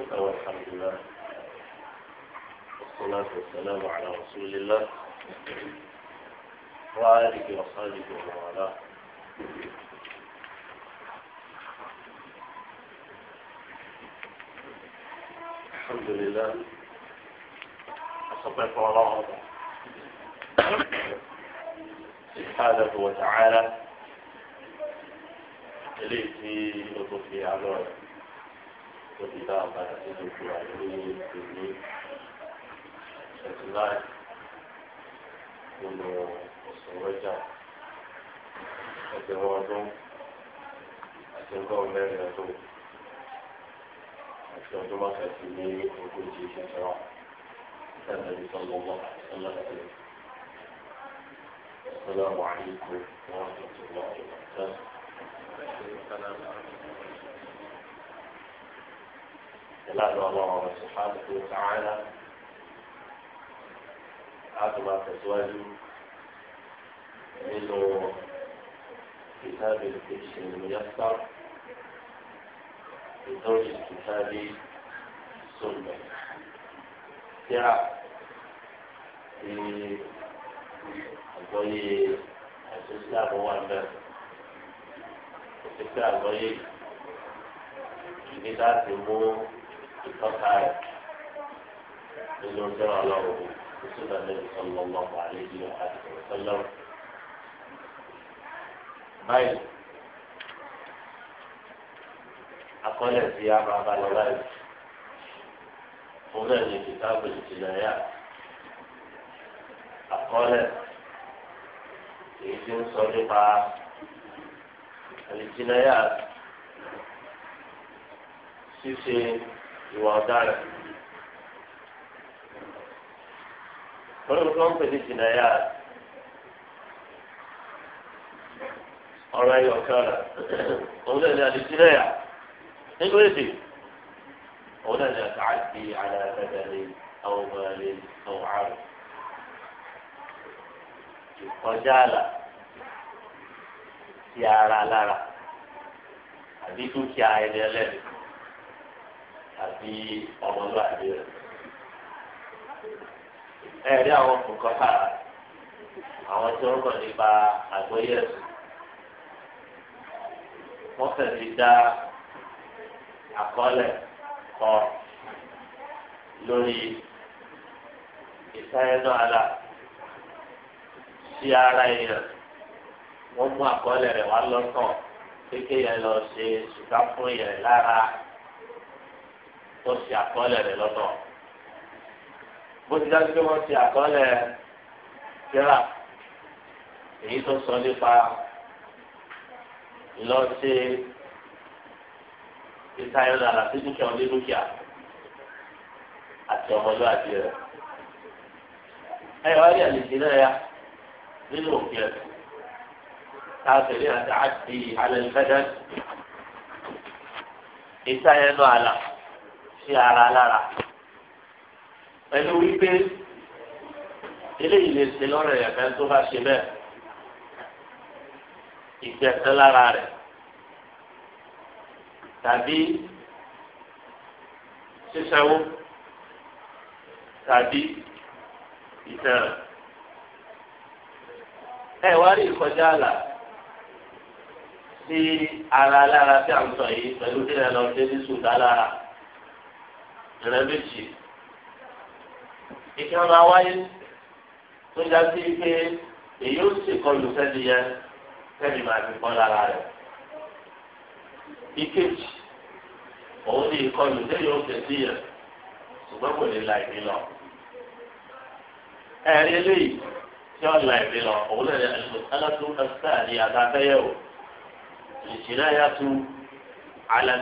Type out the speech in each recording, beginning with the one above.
الشكر والحمد لله والصلاة والسلام على رسول الله وآله وصحبه ومن الحمد لله أصبحت الله سبحانه وتعالى إليه في أبو tó ti dá ọ̀padà tó ti fi wà ní ìlú ṣẹ̀tìláì nínú ọ̀sán rẹ́jà ẹgbẹ̀rún ọdún àti ọgọ́rùn mẹ́rin ọdún àti ọdún mọ́kàtí ní ogójì ìṣẹ̀tìláì النبي صلى الله عليه وسلم السلام عليكم ورحمة الله وبركاته نسأل الله سبحانه وتعالى عظمة أزواجه منه كتاب الفتش الميسر في زوج الكتاب السنة ساعة في أزواج الإسلام هو المال في أزواج الكتاب المو ìtọ́ka rẹ̀ nínú ìjọba ọlọ́run ìṣúná lẹ́yìn sọ́lọ́ ọlọ́run àlejò àti ìṣẹ̀lẹ̀ báyìí akọ́lẹ̀ sí àmà abalẹ̀ báyìí fún náà ní kìtàbù ìjìnlẹ̀ yá akọ́lẹ̀ èyí tí ń sọ nípa ìjìnlẹ̀ yá ṣíṣe ìwà ọ̀daràn. olóòtú wọn pè ní jìnnàyà ọ̀rọ̀ ayọ̀ kára òun náà ní àti jìnnàyà nígbà èdè òun náà ní àti àti àdàdàdàlẹ̀ àwọn ọmọ rẹ̀ àwọn àrùn ìkọjá àlà ti ara lára àbí dúkìá ẹni ẹlẹ́rìí àti ọmọlúwàbí rẹ̀. ẹ rí àwọn kòkọ́fà àwọn tí wọ́n mọ̀ nípa àgbọ́yé ẹ̀sùn wọ́n fẹ̀mí dá àkọọ́lẹ̀ kọ lórí ìsáyẹ́nú ara sí ara èèyàn wọ́n mú àkọọ́lẹ̀ rẹ̀ wá lọ́tọ̀ kékeré lọ ṣe ṣùgbọ́n fún yẹn lára ó ṣe àkọọ́lẹ̀ rẹ̀ lọ́nà bó ti dájú pé wọ́n ṣe àkọọ́lẹ̀ tíra èyí tó sọ nípa lọ ṣe ìtayọ̀nà àti dúkìá onídúkìá àti ọmọlúwàbí rẹ̀ ẹ wá rí àlejò náà yá nínú òfin ẹ̀sìn káàkiri àti àti alẹ́ ìfẹ́ dẹ́sì ìtayọ̀nà àlà sí ara lára pẹ̀lú wípé eléyìí lè ṣe lọ́rọ̀ ẹ̀fẹ́ tó bá ṣe bẹ́ẹ̀ ìgbẹ̀sẹ̀ lára rẹ̀ tàbí ṣíṣẹ́wó tàbí ìtẹ̀rẹ̀. ẹ wá rí ìkọjá àlà sí ara lára tí à ń sọ yìí pẹ̀lú tí lọ sí ní sùdá lára ìrẹ́ méjì ìkẹ́ máa wáyé tó já sí pé èyí ó sì kọlù sẹ́ni yẹn sẹ́ni máa fi pọ́n lára rẹ̀ ìkejì òun ní ìkọlù sẹ́ni ó tẹ̀sí yẹn ṣùgbọ́n kò lè la ìdí lọ ẹ̀rí eléyìí tí ó la ìdí lọ òun lè alátú ẹsẹ̀ àti àtàkẹ́yẹ̀wò ìṣìnà yàtú alẹ́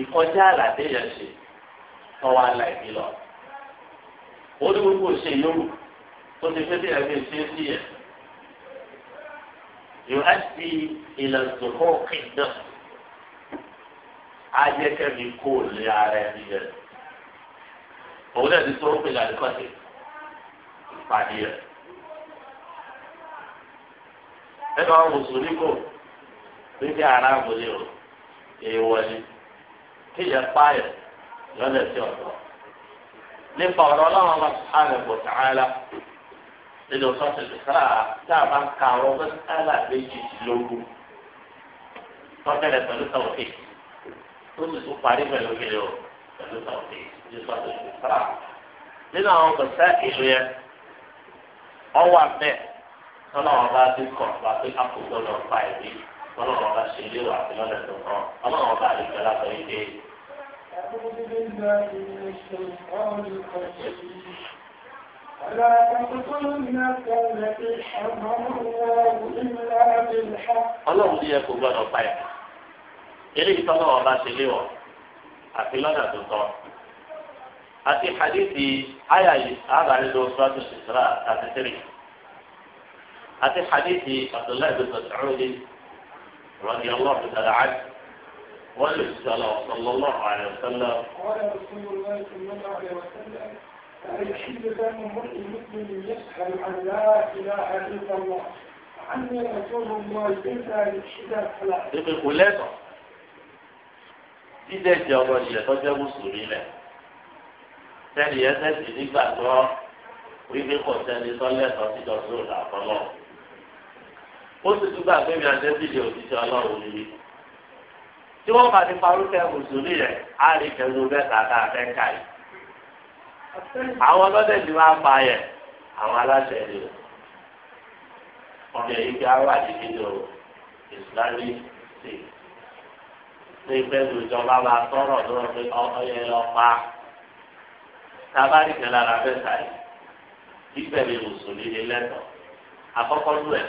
ìkọjá àlàdé yẹn ṣe tọ́wọ́ àlà ìbí lọ. ó ní gbogbo ṣe yòówù tó ti fẹ́ bí ẹgbẹ́ ṣe é sí yẹn. yóò á ti ìlànà ìdókòwò kìndọ̀ á jẹ́ kẹ́mi kó lé ara ẹni yẹn. òun náà ti tó ń pè ìpàdé yẹn. ẹ wọn mùsùlùmí kò ní kí ara àbòlé o èèwọ̀ ni kéèyàn páyọ̀ lọ́nà sí ọ̀dọ́ nípa ọ̀rọ̀ ọlọ́run wa subhanahu wa nínú sọ́ọ̀tì lùsàrà tá a bá ń ka àwọn mẹ́sàlá méjìdínlógún tọ́kẹ́lẹ̀ pẹ̀lú tàwọ̀fẹ́ tó sì tún parí pẹ̀lú kíni o pẹ̀lú tàwọ̀fẹ́ ní sọ́ọ̀tì lùsàrà nínú àwọn mẹ́sà ìlú yẹn ọwọ́ abẹ́ tọ́lá wọn ti kọ̀ wá pé àkókò lọ́ọ́ ọlọ́run ọba ṣe ilé wà sí lọ́dọ̀ tó kàn ọlọ́run ọba àlejò aláṣọ yìí dé. ولا تقتلوا النفس التي حرم الله إلا بالحق. ọlọ́run ní ẹkọ gbọ́dọ̀ pa ẹ̀ eléyìí tọ́lọ́ ọba ṣe léwọ̀ àti lọ́dọ̀ tó tọ́ àti hadithi àyà yìí àbáyé lọ sọ́dọ̀ ṣìṣẹ́ra àti tẹ̀lé àti hadithi Abdullahi bin Mas'ud رضي الله تعالى عنه والصلاة صلى الله عليه وسلم قال رسول الله صلى الله عليه وسلم الحل دم امرئ مسلم يشهد أن لا إله إلا الله عني رسول الله ليس يشهد فلا يبقى كلها dídé jẹ ọmọ ilẹ̀ tọ́jọ́ mùsùlùmí lẹ̀ sẹ́ni yẹn sẹ́sì nígbàgbọ́ wípé kò sẹ́ni tọ́lẹ̀ tọ́ sí dọ́sùn ó sì tún gbà pé mi àtẹ́bí lè òṣìṣẹ́ ọlọ́run níbí. tí wọ́n bá ti parúkẹ́ mùsùlùmí rẹ̀ á rí kẹ́lu mẹ́ta tá a fẹ́ ká yìí. àwọn ọlọ́dẹ ti máa pa yẹ àwọn aláṣẹ ni o. ọ̀nà yìí kí á wà ní nínú islamic state. ní ìpẹ́lú ìjọba máa tọrọ lọ́rọ̀ pé ọyẹ ọpa tábàrì kẹlára mẹ́ta yìí. ìgbẹ̀mí mùsùlùmí ni lẹ́tọ̀ọ́ àkọ́kọ́ lù ẹ̀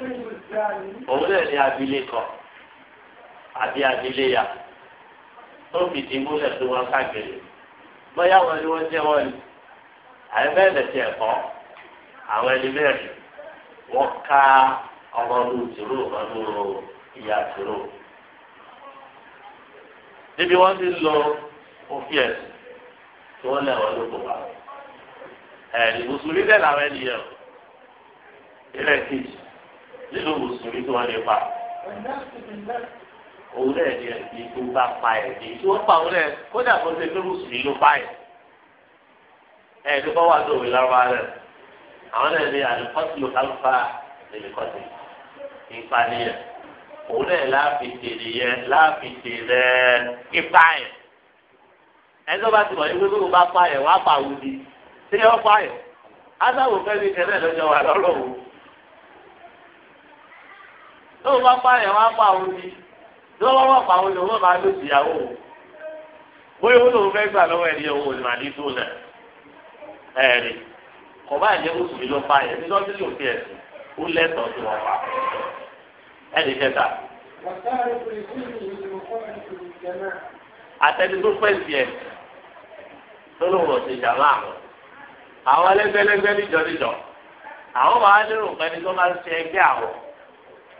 òun náà ní abilékọ àbí abiléya tó fìdí múlẹ̀ tó wọn káàkiri bóyá wọn ni wọ́n jẹ́ wọ́n ni àìbẹ́ẹ̀ lẹ̀sẹ̀ ẹ̀kọ́ àwọn ẹni mẹ́rin wọ́n ká ọmọ ọdún tìrú ọdún ìyá tìrú níbi wọ́n ti lọ òfin ẹ̀sìn tí wọ́n lẹ̀ wọ́n ló kó wa ẹ̀ẹ́dì mùsùlùmí bẹ́ẹ̀ làwọn ẹni yẹ o ilẹ̀ kejì nínú mùsùlùmí tí wọ́n lè pa. òun náà ni ẹ̀sìn tó bá pa ẹ̀ ní tí wọ́n pa òun náà kódà kó ṣe pé mùsùlùmí ló pa ẹ̀. ẹ̀ ló bá wà ní òwe lọ́wọ́ rẹ̀ àwọn náà ní àlùkọ́sí ló kálùfà lèlùkọ́sí ìpànìyàn òun náà láàfin tèrè yẹn láàfin tèrè ipa ẹ̀ ẹjọ́ bá ti mọ̀ ní gbogbo bá pa ẹ̀ wọ́n á pa àwùjọ tí wọ́n pa ẹ̀ á sáwò fẹ́ mi kẹ́lẹ́ lọ́jọ́ wà lọ́rọ̀ òun. tó bá pa yẹn wá pa òun ni tó bá wà pa òun lòun máa lò sí ìyàwó o bóyá owó lòun fẹ́ gbà lọ́wọ́ ẹ̀rí owó ni màdí tó nà ẹ̀rí kọ̀ọ̀bá ẹ̀jẹ̀ ló pa ní fi ẹ̀sìn ó lẹ́tọ̀ọ́ tó wọ́n pa kẹta. tó pẹ́ sí ẹ̀ tó ló wọ̀ sí ìjàmbá àwọn ẹlẹgbẹlẹgbẹ níjọ níjọ àwọn máa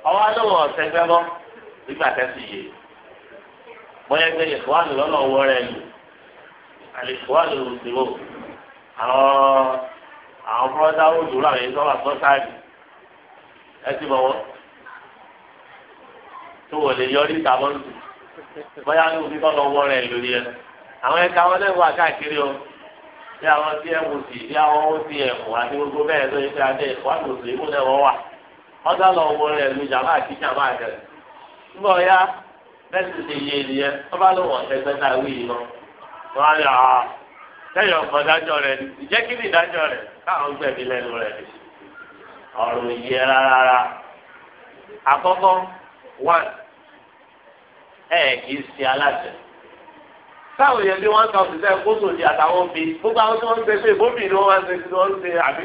ọwọ́ alówó ọ̀sẹ̀ nígbà tẹ́sí yé bóyá gbé ìfowópamọ́ lọ́nà owó rẹ̀ lù àlèfowópamọ́ òṣèlú àwọn àwọn fúlọ́dá ó àwọn èso wà sáàdì ẹ ti bọ̀ wọ́n tó wò yọrí ìtàbọ̀n tù bóyá ní òbí kọ́ lọ́wọ́ rẹ̀ lórí ẹ àwọn ẹ̀ka wọn lẹ́nu wà o bí àwọn tí ẹ̀ wò sí bí àwọn ó ti ẹ̀ àti gbogbo bẹ́ẹ̀ lóye pé adé ìfowópamọ́ òṣèlú náà wà ọjà lọ wọ rẹ lu jàmbá àti jàmbá rẹ nígbà ọyá bẹ́ẹ̀ sì yé ènìyàn wọn bá lọ wọn náà wí yìí lọ wọn á lè ọ ah, sẹ́yìn ọkọ dájọ rẹ ìjẹ kí ni ìdájọ rẹ káwọn gbẹ̀bí lẹ́nu rẹ ni ọ̀rọ̀ yẹ rárá àkọ́kọ́ one ẹ kì í ṣe aláṣẹ táwọn yẹn bí wọn kà ọsùn sẹ́yìn kóso di àtàwọn bíi gbogbo àwọn tí wọn ń gbé pé bóbì ni wọn máa ń ṣe tí wọn àbí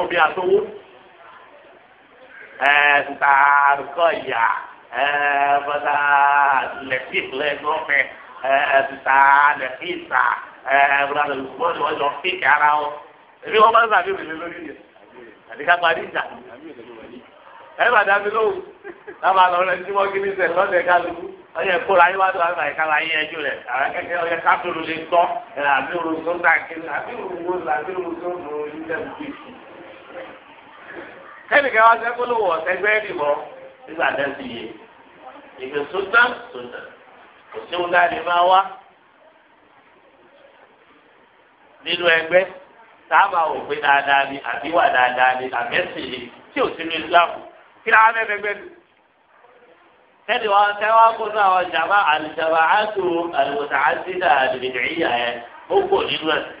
òbí àtọwọ. ẹ̀ẹ́dàkọ̀yà ẹ̀ẹ́dà lẹ́fíìlẹ́gbọ́mẹ ẹ̀ẹ́dà lẹ́fíìsà ẹ̀ẹ́dà lẹ́fíìsà ọjọ́ fíìkì ara wọn. èmi wọn bá ń sàbí ìrìlẹ̀ lórí yẹn àdìgá parí ìjà ẹ bá dàbí lóhùn lábàá lọ rẹ tí wọn ní sẹ lọdẹ kálukú ọyẹ kóra yín wá tó àwọn àyíká la yín rẹ àwọn lè tọ àbí tó ń dà kí àbí àbí tó ń yín ẹnìkan wá sẹ́kó ló wọ̀ sẹ́gbẹ́ ìdìbò nígbà náà ti yé ìgbè sódà sódà kò sí wọn láti máa wá nínú ẹgbẹ́ sábà ò pé dáadáa ni àbí wà dáadáa ni àbẹ́sì ni tí ò sínú Islam kí ni àwọn ẹgbẹ́ ni. kẹ́ni wọn kẹ́ kó ní àwọn jàmbá àlùjàmbá àtò àlùmọ̀tà àti dàdìrì ìyá ẹ̀ ó kò nínú ẹ̀sìn.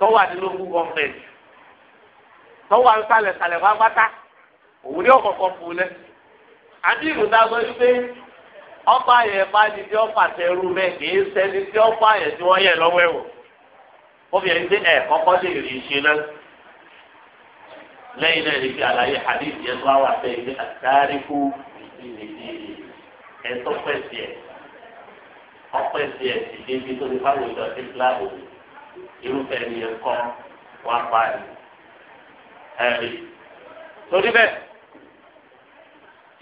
tọ́wà ní lókù gọ́ọ̀mẹ̀ntì tọ́wà ń sálẹ̀ sálẹ̀ wá pátá òun ní ọ̀kọ̀ọ̀kan fún un lẹ́. àbí ìlú ta sọ wípé ọba yẹn bá ní tí ọba tẹ rú mẹ kì í sẹni tí ọba yẹn tí wọ́n yẹ lọ́wọ́ ẹ̀wọ̀ obìnrin tí ẹ̀ kọ́kọ́ lè rí ṣe náà lẹ́yìn náà níbi àlàyé hadith yẹn tó wà fẹ́ ibi àtàríkù ẹ̀tọ́ pẹ̀sì ẹ̀ ọpẹ̀sì ẹ̀ sì débi tó ti fáwọn ìjọ ìsìláàmù yìí irúfẹ́ ẹni yẹn wá pa torí bẹ́ẹ̀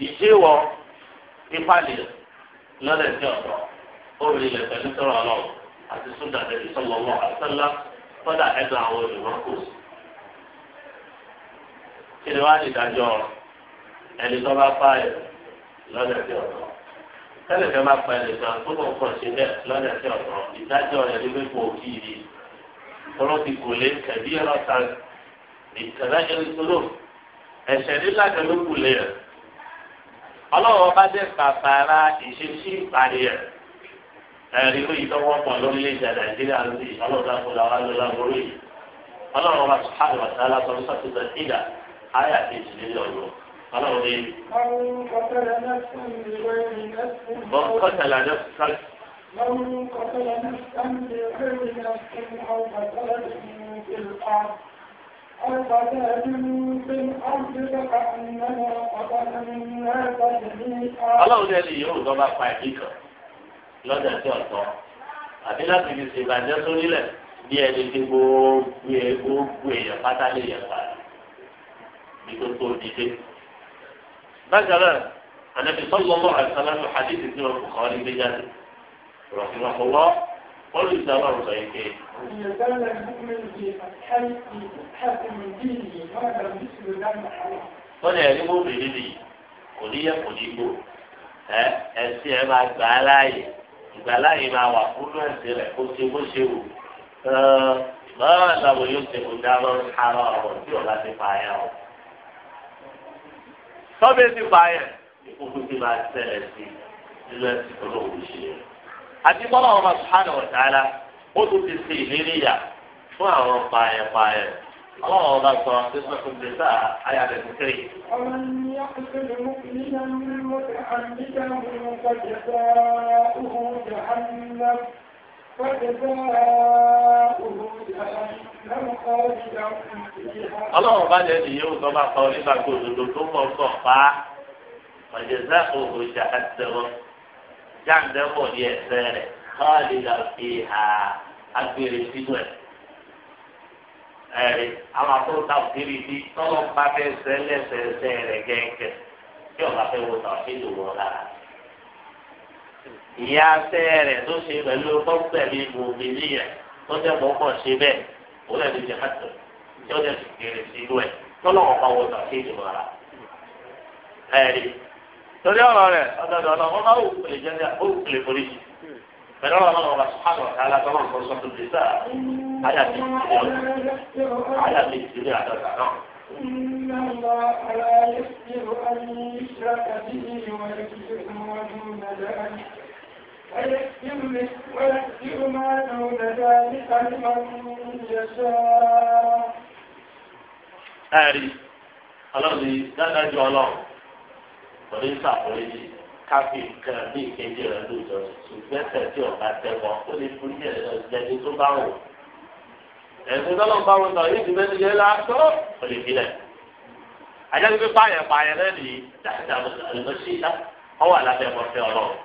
ìṣèwọ ipa lè lọ́dẹ̀ sí ọ̀dọ́ obìnrin lè pẹ̀lú sọ̀rọ̀ ọlọ́run àti súdà lẹ́yìn sọ̀rọ̀ ọlọ́run àtẹ́lá kọ́dà ẹ̀dọ̀ àwọn olùrọ́kò. kí ni wàá di ìdájọ́ ẹni tó bá pa ẹ̀ sí ọ̀dọ́ tẹ́lẹ̀ fẹ́ bá pa ẹ̀ lè sọ àtúbọ̀ bẹ́ẹ̀ lọ́dẹ̀ sí ọ̀dọ́ ìdájọ́ ẹ̀ òkìrì tọ́lọ́ ti kò lé kẹ̀bí ẹ̀rọ ta ìtẹ̀lẹ́ ẹ̀rọ ẹ̀sẹ̀ nílá kẹ̀lú kò lé rẹ̀ ọlọ́wọ́ bá dé pàpàrà ìṣesí ìparí rẹ̀ ẹ̀rí lóyè tọ́wọ́ pọ̀ lórílẹ̀-èdè nàìjíríà lórí ọlọ́dà kọlá wa lọ́la borí yìí ọlọ́wọ́ bá sùhàlù àti alákọ̀ọ́lù sọ́tìtà ìdá ayà kejì nílẹ̀ ọ̀rọ̀ ọlọ́wọ́ bẹ́ẹ̀. bọ́n kọ́tàlá náà من قتل نفسا بغير نفس أو فساد في الأرض أو فساد في الأرض فكأنما قتل الناس جميعا. Ọlọ́run ní ẹni yóò dọ́gba pa ẹ̀mí kan lọ́jà tí ọ̀tọ̀ àti láti fi ṣe ìbàjẹ́ sórílẹ̀ bí ẹni tí gbogbo ẹ̀ gbogbo èèyàn pátá lè yẹ pa ní tó tó dìde. Bákan náà, ànàbì sọ́lọ́mọ́ àti sàlámù hadith ti wọn kò kọ́ ọ́ ní gbéjáde rọ̀fìmọ̀fọwọ́ olùsọ̀rọ̀ sọ yìí pé. wọ́n lè rí mọ́bì níbi kò ní yẹ kò ní gbò ẹ ẹsìn ẹ máa gbà á láàyè ìgbà láàyè máa wà fún ẹsìn rẹ kó ṣe bó ṣe wù báwa làwọn yóò ṣe kó dáná ara ọ̀rọ̀ tí ọ̀la ti pa ayá o. tọ́bí ti pa ayẹ ìkókó ti máa ṣẹlẹ̀ sí nínú ẹsìn olóòwò ṣe àti bọ́lá ọmọ sùhánù ọ̀tàlá ó tún ti ṣe ìlérí yà fún àwọn pààyàn-pààyàn àwọn ọba sọ ṣe sọ fún mi sáà ayé àti ìtìrì. ọ̀run ni a ti ṣe Ọlọ́run bá jẹ́ ìyẹ́ òtọ́ bá sọ nípa gbòdòdó tó mọ̀ sọ̀ pa ọ̀jẹ̀dá òhòjà àtẹ̀wọ̀n jáǹdé pọ̀ ní ẹsẹ̀ rẹ̀ káàdì là fi hà agbèrè sínú ẹ̀. ẹ̀rí àwọn akóńtà òkèrè bí tọ́lọ́ bá fẹ́ sẹ́ lẹ́sẹ̀ ẹsẹ̀ rẹ̀ gẹ́gẹ́ tí ọ̀gá fẹ́ wo tàn sí ìlú wọn lára. ìyá sẹ́ rẹ̀ tó ṣe pẹ̀lú kọ́ńtẹ̀lì bòmí níyẹn tó jẹ́ mọ́kàn ṣe bẹ́ẹ̀ ó lẹ́ ti jẹ́ hàtọ̀ tí ó jẹ́ sì kéré torí ọ̀rọ̀ rẹ̀ ọ̀dọ̀dọ̀ ọlọ́run máa wù lè jẹ́ ó lè forí yìí pẹ̀lú ọ̀rọ̀ náà wà sùpàgọ́ alágbọ́n kan sọ tó dèsà ayàtì ìdílé ayàtì ìdílé àdọ́ta náà. إن الله لا يغفر أن يشرك torí sàforíjì káfí nǹkan bí ìkejì rẹ lójọ ṣùgbọ́n ẹsẹ̀ tí ọ̀gá tẹ̀wọ́ ó lè fún yẹ̀ ẹni tó bá wò ẹ̀sìn tó lọ́n bá wọn sọ yìí ti fẹ́ ti yẹ lásán ó lè fi lẹ̀ ajá ti fi pààyàn pààyàn náà nìyí dáadáa lọ sí ìdá ọwọ́ àlábẹ́ ẹ̀kọ́ fẹ́ ọlọ́run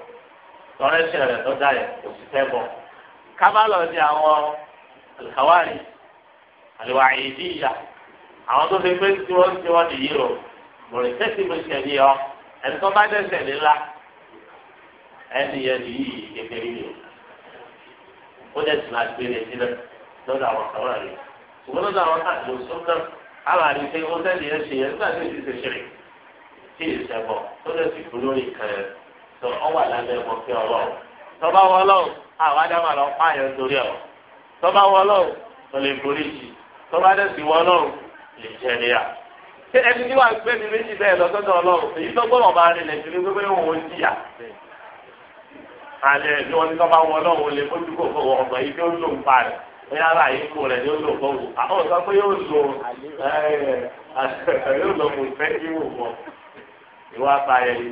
tọrọ ẹsẹ̀ rẹ̀ tó dá yẹ kò sì fẹ́ bọ̀ ká má lọ sí àwọn àlùkáwárì àlùwàyí ìdíyà àwọn tó ẹni tó bá dẹ́ṣẹ̀ nílá ẹni yẹn ní yìí kékeré yìí ó dẹ́ṣẹ̀ máa gbére sílẹ̀ lọ́dọ̀ àwọn kan wà rẹ̀ ṣùgbọ́n lọ́dọ̀ àwọn kan ló sún náà àwọn àdìsẹ́ ó sẹ́ni yẹn ṣe yẹn nígbà tí èsì ṣe ṣe tí èsì ẹ̀bọ̀ tó dẹ́ṣẹ̀ kú lórí kan yẹn tó ọ wà lábẹ́ ẹ̀bọ̀ fí ọlọ́run tó bá wọ ọlọ́run àwọn adámà lọ pààyàn torí ọ̀ tó bá wọ ọlọ́run tó lè borí jì tó bá dẹ́ṣẹ̀ wọ ọlọ́run lè jẹ́ níyà ṣé ẹni tí wàá gbé mi méjì bẹ́ẹ̀ lọ ọlọ́run èyí tó gbọ́dọ̀ bá rinlẹ̀ sí ni pé pé òun ń jìyà. àlẹ́ ni wọ́n ní tọ́ bá wọn ọlọ́run lè mójú kò fún ọ̀gbọ̀n yìí tí ó lò ń pa rẹ̀ bóyá ara yìí kú rẹ̀ ni ó lò fún òun. àwọn sọ pé yóò lo yóò lo kò fẹ́ kí wò wọ ìwà apayẹ yìí.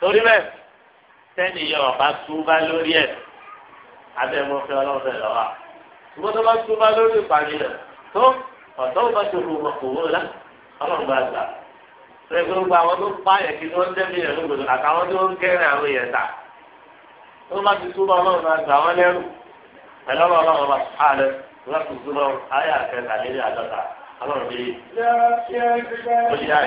torí bẹ́ẹ̀ sẹ́ni yọ ọ̀bá túbá lórí ẹ̀ abẹ́ mọ́fẹ́ ọlọ́fẹ́ lọ́wọ́ ọ̀dọ́ bá ti hu ọ̀kùnrin la ọlọ́run bá gbà rẹ̀ gbogbo àwọn tó pa yẹn kí wọ́n dẹ́bi yẹn lóògùn àtàwọn tó ń kẹ́rin àwọn yẹn ta tó bá ti túbọ̀ ọlọ́run bá gbà wọ́n lẹ́rù pẹ̀lú ọlọ́run bá sàlẹ̀ wọ́n ti túbọ̀ ayé àkẹta lé ọlọ́run bí ó yá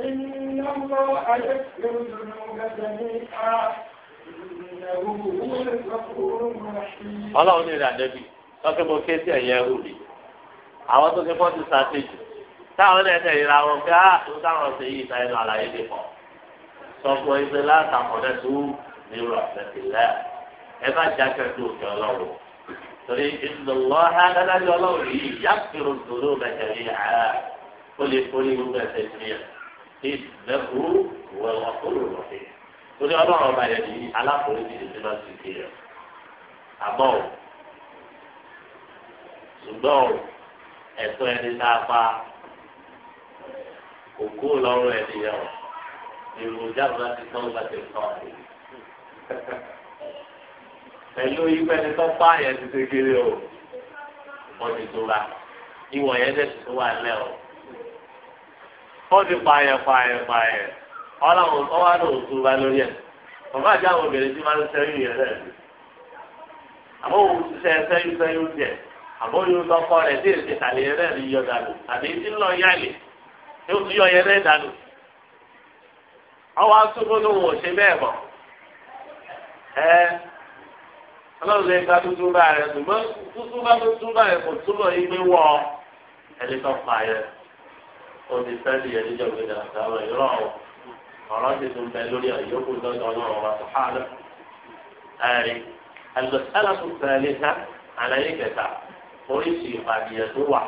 إن الله يغفر الذنوب جميعا Ọlọ́run ní ìrìnàjẹ́bí lọ́kẹ́ mo ké sí ẹ̀yẹ òde àwọn tó ké fọ́ọ̀tì sàtẹ́jù táwọn náà tẹ̀lé ra wọn pé á ah, tó táwọn ṣe yí ìta ẹnu àlàyé lè pọ̀ sọ́kùn ẹgbẹ́ látàkọ̀dẹ́ tó ní rọ̀ ṣẹ̀tìlẹ́ ẹ bá jákẹ́ tó òkè ọlọ́run torí ìdùnnú ọ̀hán adájọ́ ọlọ́run yìí yàtúrò dòdò bẹ̀tẹ̀ ní àárá ó lè forí gbogbo ẹ̀sẹ̀ ìpínlẹ̀ ìdẹ́kù wọ ọkùnrin rọ̀fẹ́. torí ọlọ́run ọba yẹn ni aláforíjì ti máa ti kiri ọ̀ àmọ́ ò ṣùgbọ́n ò ẹ̀tọ́ ẹni tá a pa òkú lọ́rùn ẹni yẹn ọ̀ èrò ìjábọ̀ láti tọ́ ọba tẹ̀ tọ́ ọ̀hún. pẹ̀lú ìgbẹ́ ẹni tó pa yẹn ti ṣe kiri ọ̀ wọ́n ti tó ra ìwọ̀n yẹn tẹ̀sí tó wà lẹ́ ọ̀. ó ti pààyàn pààyàn pààyàn ọlọ́run tó wá lóò tó bá lórí ẹ̀ bàbá àti àwọn obìnrin tí máa ń sẹ́yìn rẹ̀ òun sẹ́yìn sẹ́yìn tiẹ̀ rẹ̀ tí èsì yẹn rẹ̀ yọ dànù tí ń lọ yálè tí ó yọ yẹn rẹ̀ dànù. ọwọ́ wọ̀ ṣe bẹ́ẹ̀ mọ̀ ẹ ọlọ́run lè gba tuntun bá rẹ̀ tuntun bá ó ti sẹ́ẹ̀lì yẹn níjọ́ gbé dà dáhùn ìrọ̀ ọ̀ ọ̀rọ̀ ti tún bẹ lórí àyókù lọ́dọ̀ ọlọ́run wa sọ̀hánà ẹ̀rí àlùsálà tó tẹ̀lé ká àlàyé kẹta oríṣi ìpànìyàn tó wà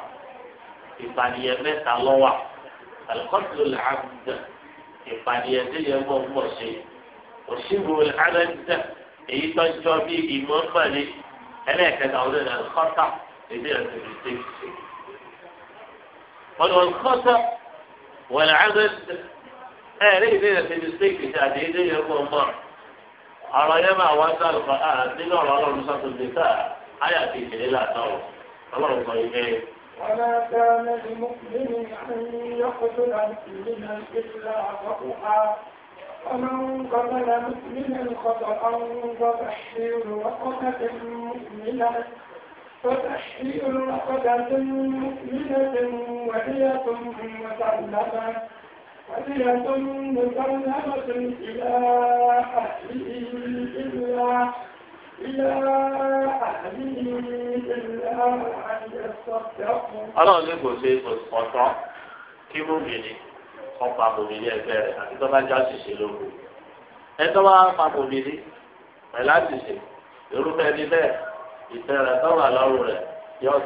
ìpànìyàn mẹ́ta lọ́wà àlùkọ́tù làbùdà ìpànìyàn tó yẹ mọ́ mọ́ ṣe òṣìbò làbùdà èyí tó jọ bí ìmọ̀ mọ́lẹ̀ ẹlẹ́ẹ̀kẹta ọ̀rẹ́ والخطأ والعمل ẹ̀rí ìbéèrè ti di sí ìkìtì àti ilé yẹn kó mọ̀ ọ̀rọ̀ yẹn máa wá sí àlùfà á nínú ọ̀rọ̀ ọlọ́run sọ́tún ti ká àyà ti ìṣẹ̀lẹ̀ làtọ̀ ọlọ́run sọ ìgbẹ́. وما كان لمؤمن أن يقتل مؤمنا إلا خطأ ومن قتل مؤمنا خطأ فتحرير رقبة مؤمنة فتحليل رقبة مؤمنة وهي مسلمة وهي مسلمة إلى أهله إلا Ọlọ́run ní kò ṣe ọ̀tọ́ kí bòmìnì kan pa bòmìnì ẹgbẹ́ rẹ̀ àti tó bá já ṣìṣe lóko. Ẹ tó bá pa bòmìnì pẹ̀lú àṣìṣe irúfẹ́ ní bẹ́ẹ̀. ìfẹ́ rẹ̀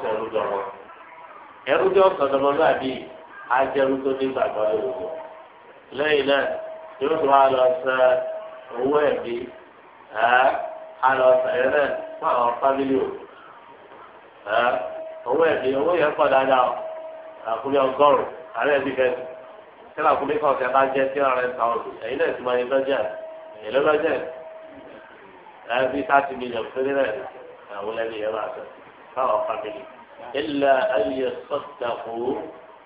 ẹrú dọ̀mọ́ ẹrú tí ọ̀sẹ̀ a náà bí tó ní gbàgbọ́ lóko lẹ́yìn náà yóò tún lọ sẹ owó á lọ náà fún àwọn o ẹ̀ owó ẹ̀mí owó yẹn pọ̀ dáadáa àkúrẹ́ ọgọ́rùn-ún àárẹ̀ bí kẹ́sì kí làkúrẹ́ kọ̀ọ̀kẹ́ bá jẹ́ sí ọ̀rẹ́ si ẹ̀yin náà ti lọ́jà lọ́jà ẹ̀ bí sáà ti mi yàn fún ولدي يراك فوق به إلا أن يصدقوا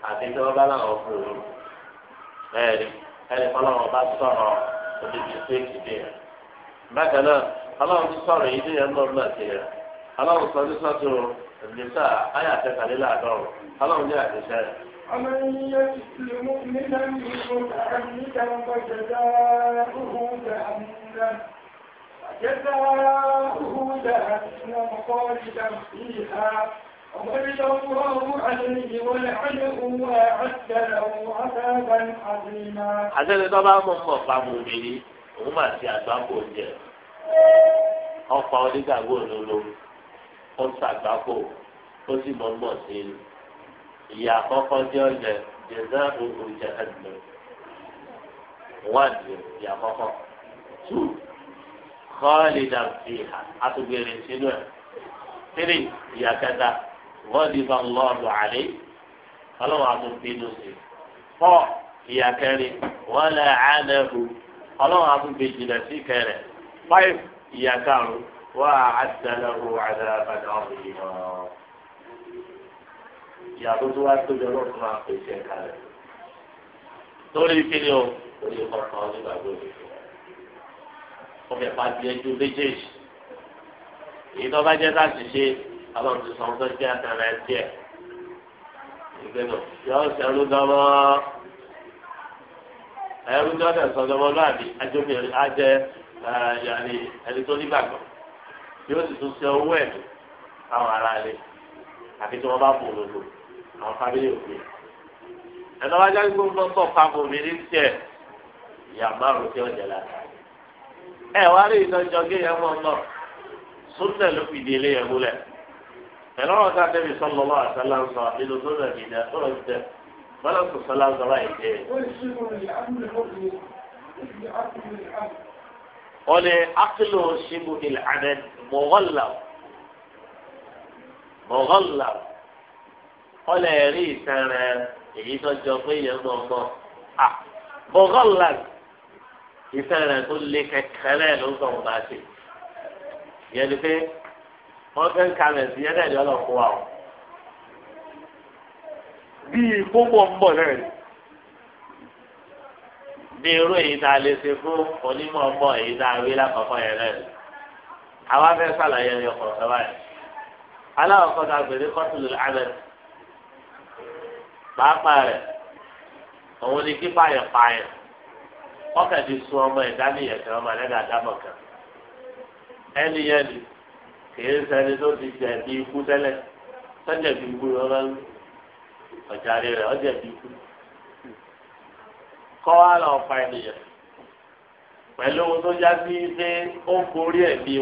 حديث حتى وبلا هذه غيري هل فلا وبصر وبالجسيك بها مثلا فلان وبصر يدي النور ما فيها فلا وصدقته النساء آيات قليلة دور فلان جاء نساء ومن يقتل مؤمنا متعمدا فجزاؤه جهنم جزاؤه جهنم خالدا فيها وغضب الله عليه ولعنه وأعد له عذابا عظيما. àtẹ̀lẹ́ tó bá mọ̀ ń bọ̀ pa mọ̀ mi òun máa ṣe àgbákò jẹ ọ̀pá onígbàgbọ́ òdodo ó ń ṣàgbákò ó sì mọ̀ ń bọ̀ sí i ìyá àkọ́kọ́ jẹ́ ọ̀jẹ̀ jẹ̀dá òkú jẹ̀dá òun wà ní ìyá àkọ́kọ́ two kọ́ọ̀lìdà fìhà àtúgbèrè sínú ẹ̀. tírì ìyá kẹta wọ́ọ̀dìbà lọ́ọ̀dù àlẹ́ ọlọ́wọ́ àtúnbínú sí. fọ́ ìyá kẹrin wọ́n lẹ́ àánẹ́hu ọlọ́wọ́ àtúnbìjìnà sí kẹrẹ̀. fáìf ìyá karùn-ún wọ́n àádẹ́lẹ́hu àdàbàdà ọ̀hìn ìyá tó tó wá tóbi ọlọ́run máa pèsè kalẹ̀. torí kí ni o? torí ọkàn onígbàgbọ́ ọbẹ̀ pàdé ẹjọ́ méjèèjì èyí tó bá jẹ́ láti ṣe ọlọ́run ti sọ̀rọ̀ tó jẹ́ àtàrà ẹtì ẹ̀ ìgbẹ́nu yọ ẹrú dọ́mọ́ ẹrú dọ́mọ́ sọ̀dọ́mọ́ lóàbí ajọ́bìnrin ajẹ́ yàrá ẹni tó nígbàgbọ́ yóò sì tún ṣe owó ẹ̀mí àwọn ará rẹ̀ àfi tí wọ́n bá bò lòlò àwọn fábílì òkú ẹ̀ lọ́wọ́ ajá gbogbo ń tọ́ pa obìnrin tiẹ̀ ìyá márùn-ún tí ó jẹ́ lára ẹ wá rí ìtọ́jọ́ gé yẹn mọ́ náà súnlẹ̀ ló fi délé yẹn múlẹ̀ pẹ̀lú ọ̀rọ̀ tá a débi sọ́nà lọ́wọ́ àtàlà ń sọ nínú súnlẹ̀ ìdá tó lọ jẹ bọ́lá tó sọ́lá ń láì jẹ. wọ́n ní akílò ṣíbù ilẹ̀ adẹ́ mọ̀gọ́là mọ̀gọ́là wọ́n lè rí ìtẹ̀rẹ̀ èyí tó jọ pé yẹn mọ̀ mọ̀ iṣẹ́ rẹ̀ tó lé kẹ̀kẹ́ rẹ̀ ló ń sọ̀rọ̀ máa ṣe. ìyẹn ni pé wọ́n fẹ́ kalẹ̀ sí yẹn náà ní ọlọ́kọ́ wa o. bí ìkókò ń bọ̀ náà ni. bí irú èyí tá a lè ṣe fún onímọ̀ ọmọ èyí tá a rí lákọ̀ọ́kọ́ yẹn náà ni. àwa fẹ́ sàlàyé ẹni ọkọ̀ sọ́wọ́ yẹn. aláwọ̀ ta gbèrè kọ́tùlù àmẹ́. pàápàá rẹ̀ òun ni kí pààyàn pààyàn. ọkàn ti sun ọmọ ẹ̀dá ní ìyẹ̀kẹ́ ọmọ ẹ̀dá àdámọ̀ kan ẹni yẹn ni kìí ṣẹni tó ti jẹ̀bi ikú tẹ́lẹ̀ sọ́jẹ̀bi ikú ló máa ń ọ̀jàre rẹ̀ ọ̀jẹ̀bi ikú kọ́ wa lọ pa ènìyàn pẹ̀lú ohun tó já sí pé ó ń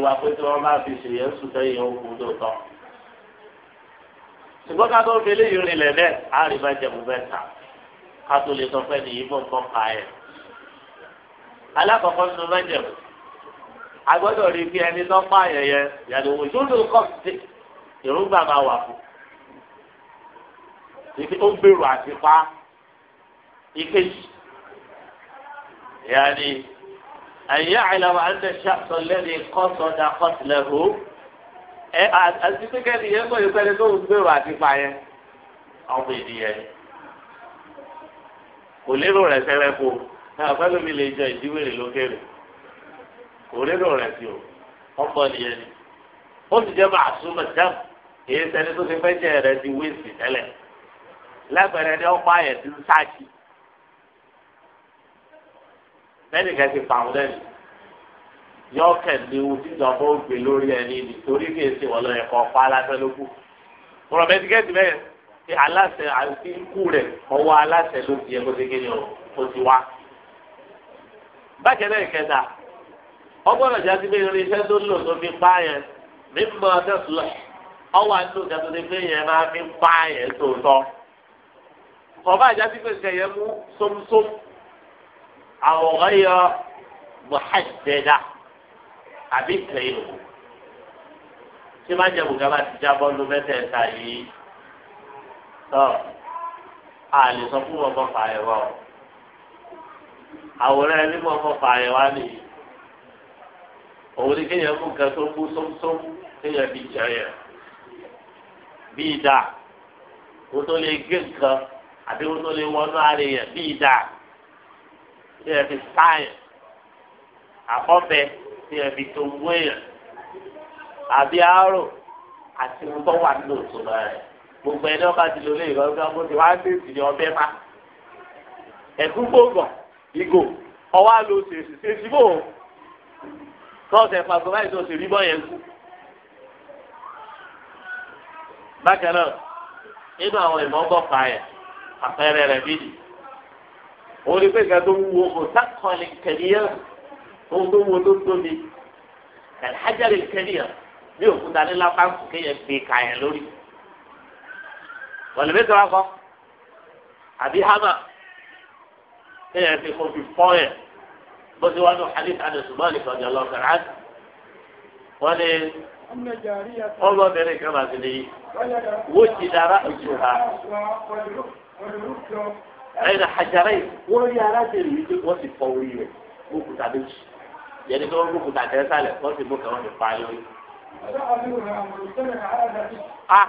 wa pé tí wọ́n bá fi ṣèyẹ́ sùn sẹ́yìn ó kú tó tán ṣùgbọ́n ká tó fi eléyìí rinlẹ̀ bẹ́ẹ̀ á rí bá jẹ̀bù bẹ́ẹ̀ ta alákọ̀ọ́kọ́ nínú májẹ̀mú agbọ́dọ̀ rí bí ẹni tó pa ayẹyẹ yàtọ̀ wò lódò kọ́ọ̀tì ìrúgbà máa wà fún ìfi ó gbèrò àti pa ìkejì yàtọ̀ ẹ̀yẹ àìlàwọ̀ àti ṣàtọ̀ lẹ́ni kọ́sọ̀dà kọ́sìlẹ̀hó ẹ àti pípẹ́ni yẹn kọ́ ìpẹ́ni tó ń gbèrò àti pa yẹn ọmọ ènìyàn kò lérò rẹ̀ fẹ́rẹ́ kó àfẹ́lẹ́ mi lè jẹ ìdíwèrè lókèrè òrérò rẹ̀ sí o ọmọ nìyẹn ni ó sì jẹ́ màá súnmọ̀ jẹ́m èyí sẹ́ni tó ti fẹ́ jẹ́ rẹ̀ ti wéèsì tẹ́lẹ̀ lẹ́gbẹ̀rẹ́ ni ọ̀pá ayẹ̀ ti ń sáàkì bẹ́ẹ̀ni kẹ́ ti fà wọ́n lẹ́nu yọ kẹ̀lé ohun tí ìjọba ó gbé lórí ẹni nítorí kí èsì wọ́n lọ ẹ̀kọ́ ọ̀pá aláṣẹ ló kù ọ̀rọ̀ bẹ́ẹ̀ ti kẹ́ ti bẹ́ẹ̀ aláṣẹ àti ikú rẹ̀ ọwọ́ aláṣẹ ló ti yẹ kó ti kéde ọ̀ kó ti wá bákẹ́ náà kẹta ọgbọ́dọ̀ jáde pé irinṣẹ́ tó lò tó fi pa yẹn mímọ tẹ̀sílẹ̀ ọwọ́ àti òkè tó ti pé yẹn máa fi pa yẹn tòótọ́ kọ̀ọ̀bá jáde pé nǹkan yẹn mú sómsóm àwòrán yọ mọ̀hàjẹ́dá àbí kẹ́yìn òkú tí máa jẹ bùkà bá ti jábọ́ lu mẹ́tẹ̀ẹ̀ta yìí tọ́ a sọ fún ọmọ fàáyọ̀ wọ́n àwòrán ẹni mọ̀ mọ́ fààyàn wá nìyí òun ni kéèyàn mú nǹkan tó ń sómsóm kéèyàn fi jẹ bí ìdá kó tó lè gé nǹkan àbí kó tó lè wọnú ara yẹn bí ìdá kéèyàn fi sáyẹn àkọ́bẹ kéèyàn fi tó wú èèyàn àbí àárò àti tó wà nínú òtún rẹ gbogbo ẹni ọba ti lò lè rọ gbogbo ọmọ tí dé ìdílé ọbẹ má ẹkú gbogbo ìgò ọwọ́ àlọ́ ṣèṣì ṣèṣì bò ó tọ́ọ̀tẹ̀ pàṣẹ báyìí tó ṣe rí bọ́ yẹn kú. bákan náà nínú àwọn ìmọ̀ọ́gọ́fà yẹn àpẹẹrẹ rẹ̀ bí di. òun ni pé ìgbà tó wúwo kò sákọ̀ọ́lì kẹ̀líyà ohun tó wúwo tó tóbi kẹ̀lájàre kẹ̀líyà bí òkúta nílá pàǹkù kéèyàn gbé ka yẹn lórí. wọ̀lẹ́mẹ́tọ́ wa kọ́ àbí hámà kéèyàn ti kó fi fọ́ yẹn bó ti wá ní hadith Anas Malik radiyallahu anhu wọ́n ní ọlọ́bìnrin kan máa ti lè yí wọ́n ti dára ojú ha ẹ̀yìn àjàrà yìí wọ́n rí arábìnrin yìí wọ́n ti fọ́ orí rẹ̀ òkúta méjì yẹni pé wọ́n kó kúta tẹ́sálẹ̀ wọ́n ti mú kẹ́wọ́n ti pa lórí. a ah,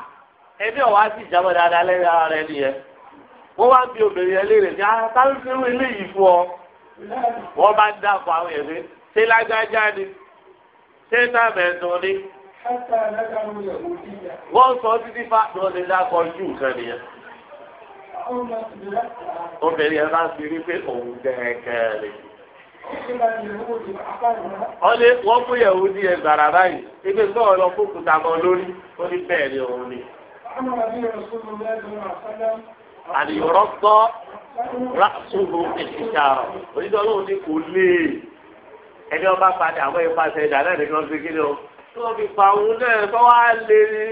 ẹbí ọ̀wá sì jábọ̀ dáadáa lẹ́yìn ara rẹ̀ nìyẹn wọ́n wá ń bi obìnrin yẹn léèrè ní ah, àtàwọn ṣe wọ́n eléyìí fún ọ. wọ́n bá ń dàpọ̀ àwọn yẹn pé ṣé lágbájá ni ṣé tàmẹ̀dùn ni. wọ́n sọ títí fáwọn ọ̀dẹ̀ dàpọ̀ jù kan nìyẹn. obìnrin yẹn bá ń fi rí pé òun gẹ́gẹ́ rẹ̀ ọlẹ wọn fún yahudi yẹn gbàrà báyìí ebi sọ̀rọ̀ lọ fún kùtàmọ lórí ó ní bẹ́ẹ̀ ni òun ni àlìyọ̀rọ̀ gbọ́ ráṣùgbò ìṣìṣà rọ̀ onídọ́ ọlọ́run ní kò lè ẹni ọba padà àwọn ìpàṣẹ ìdáná ẹni kan fi kíni o tí wọ́n fi pa òun náà tó wá lé ní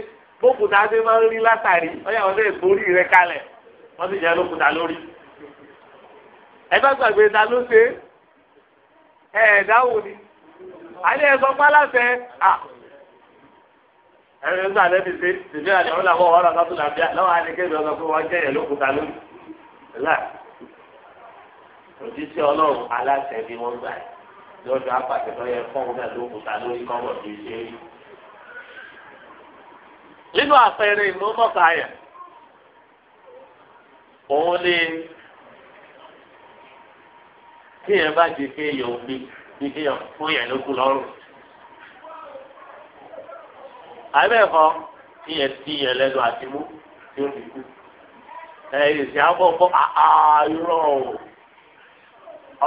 bókùtà tó máa ń rí látàrí ọyà wọn náà borí rẹ kalẹ̀ wọ́n sì jẹ́ lókùtà lórí. ẹgbẹ́ gbàgbé ta ló ṣe ẹ̀ẹ́dáwò ni alẹ́ ẹ̀sọ́ pálásẹ̀ ẹni nígbà lẹ́bi ṣe ṣèbí àti ọ̀rọ̀ làwọn ọ̀rọ̀ àtàtù làbí àlọ́wọ́ àdìgẹ́bí ọ̀sán fún wọn jẹ́yẹ̀ lókùúta lónìí. ẹ̀là òjíṣẹ́ ọlọ́run aláṣẹ bí wọ́n gbà yìí lọ́dọ̀ apàṣẹ tó yẹ fún òun náà lókùúta lórí kọ́mọ̀ tó ṣe é. nínú àpẹẹrẹ ìlú mọ̀káyà òun ni kíyàn bá di kéèyàn gbé kéèyàn fún yàn lókù lọ́rùn àbẹ̀kọ́ tíyẹ̀ tíyẹ̀ lẹ́nu àti mú tí ó ẹ̀yìn sí abọ́bọ́ àárọ̀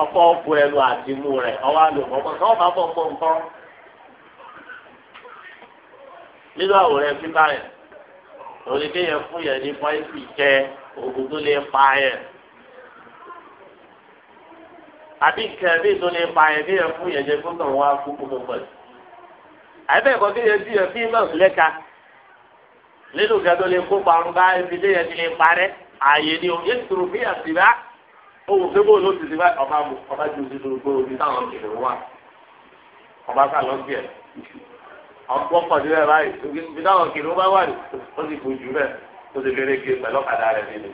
ọkọ̀ bu ẹnu àti mú rẹ̀ ọwọ́ àlùkọ́kọ́ tí wọ́n bá bọ̀ pọ̀ nǹkan nínú àwòrán fífà yẹn òní kéèyàn fún yẹn ní pọ́ìsì jẹ oògùn tó lè pa yẹn àbí nǹkan ẹbí tó lè pa yẹn kéèyàn fún yẹn jẹ kó wá kú kó àìbẹ́ẹ̀kọ́ kí yẹn ti yẹn fi mọ̀ lẹ́ka nínú gẹ́gẹ́ lè kó parun bá ibi tí yẹn ti lè parẹ́ ààyè ni o yẹn tòrò bí àtìbá òun pé bóun ló ti ti bá ọba mu ọba ju ti tòrò gbòòrò bí táwọn kìlọ̀ wá ọba sá lọ sí ẹ̀ ọgbọ́n pọ̀ síbẹ̀ báyìí bí táwọn kìlọ̀ bá wà ní ó sì fojú bẹ́ẹ̀ ó sì fẹ́rẹ́ gé pẹ̀lú ọ̀kadà rẹ̀ nílé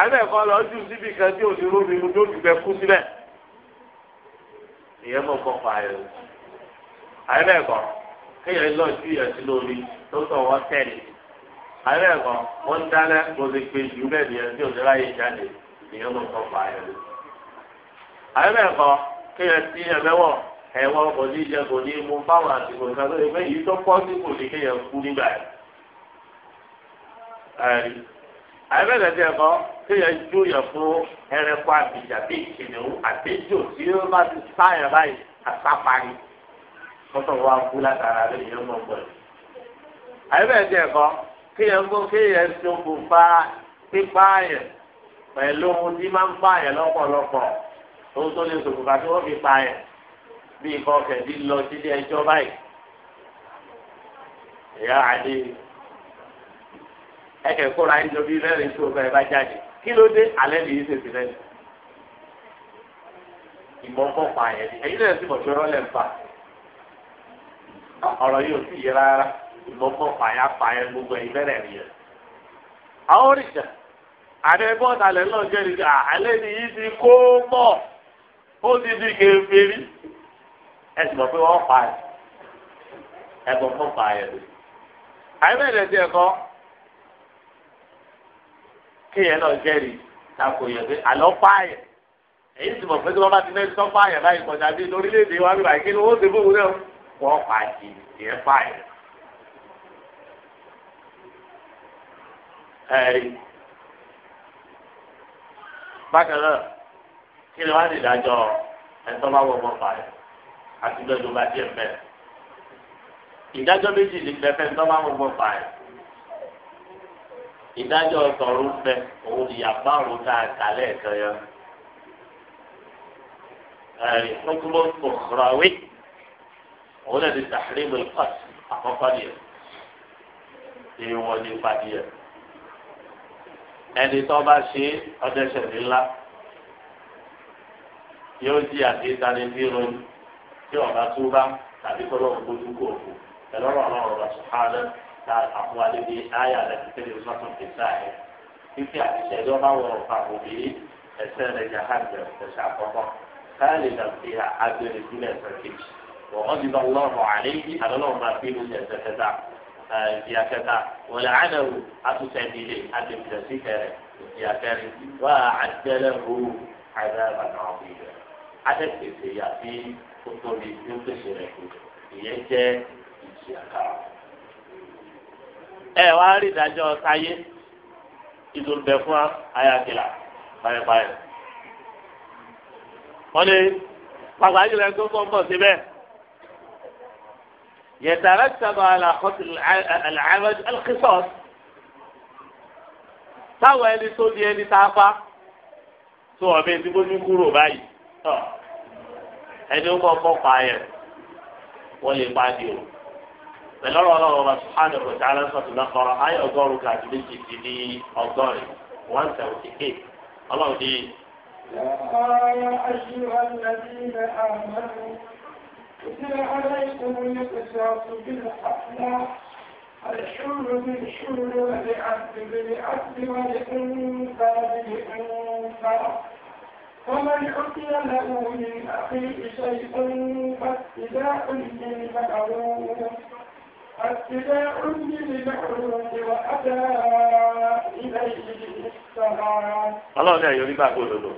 àìbẹ́ẹ̀kọ́ lọ ju síbi kan tí òṣèlú ìyẹn mọ̀ kọ́ fà yẹn o. kéèyàn lọ ju ìyẹn lórí tó wọ́n tẹ̀lé. àyẹ̀bẹ̀kọ wọ́n ń dáná gbòdì pé jù bẹ́ẹ̀ nìyẹn tí òṣèlú ayé jáde ìyẹn mọ̀ kọ́ fà yẹn o. kéèyàn sí ẹ̀mẹ́wọ̀ ẹ̀wọ̀n kò ní jẹ kò ní mú fáwọn àsìkò kan tó pé èyí tó pọ́ sí kò ní kéèyàn kú nígbà yẹn àbẹ̀rẹ̀ tẹ̀ kọ́ tó yẹ ju yẹ fún ẹrẹ́kọ́ àbíjà bí ìkìnìún àbíjò tí ó bá ti sá yẹ báyìí àsáparí kọ́tọ̀ wá kú látara lè yẹ mọ̀ pẹ̀lú. àbẹ̀rẹ̀ tẹ̀ kọ́ kí yẹ gbọ́ kí yẹ ṣokùnfà pípa yẹ pẹ̀lú ohun tí máa ń pa yẹ lọ́pọ̀lọpọ̀ ohun tó lè ṣokùnfà tí wọ́n fi pa yẹ bí ikọ̀ kẹ̀dí lọ sílé ẹjọ́ báyìí. ìyá àdéhùn ẹkẹ kóra ẹjọ bíi lẹ́rìn tó fẹ́ bá jáde kí ló dé alẹ́ nìyí ṣe sílẹ̀ ní. ìbọn bọ̀ pa ẹ̀ ẹ̀yin náà sì mọ̀ tó rọ́lẹ̀ ń fa ọ̀rọ̀ yìí ò sì yẹ rárá ìbọn bọ̀ pa ẹ̀ apá ẹ̀ gbogbo ẹ̀yin bẹ̀rẹ̀ rí ẹ̀. àwọn oríṣà àti ẹgbẹ́ ọ̀tá alẹ́ náà jẹ́ ní alẹ́ nìyí ti kó mọ̀ ó ti di kèfèrí ẹ̀ sì mọ̀ pé wọ́n pa ẹ̀ ẹ̀ kéèyàn náà jẹ́rìí tako yẹn pé àlọ́ pààyàn èyí sì mọ̀ pé tí wọ́n bá ti náà sọ pààyàn báyìí kọjá bí lórílẹ̀‐èdè wa bí báyìí kí ni wọ́n ti fún un náà wọ́n pààyàn ìyẹn pààyàn. ẹ̀rí bákan náà kí ni wọ́n á lè dájọ́ ẹ̀tọ́ bá wọ ọmọ pààyàn àti lọ́jọ́ bá díẹ̀ mẹ́rin ìdájọ́ méjì ní pẹ́pẹ́ ẹ̀tọ́ bá wọ ọmọ pààyàn ìdájọ́ tọ̀rọ̀ fẹ́ òun ìyàpá òun tá a kàlẹ́ ẹ̀kan yẹn. ẹ̀rí fúnkúmọ́ kòkòrọ̀wé òun náà ti sàkéré mi kọ́t àkọ́kọ́ nìyẹn. ìwọ̀n ní padìyẹ. ẹni tó bá ṣe ọdẹṣẹ̀ ńlá yóò di àti ìtanidírun tí ọ̀gá túbá tàbí kọ́lọ́ ògbójú kò òkú ẹ̀lọ́rọ̀ ọlọ́run ọ̀gá sọ̀hánà. ta àfún adébí ayé àlẹ́kùtẹ́lẹ̀ sọ́tún ìsá ẹ̀ fífi àtìṣe ẹ̀dọ́ bá wọ ọ̀pá obìnrin ẹ̀sẹ̀ rẹ̀ jahannam ẹ̀sẹ̀ àkọ́kọ́ káàlì nàbí agbèrè sílẹ̀ ẹ̀sẹ̀ kejì wọ́n ti bá lọ́rùn àléyìn àlọ́lọ́run máa fi ìlú ẹ̀sẹ̀ kẹta ìyá kẹta wọlé ànáwó àtúnṣe nílé agbègbè sí kẹrẹ ìyá kẹrin wà àjẹlẹ ru àdáàbà náà bí rẹ adẹ́gbèsè yàtí kótóbi tí ó pèsè rẹ kù ìyẹn jẹ́ ìjìyà káwọn. ẹ wá rí ìdájọ́ sáyé ìdòǹbẹ fún ayàkìlà báyìí wọ́n ní pàpà yìí lẹ́nu tó kọ́ ń bọ̀ síbẹ̀ yẹtara sábà àlàkọ́sí alkisọ́s táwọn ẹni tó di ẹni tá a fa tó ọ̀bẹ tí bó kúrò báyìí ẹni ó kọ́ kọ́ pa wọ́n lè pa á di o. pẹ̀lú ọ̀rọ̀ ọlọ́run ọba sùhánù ọ̀tá aláǹsọ̀tún náà kọ́ra ayé ọgọ́rùn-ún káàdì méjì ti ní ọgọ́rin one seventy eight يا أيها الذين آمنوا كتب عليكم القصاص بالحق الحر بالحر والعبد بالعبد والأنثى بالأنثى ومن عطي له من أخيه شيء فاتباع بالمعروف اتباع للمعروف وأداء إليه بالإحسان الله لا يريد أقول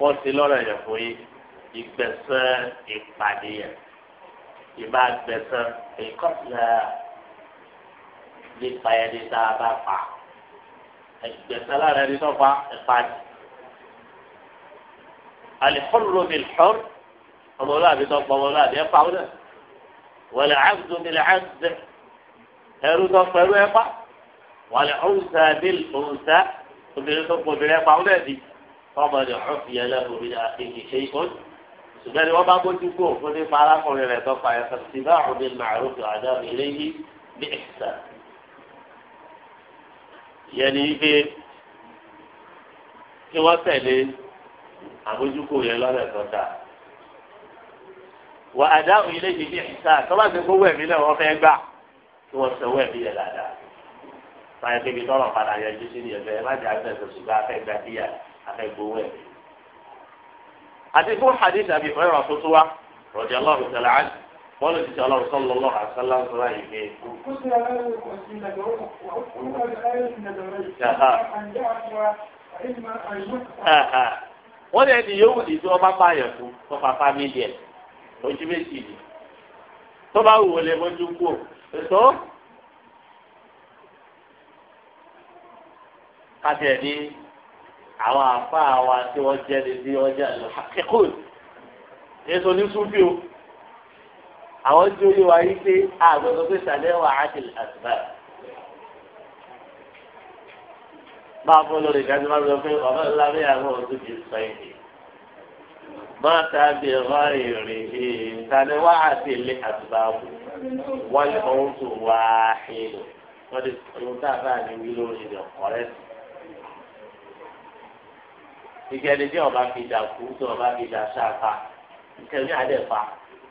wọ́n ti lọ́rọ̀ yẹn fún yín ìgbẹ̀sán ìpàdé yẹn ìbá gbẹ̀sán ìkọ́sílẹ̀ nípa ẹni tá a bá pa ìgbẹ̀sán lára ẹni tó pa ìpàdé. alìkọ́rù ló ọmọlúwàbí tó pọ̀ ọmọlúwàbí ẹ̀ pa والعبد بالعبد هرود فرقة والأنثى بالأنثى وبالتقوى بالعبد أولادي فمن عفي له من أخيه شيء سبحانه وبابو تكو فني فراقه من يتوقع فاتباع بالمعروف عذاب إليه بإحسان يعني في كما تعلم أبو تكو يلا لأتقى wà á dáhùn ilé yìí ní ìta tọ́lá ti gbówó ẹ̀mí náà wọ́n fẹ́ gbà kí wọ́n sanwó ẹ̀mí yẹn dáadáa. báyọ̀ kébi tọ́lọ̀ padà yọjú sí ìyẹn bẹ́ẹ̀ má jẹ́ àgbẹ̀sọ̀ ṣùgbọ́n afẹ́ gba díyà afẹ́ gbówó ẹ̀mí. àti fún hadith àbí ìfọ̀rọ̀ tuntun wa rọ̀jẹ̀ ọlọ́run tẹ̀lé á wọ́n lè ti ọlọ́run sọ́lọ́ lọ́run àṣálá ń sọ́ra yìí pé. wọ́n lè ní yóò wù ní tí wọ́n bá pààyàn fún wọ́n pa fámìlì ẹ̀ ojú méjì ni tó bá wù wọlé mọ́jú kú ò ètò kàtẹ́ ní àwọn àfáà wa tí wọ́n jẹ́ ní bí wọ́n jẹ́ àlọ́ akẹ́kọ̀ọ́ èso ní súnfì o àwọn tí ó yé wa yí pé àgbẹ̀dọ̀ pé sàlẹ̀ wà á ti àtìbá. máa fọ́ lórí ìdájọ́ máa ń lọ pé ọ̀bẹ́ ńlá bí àwọn ọ̀dọ́ ti sọ èdè. مات بغيره تنوعت الأسباب والموت واحد قد انتفع من وجود القرآن ìkẹni tí ọba fi dà kú tí ọba fi dà ṣáfa ìkẹni àdẹ̀fà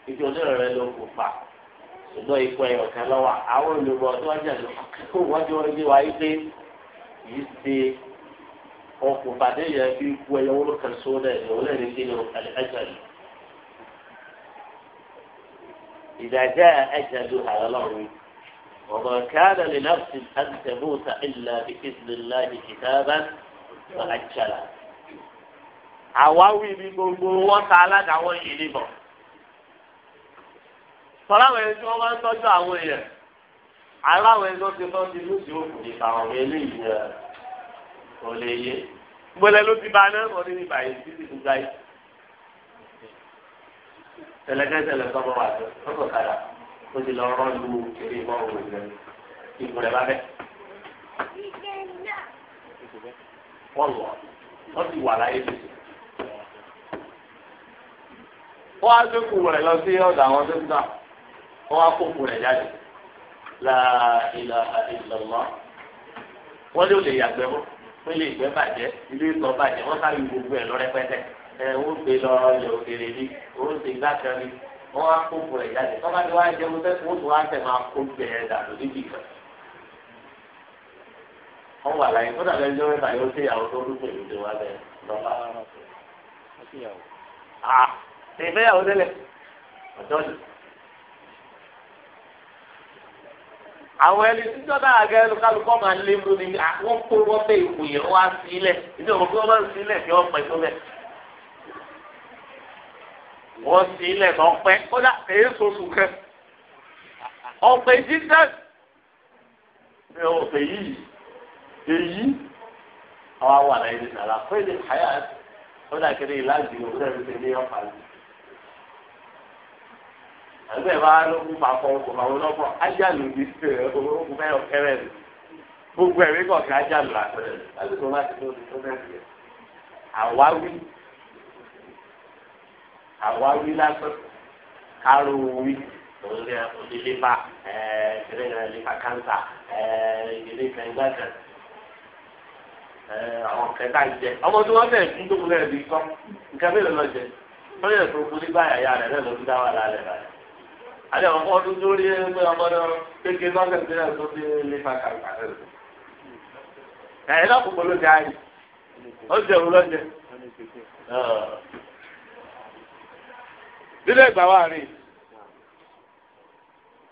ìjọ onírọ̀ rẹ ló kó fa ṣùgbọ́n ikú ẹyọ kan lọ́wọ́ àwọn olùbọ̀ tí wọ́n jẹ́ lọ́wọ́ wọ́n jẹ́ wọ́n gbé wáyé pé kì í okùnfà dé yẹ bí ikú ẹyẹ wọlé kan sóò dẹ ẹyẹ wọlé ní kíni ẹjẹlú ìdájẹ ẹjẹlú àlọlọrun وما كان لنفس أن تموت إلا بإذن الله كتابا مؤجلا àwáwí ni gbogbo wọn ta aládàáwọ yìí níbọ sọláwọ ẹni tí wọn bá ń tọ́jú àwọn èèyàn aláwọ ẹni tó ti tọ́ ti lùsì òkú nípa àwọn eléyìí kò lè yé gbọ́dọ̀ ló ti bá náà wọ́n ní ibà yìí títí tó gbáyé tẹlẹkẹtẹlẹ tọmọ wà tó tọkọ kàdà ó ti lọ rọ lu eré bọ́ọ̀lù rẹ ìbò rẹ bá bẹ. wọ́n lọ wọ́n ti wà láyé tó. wọ́n á sókù rẹ̀ lọ sí ọ̀dọ̀ àwọn tó ń tà wọ́n á kókù rẹ̀ jáde la ilaha illallah wọ́n lè yàgbẹ́ mọ́ pélé ìgbẹ́ bàjẹ́ ilé ìtọ́ bàjẹ́ wọ́n sáré gbogbo ẹ̀ lọ rẹpẹtẹ ẹ ó gbé lọ ilẹ̀ òkèèrè ni ó ń ṣègbà kan ni wọ́n á kó fún ẹ̀ jáde wọ́n bá ti wá jẹun sẹ́kùn ó tún wá tẹ̀ máa kó bẹ̀rẹ̀ dàdú níbi kan. wọ́n wà láyé kódà bẹ́ẹ̀ ló mẹ́ta yóò ṣèyàwó tó rúkọ èyí tó wá bẹ́ẹ̀ lọ́wọ́. ṣèfẹ́yàwó ah, tẹ́lẹ̀ ọ̀dọ́ yìí. àwọn ẹni tí jọba àgẹ ẹlòkálùkọ máa lé mu ni àwọn kó wọn bẹ ìwò yẹn wá sílẹ̀ ìdí òun kí wọn bá sílẹ̀ ní ọpẹ tó bẹ wọn sílẹ̀ lọpẹ kódà èyí sọsù kẹ ọpẹ jíjẹ ẹ ọpẹ yìí èyí àwọn àwọn àlàyé nìyàrá fún èdè àyà kódà kiri ìlàjì òun náà ti ní ọpàlù àbí ẹ̀ bá ló kú papọ̀ kò máa wọn lọ́pọ̀ ájàlù ní òkú fẹ́ ọ̀kẹ́rẹ́ rẹ̀ gbogbo ẹ̀rí kọ̀ọ̀kan ájàlù àpẹẹrẹ àti tó bá tó ti tó bẹ́ẹ̀ yẹ. àwáwí àwáwí lásán kárò wí òǹlẹ̀ onílépà ẹ̀ẹ́dẹ̀rẹ̀ nípa kánsà ẹ̀ẹ́dẹ̀rẹ̀ nípa ìgbàgbà àwọn kẹta jẹ ọmọ tí wọn bẹ̀rẹ̀ fún tó àti àwọn ọmọ ọdún tó rí ẹgbẹ́ ọmọdé kékeré lọ́sẹ̀ tó yẹ kó dé ilé fàkà ìpàdé rẹ̀. ẹ̀yin náà kúkú ló dé ayé ó jẹ òun lọ́jẹ. nílẹ̀ ìgbà wa rí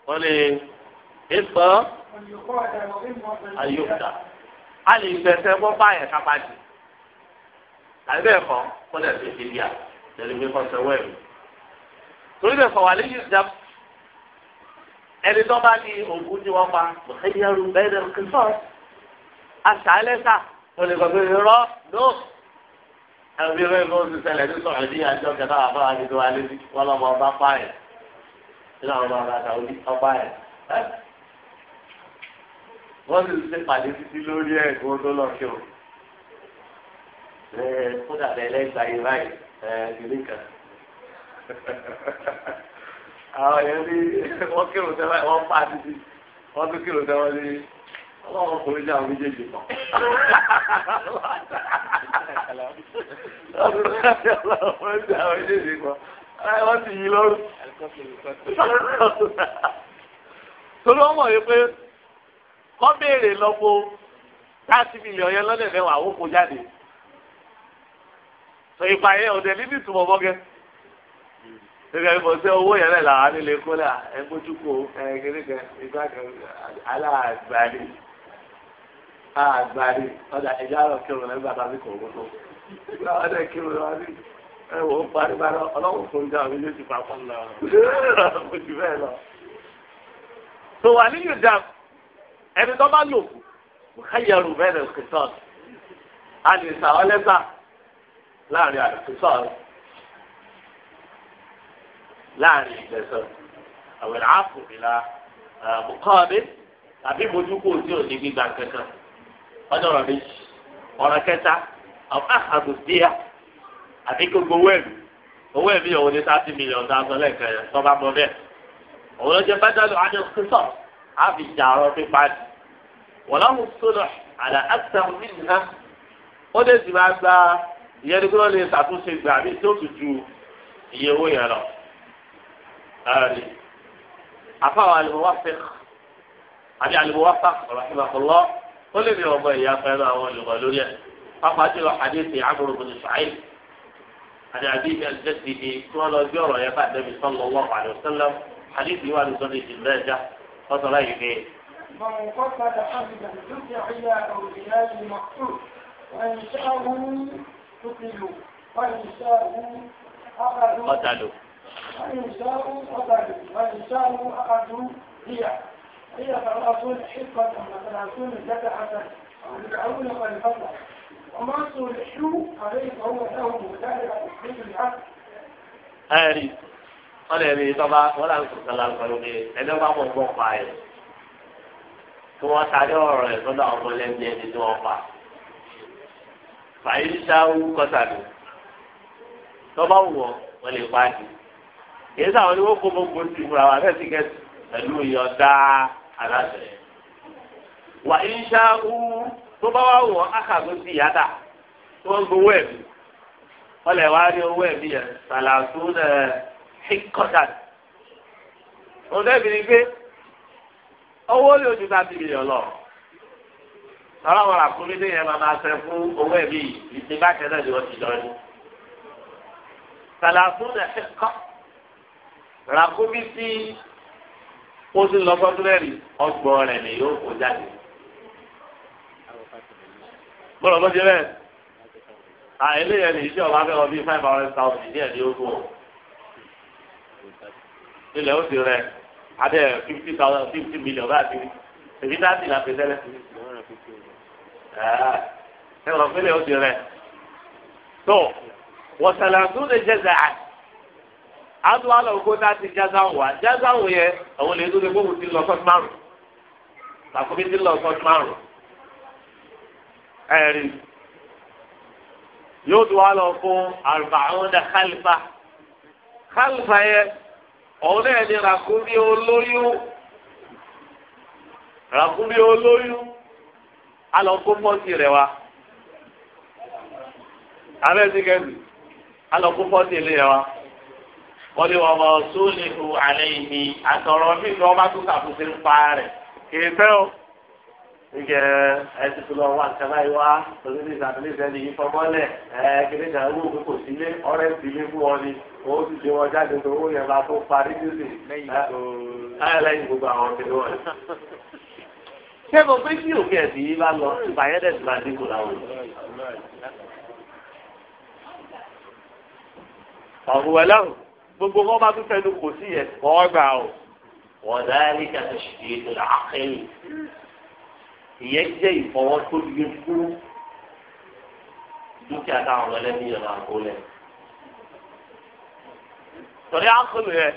wọ́n lè ìfọ́ àyùkà a lè gbẹ̀sẹ̀ wọ́n bá yẹn kápá jù àbí bẹ́ẹ̀ kọ́ kó lè fi ìdí à lè fi kọ́ sẹ́wọ́ ẹ̀ torí bẹ́ẹ̀ fọwọ́ àlejò ìjà ẹni tó bá ní òkú tí wọ́n pa ẹ̀yẹrù bẹ́ẹ̀ kìsọ́ aṣáálẹ́sà ó lè gbàgbé rọ́ ló ẹ̀rí rẹ̀ ló ti ṣẹlẹ̀ ní sọ̀rọ̀ ní àjọ kẹta àbọ̀ àdìdó alẹ́ ní wọ́n lọ́mọ ọba pààyàn nínú àwọn ọba àtàwọn ọba yẹn wọ́n sì ṣe pàdé títí lórí ẹ̀ kó tó lọ sí o kódà bẹ́ẹ̀ lẹ́gbàá yìí báyìí kìnìkan. àwọn yẹn ní wọ́n kírun tẹ́lẹ̀ wọ́n pa títí wọ́n tún kírun tẹ́lẹ̀ ní ọlọ́run kò ní àwọn méjèèjì kan. ọlọ́run kò ní àwọn méjèèjì kan. wọ́n ti yí lọ́rùn. torí wọ́n mọ̀ yìí pé kọ́ béèrè lọ́gbọ́ táàtì mílíọ̀n yẹn lọ́dẹ̀ ó kó jáde. sọ ìpààyẹ ọ̀dẹ̀ níbi ìtumọ̀ bọ́gẹ́ gẹ́gẹ́ bí mo ṣe owó yẹn lẹ́la wà nílé kólà ẹ mójúkó ẹ kékeré ìgbà kan aláàgbárí àgbárí ọjà ìjà rọ kírun lẹ́gbà tàbí kò wọ́n tó láwọn ọdẹ kírun lọ́wọ́ ní ẹ wò ó parí bá lọ ọlọ́wọ́ fún ìjà òun yóò ti pa fún lọ mo jù bẹ́ẹ̀ lọ. tó wà níyù dàm ẹni tó bá lò kú káyọrù bẹ́ẹ̀ lọ kìtọ́ọ̀tì a lè sà ọ́ lẹ́sà láàrin ìgbẹ̀sọ̀ àwẹ̀lẹ̀ àfòmìlà mùkọ́ọ̀bí tàbí mojúkú tí ò ní gbígbà kankan ọjọ́ ọ̀rọ̀ méjì ọ̀rọ̀ kẹta àgùsíyà àti gbogbo owó ẹ̀mí owó ẹ̀mí òun ní thirty million tá a sọ lẹ́ẹ̀kan yẹn tó bá mọ bẹ́ẹ̀ òun ló jẹ́ bẹ́tẹ̀lù adékúsọ̀ á fi jà ọ̀rọ̀ pípa ni wọ́n lọ́hùn sólọ̀ àdá àtàwọn nínú ó lè sì máa gba ìyẹn ní kí wọ́n lè ṣàtúnṣe gbà mí tó tù ju owó yẹn lọ ààrẹ afáwọn alùwàfẹ́k àbí alùwàfẹ́k rahimahullah ó lè ní ọmọ ìyá fẹ́ràn àwọn olùkọ́ lórí ẹ̀ pápá jùlọ àdéhùn àmúrò bùnú sàáyé àti àdéhùn ẹ̀jẹ̀sì ni tí wọ́n lọ gbé ọ̀rọ̀ yẹn bá dẹ́bi sọ́nà wọ́n wà lọ sẹ́lẹ̀ àdéhùn ìwà ló sọ́nà ìdìbò náà já ọ̀sán láyé ní. ọ̀tàlù. وإن شاءوا فذلك وإن شاءوا هي هي فالأصول حفظة فتنعسون جدعة ويدعون خلفة وما صلحوا عليه فهو لهم ذلك تحديد العقل ẹ̀rí wọ́n lè rí tọ́ba wọ́n lè sọ sọ́la pẹ̀lú pé ẹni bá mọ̀ gbọ́ pa ẹ̀ tí wọ́n sáré ọ̀rọ̀ ẹ̀ sọ́dọ̀ ọmọ lẹ́bi ẹni tí wọ́n pa. fàyíṣà wú kọ́sàdù tọ́ba wù wọ́n wọ́n lè pa á di. èyí sáwọn ni wọ́n kó gbogbo ti fúra wa fẹ́ẹ́ sì kẹ́sì pẹ̀lú ìyọ̀dá aláṣẹ. wà ìṣá wú tó bá wà wọ̀ ákàgbé sí yàtà tó ń gbowó ẹ̀mí ọlẹ̀ wá ní owó ẹ̀mí yẹn sàlàtú nà ṣíkọ́tà. òun dẹ́bi ni pé owó yóò ju tàbí mílíọ̀nù lọ tọ́lọ́wọ́ la kúrú ní yẹn máa sẹ fún owó ẹ̀mí yìí ìdí bá kẹ́lẹ́ ni wọ́n ti lọ ní. Sàlàfún ẹ̀ kọ́ ràkúbí tí ó ti lọ fọdún mẹ́rin ọgbọ̀n rẹ̀ ni yóò kó jáde. bọ́lá bó ṣe bẹ́ẹ̀ àìléyẹ ní iṣẹ́ ọba fẹ́ lọ bí five hundred thousand díẹ̀ ní ogún o ilẹ̀ ó ti rẹ abẹ́ fifty thousand fifty million bá ti rí èyí tá a ti là pé tẹ́lẹ̀ ẹ lọ pé ilẹ̀ ó ti rẹ tó wọ́sàlàtún lè jẹ́ zàá àdúrà lọ́kọ́ tá a ti jásáwò wá jásáwò yẹ àwọn olè dúró gbóhùn ti lọ sọ́tún márùn làkúbí ti lọ sọ́tún márùn ẹ̀rí yóò tún wá lọ fún àrùbáwọn dà kálífà kálífà yẹ òun náà ní ràkúbí olóyún ràkúbí olóyún alọ́kọ́ mọ́tì rẹ̀ wá abẹ́sí kẹ́sì alọ́kọ́ mọ́tì rẹ̀ wá wọ́n ní wọ́n mọ̀ sólèhu alẹ́ ìní àtọ̀rọ̀ mi ni wọ́n bá tún kàkúté ń pa rẹ̀ kìí fẹ́ o. Ìjẹ ẹsẹ̀ tó lọ wá nǹkan báyìí wá torí ní ìsàtúndì sẹ́ni yìí fọmọ́lẹ̀ ẹ̀ kéde ìjà owó òkú kò sílé ọ̀rẹ́ ìdílé fún wọn ni owó ti gbé wọn jáde tó owó yẹn máa tó parí nílé ẹ̀ lẹ́yìn gbogbo àwọn kéde wọn. Ṣé mo pé kí òkè ẹ̀sìn yìí bá lọ ìbàyẹ̀dẹ̀ gbogbo wọn bá tún fẹnu kò sí yẹn wọn gbà o wọn dárí kàtó ṣì làákẹ́yìn ìyẹn jẹ́ ìfọwọ́ tó yẹ kúrú dúkìá táwọn ọlẹ́bí yẹn máa kó lẹ̀. torí àkọlù yẹn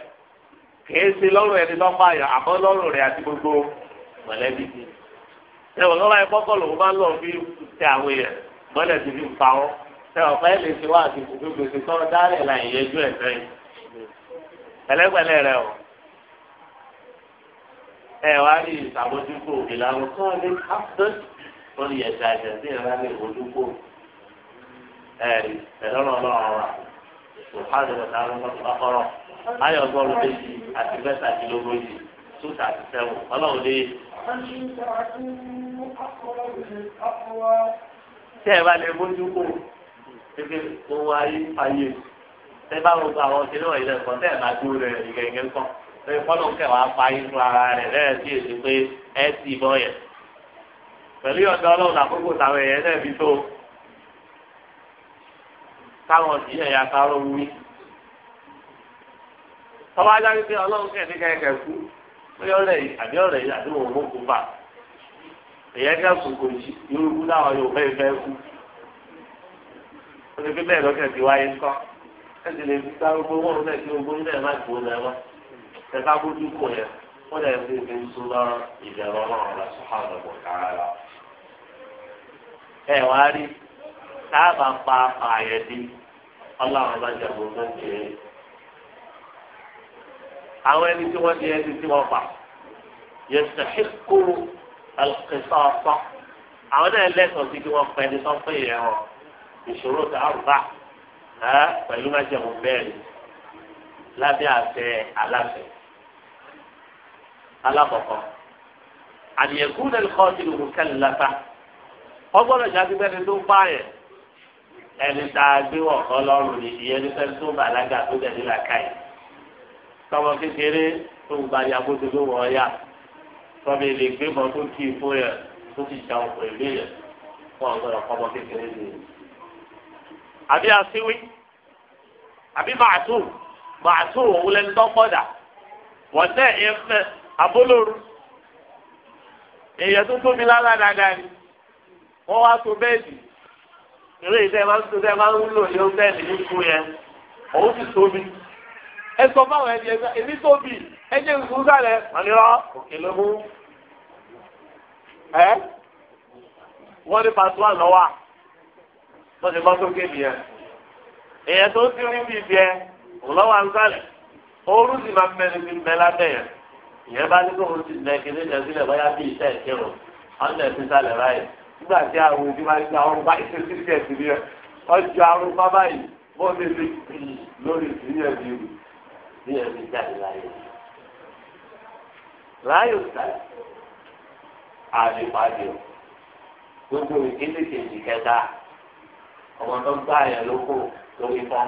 kìí ṣe lọ́rùn ẹni lọ́pàá yẹn àmọ́ lọ́rùn rẹ̀ àti gbogbo mọ̀lẹ́bí ti. ẹ̀wọ̀n lọ́wọ́ ẹ̀ kọ́kọ́ lòun máa ń lọ fi tẹ àwọn èèyàn mọ́lẹ̀ fi ń pa wọ́n. ẹ̀wọ̀n lè ṣe wá àti ìfòkúgbèsè tọ́ dálẹ̀ láì yẹjú ẹ̀ fẹ́ẹ́ pẹ̀lẹ́pẹ̀lẹ́ rẹ o ẹ wá rí ìsàmójúkò ìlànà tó ní kápẹ́t wọn yẹ ẹ̀ṣẹ̀ ẹ̀ṣẹ̀ sí ìlànà ní ìmójúkò ẹ ẹ̀lọ́rọ̀ ọlọ́run wa sùpàdé ọ̀tá ọ̀rọ̀ ayọ̀ ọgọ́rùn-ún méjì àti mẹ́tàdínlógójì two thirty seven ọlọ́run ní. tẹ́ ẹ bá lè mójúkò pé kó wáyé ayé ṣé bá gbogbo àwọn òṣèlú wọ̀nyí lẹ́kọ̀ọ́ tẹ́ ẹ̀ máa dúró rẹ̀ ìgẹ̀gẹ̀ kọ́ ṣé fọ́nù kẹwàá pa irú ara rẹ̀ lẹ́yìn tí èsì pé ẹ ti bọ́ yẹn pẹ̀lú ọ̀dọ́ ọlọ́run àkókò táwọn èèyàn náà fi tó táwọn òsì ẹ̀yà káró wí tọ́wọ́ ajá wípé ọlọ́run kẹ̀kẹ́ kẹ̀kẹ́ kú pé ọ̀rẹ́ àbí ọ̀rẹ́ yìí àbí òun kò kú láwọn ẹsì lè fi ká gbogbo wọn náà kí gbogbo náà má gbó náà wá ẹ̀ka bójú kò yẹ wọn lè fi fi ń sún lọ ìdẹ̀rọ náà lọ sọ́kà lọ́gbọ̀n kára lọ. ẹ wá rí sábà pa àyẹ̀dí ọlọ́run bá jẹ gbogbo ṣe àwọn ẹni tí wọ́n di ẹni tí wọ́n pa yẹsẹ̀híkú alùpùpù ọ̀pọ̀ àwọn náà lẹ́sọ̀ọ́ sí kí wọ́n pẹ́ ní sọ́pẹ́ yẹn hàn ìṣòro tá a rù bá pẹ̀lú májẹ̀mú bẹ́ẹ̀ lábẹ́ àṣẹ aláṣẹ. alákọ̀ọ́kọ́ àdìyẹ̀kú lẹ́nu kọ́ ti lùkù kẹ́lẹ́ lápá ọgbọ́dọ̀ jáde bẹ́ẹ̀ ni tó ń pààyàn ẹni tá a gbé wọ̀ kọ́ lọ́rùn ni ìyẹn ní fẹ́ẹ́ tó bàlágà tó tẹ̀lé làkàyè tọmọ kékeré tó ń gba ya bóso ló wọ̀ ọ́ tọmọ èlé mọ́ tó kí i yẹn tó ti jà òkú ìlú yẹn fún ọgbọ́dọ̀ kọ́mọ kékeré nìyẹn. àbí asíwí àbí màtú màtú òun lẹni tó wọ́n tẹ̀ lára dáadáa ni wọ́n wá tó bẹ́ẹ̀dì eré máa ń tó máa ń wúlò ní ọgbẹ́ ní ikú yẹn òun sì tóbi ẹ sọ fáwọn ẹni ẹgbẹ́ èmi tóbi ẹ jẹ́ sálẹ̀ wọ́n ní rọ́ òkè ló mú ẹ wọ́n ní pàṣẹ wà lọ́wọ́ à. tó ti bọ́ sókè nìyẹn. èèyàn tó ti rí bíi bíẹ òlọ́wọ́ àǹsálẹ̀ ooru sì máa mẹ́rin bíi bẹ́ẹ̀ lábẹ́ yẹn. ìyẹn bá ní kó o ti lẹ̀ kéde jẹ sílẹ̀ báyà bíi iṣẹ́ ìkírun ọ̀nà ìfisàlẹ̀ ráyè nígbà tí àwọn òbí máa ń gba ọrùn báyìí ṣe sí ìṣẹ̀ sílẹ̀ yẹn ọjọ́ àrùn bábà yìí bó ṣe fi pì lórí ìṣìyẹn bí rù ìṣìyẹn bí jáde láyé. ráyò sàlẹ̀ àdìpàdé gbogbo ìkéde kejì kẹta ọmọ tó gbá yẹn ló kó lórí ká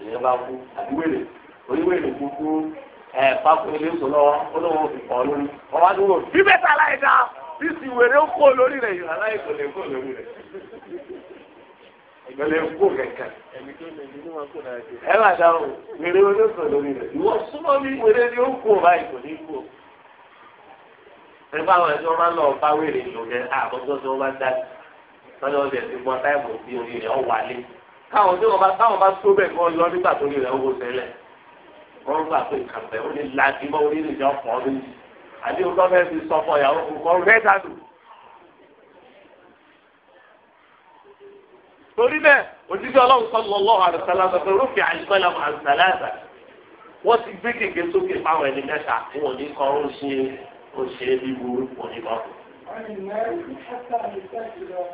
ìyẹn bá kú àbí wèrè oníwèrè kúkú ẹ pákó eléso lọ́wọ́ ó lóun fi kọ́ lórí ọmọ tó wò bí bẹ́ẹ̀ ta láì dá bí sì wèrè ó kó lórí rẹ̀ yìí aláì kò lè kó lórí rẹ̀ ìgbẹ́lẹ̀ kó kẹ̀kẹ́. ẹ má dá o wèrè ó ló sọ lórí rẹ̀ ìwọ súnmọ́ mi wèrè ni ó kó báyìí kò ní kó nípa àwọn ẹ̀sọ́ máa ń lọ bá wèrè ìlú kẹ́ lọ́dẹ ọ̀dẹ ti gbọ́ táìmù tí orí rẹ̀ ọ̀ wálé káwọn tí wọ́n bá táwọn bá tó bẹ̀ kọ́ yọ nígbà tó rí rẹ̀ owó sẹ́lẹ̀ wọ́n gbà pé kàpẹ́ ó lè láti mọ́ orí rẹ̀ ọ̀pọ̀ ọdún yìí àbí o tọ́fẹ́ fi sọ fọ ìyàwó kò rẹ́ dànù. torí bẹ́ẹ̀ òjijì ọlọ́run sọ́nù ọlọ́run àdùsálà sọ́kẹ́ rúfin àìsàn àdùsálà wọ́n ti gbé kéke sókè fáwọn ẹni mẹ́ta wọn ò ní kọ́ ó ṣe ó ṣe bíbu wọn ò ní kọ́ kù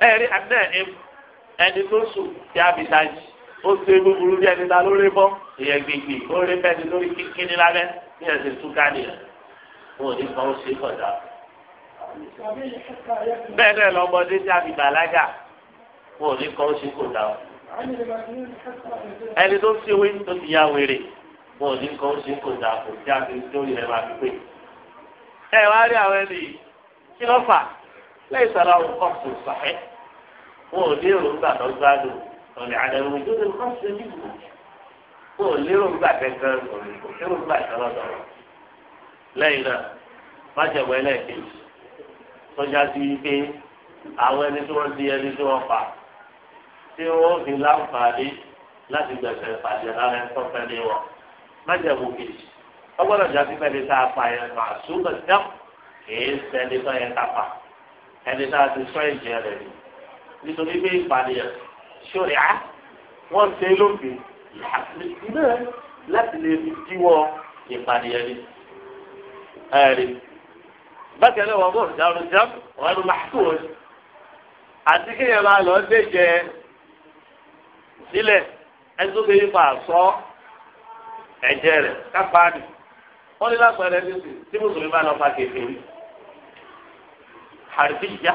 ẹ̀rí àná ẹni tó sùn tí a fi tají ó ṣe búburú bí ẹni ta lórí bọ́ èèyàn gbègbè ó rí bẹ́ẹ̀ ni lórí kíkíní lábẹ́ bí ẹ̀sìn túká nìyẹn wọn ò ní kàn ó ṣe kọjá. bẹ́ẹ̀ náà lọ́mọdé tí a fi bàlágà wọn ò ní kàn ó ṣe kọjá. ẹni tó ṣe wé tó ti ya wèrè wọn ò ní kàn ó ṣe kọjá kò tí a fi lórí máa fi pè. ẹ wá rí àwọn ẹni yìí kí ló fà lẹ́yìn sara wọn kọ́ tó sàfẹ́ wọn ò lérò ńgbà tó gbádùn ọ̀lẹ́ àdàlù ojú ló kọ́ sí ojú wọn ò lérò ńgbà kẹ́kẹ́ kò lérò ńgbà ìtọ́lọ́ dọ̀rọ̀ lẹ́yìn náà májèwọ́ ẹlẹ́ẹ̀kejì tọ́já sí wípé àwọn ẹni tí wọ́n di ẹni tí wọ́n fà tí wọ́n fi láǹfààní láti gbẹ̀sẹ̀ pàdé lára ẹ̀tọ́ pẹ̀lú wọn májèwọ́ kejì ọgbọ́dọ̀ jà sí pẹ̀lú tá a fà yẹn èyí sẹ́ni tó yẹ kápá ẹni tá a ti sọ ìjẹ rẹ̀ ni nítorí pé ìpànìyàn ṣòrí á wọ́n ṣe lóde náà láti lè fi díwọ́ ìpànìyàn ni. ẹ̀rí bákan náà wọ́n bọ̀ dàrú jàm wọ́n lu màtó o àti kéèyàn máa lọ déjẹ sílẹ̀ ẹtú bí ipa sọ ẹ̀jẹ̀ rẹ̀ kápá ni wọ́n ní lápẹ̀rẹ̀ ní ti tí mùsùlùmí bá lọ fa kékeré àrídíyà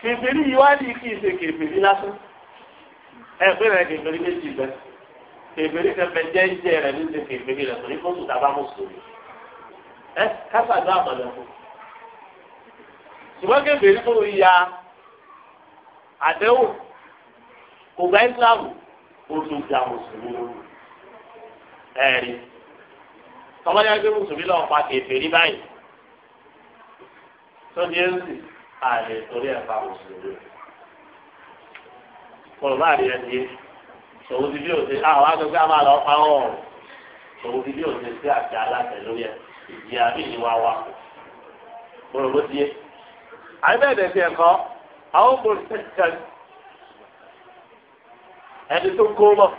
kèfèrí yìí wá ní kí n ṣe kèfèrí lásán ẹ pé rẹ kèfèrí méjì bẹ kèfèrí kẹfẹ jẹjẹ rẹ ní ṣe kèfèrí rẹ torí kó sùn tàbá mùsùlùmí ẹ kásàdó àmọ̀lẹ́ fún ṣùgbọ́n kèfèrí tó ya àdéhùn kò gba ìsìlámù ó tún gba mùsùlùmí lóru ẹ̀rí tọ́wọ́n yá gbé mùsùlùmí lọ́wọ́ pa kèfèrí báyìí tọ́jú ẹ̀ àlè torí ẹ̀ mùsùlùmí. kọlọ́bà rí ẹ ti ti bí òde àwọn agbègbè àmà lọ pa ọ́ sòwò ti bí òde sí àti aláṣẹ lórí ẹ ìdí àbí ìwà wa kọlọ́ ti yé. àbẹ̀dẹ̀ fi ẹ̀kọ́ àwọn mùsùlùmí ẹni tó kó mọ̀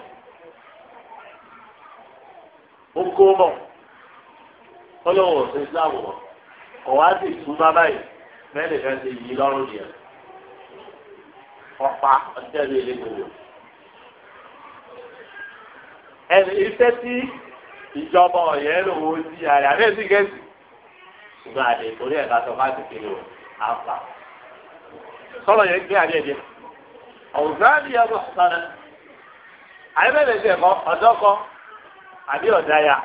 ó kó mọ̀ ọlọ́wọ́ sí islam mọ̀ ọ̀wá sì tú bábá yìí bẹ́ẹ̀ lè fẹ́ ṣe yí lọ́rùn yẹn ọ̀pá ọ̀tẹ́ mi lè gbòòrò. ẹnì iṣẹ́ tí ìjọba ọ̀yẹ́ ló wo sí ààrẹ àbẹ́ sí gẹ̀ẹ́sì ṣùgbọ́n àlè torí ẹ̀ bá sọ bá ti kiri o àǹfà. sọ́lọ̀ yẹn gbé àlẹ́ yẹn ọ̀gáàdì yẹn ló sọ̀rọ̀ àyẹ̀bẹ̀rẹ̀ ṣẹ̀kọ́ ọ̀dọ́kọ àbí ọ̀dáyà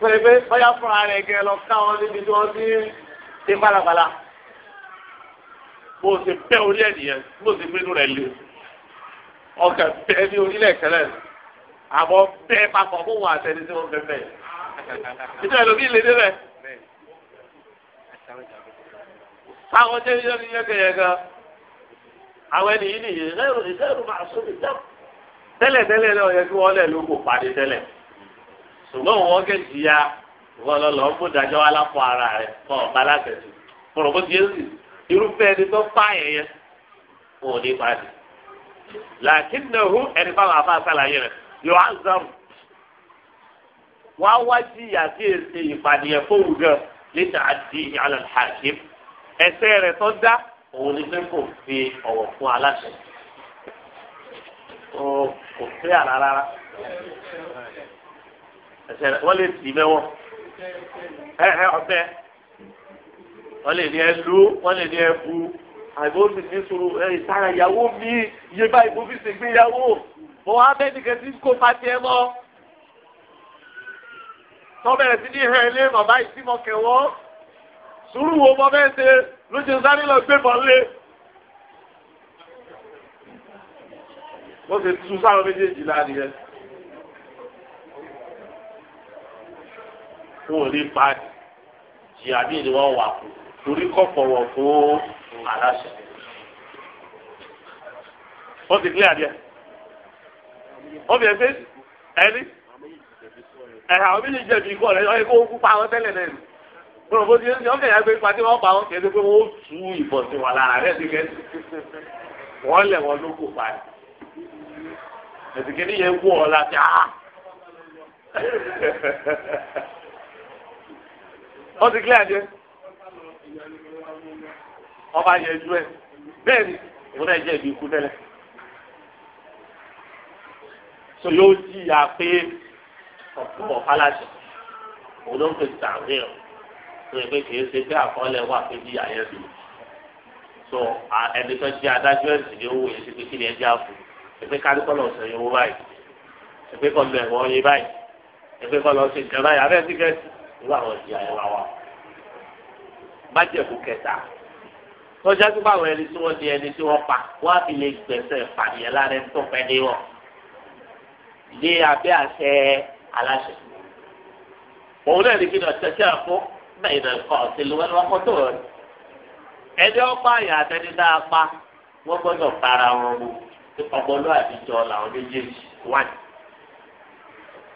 pé pé bóyá fúnra rẹ̀ gẹ̀ lọ káwọn níbi tí wọ́n ti ṣe pálapàla bó o ṣe bẹ́ orí ẹ̀ nìyẹn bó o ṣe gbénu rẹ̀ lé ọkàn bẹ́ẹ̀ ní orílẹ̀ kẹlẹ̀ àmọ́ bẹ́ẹ̀ papọ̀ fún wọn àtẹni tí wọ́n bẹ́ẹ̀ bẹ́ẹ̀ ìjọ ìlòmí lè dé bẹ́ẹ̀ táwọn jẹ́ yíyọ́ ní yẹ́kẹ̀yẹ́ gan àwọn ẹni yìí nìyí ìṣẹ́rù ìṣẹ́rù máa sún ìjọ tẹ́lẹ̀ tẹ́lẹ̀ náà yẹ kí wọ́n lẹ̀ ló kò pàdé tẹ́lẹ̀ ṣùgbọ́n òun ọ̀gẹ̀ jìyà wọn lọ lọ ń bó dájọ́ wá lápò ara rẹ̀ kọ́ ọ̀pá látẹ̀tù fọ̀rọ̀ bó ti yé sí irúfẹ́ ẹni tó pààyàn yẹn wọn ò ní pàdé làákìn náà hu ẹni báwọn afá sàlàyé rẹ̀ yóò á zọrù wọn á wá jìyà sí èsì ìpànìyàn fóun gan lẹ́tà àti ìyàlẹ̀ hàkìm ẹsẹ̀ rẹ̀ tó dá òun ni pé kò fi ọ̀wọ̀ fún aláṣẹ kò fẹ́ àrà rárá ẹsẹ̀ wọ́n lè tì mẹ́wọ́ ẹ ẹ ọ̀bẹ wọ́n lè ní ẹ lu wọ́n lè ní ẹ bu àìbó sì ní sùúrù ẹ ìtara ìyàwó mi iye báyìí mo fi ṣègbéyàwó mo wá bẹ́ẹ̀ nìkan tí kò bá tiẹ̀ mọ́ tọ́bẹ̀rẹ̀ sí ní hẹ́ ilé bàbá yìí tí mo kẹ̀wọ́ sùúrù wo mo fẹ́ ṣe ló ṣe sáré lọ gbé bọ́lé. wọ́n ṣe tú sáwọn méjèèjì láàrin yẹn. wọn ò ní pa jìyà bí wà kú torí kọ́ fún aláṣẹ. ó ti kílẹ̀ àdìẹ. ó fi ẹgbẹ́ ẹni ẹ̀hà omi lè jẹ̀bi ikú ọ̀rẹ́ ọ̀yẹ́ kó kú pa àwọn tẹ́lẹ̀ náà ni. bọ́lá bó ti ń sìn ọ́n kẹ̀yà gbé ipa tí wọ́n pa wọn kẹ́sẹ́ pé wọ́n ó tú ìbọn sí wọn lára rẹ̀ sí kẹ́sì. wọ́n lẹ̀ wọn ló kò pa ẹ̀. á. wọ́n ti kílẹ̀ àjẹ́ ọba yẹjú ẹ bẹ́ẹ̀ ni òun náà jẹ́ ibi ikú tẹ́lẹ̀ so yóò jìyà pé ọ̀pọ̀ ọ̀pálàṣẹ òun ló ń pè sàmì ọ̀ tó yẹ pé kì ṣe pé àkọọ́lẹ̀ wà pé jìyà yẹn bì so ẹni tó jẹ́ adájọ́ ẹ̀sìn ni ó wòye sí pé kí ni ẹ jẹ́ àfọ̀ ẹgbẹ́ káríkọ́ sọ yẹn wó báyìí ẹgbẹ́ kọ́ lọ yẹn báyìí ẹgbẹ́ kọ́ lọ ìjọba yẹn abẹ́ẹ́ kẹ́sì irú àwọn ìjìyà yẹn wá wà májẹ̀kú kẹta tọ́jà tó bá àwọn ẹni tí wọ́n di ẹni tí wọ́n pa wọ́n á fi lè gbẹ̀sẹ̀ pàdéyẹ lára ẹni tó pẹ́ ní wọn ní abẹ́ àṣẹ aláṣẹ òun náà ní kí ni ọ̀sẹ̀ tí a fún bẹ́ẹ̀ náà kọ́ ọ̀sẹ̀ ló wọ́n ní wọ́n kọ́ tó rẹ̀ ẹni ọ̀pá àyà àtẹni náà pa wọ́n gbọ́dọ̀ para wọn mu ọgbọ́dọ̀ àtijọ́ làwọn méjèèjì wáyé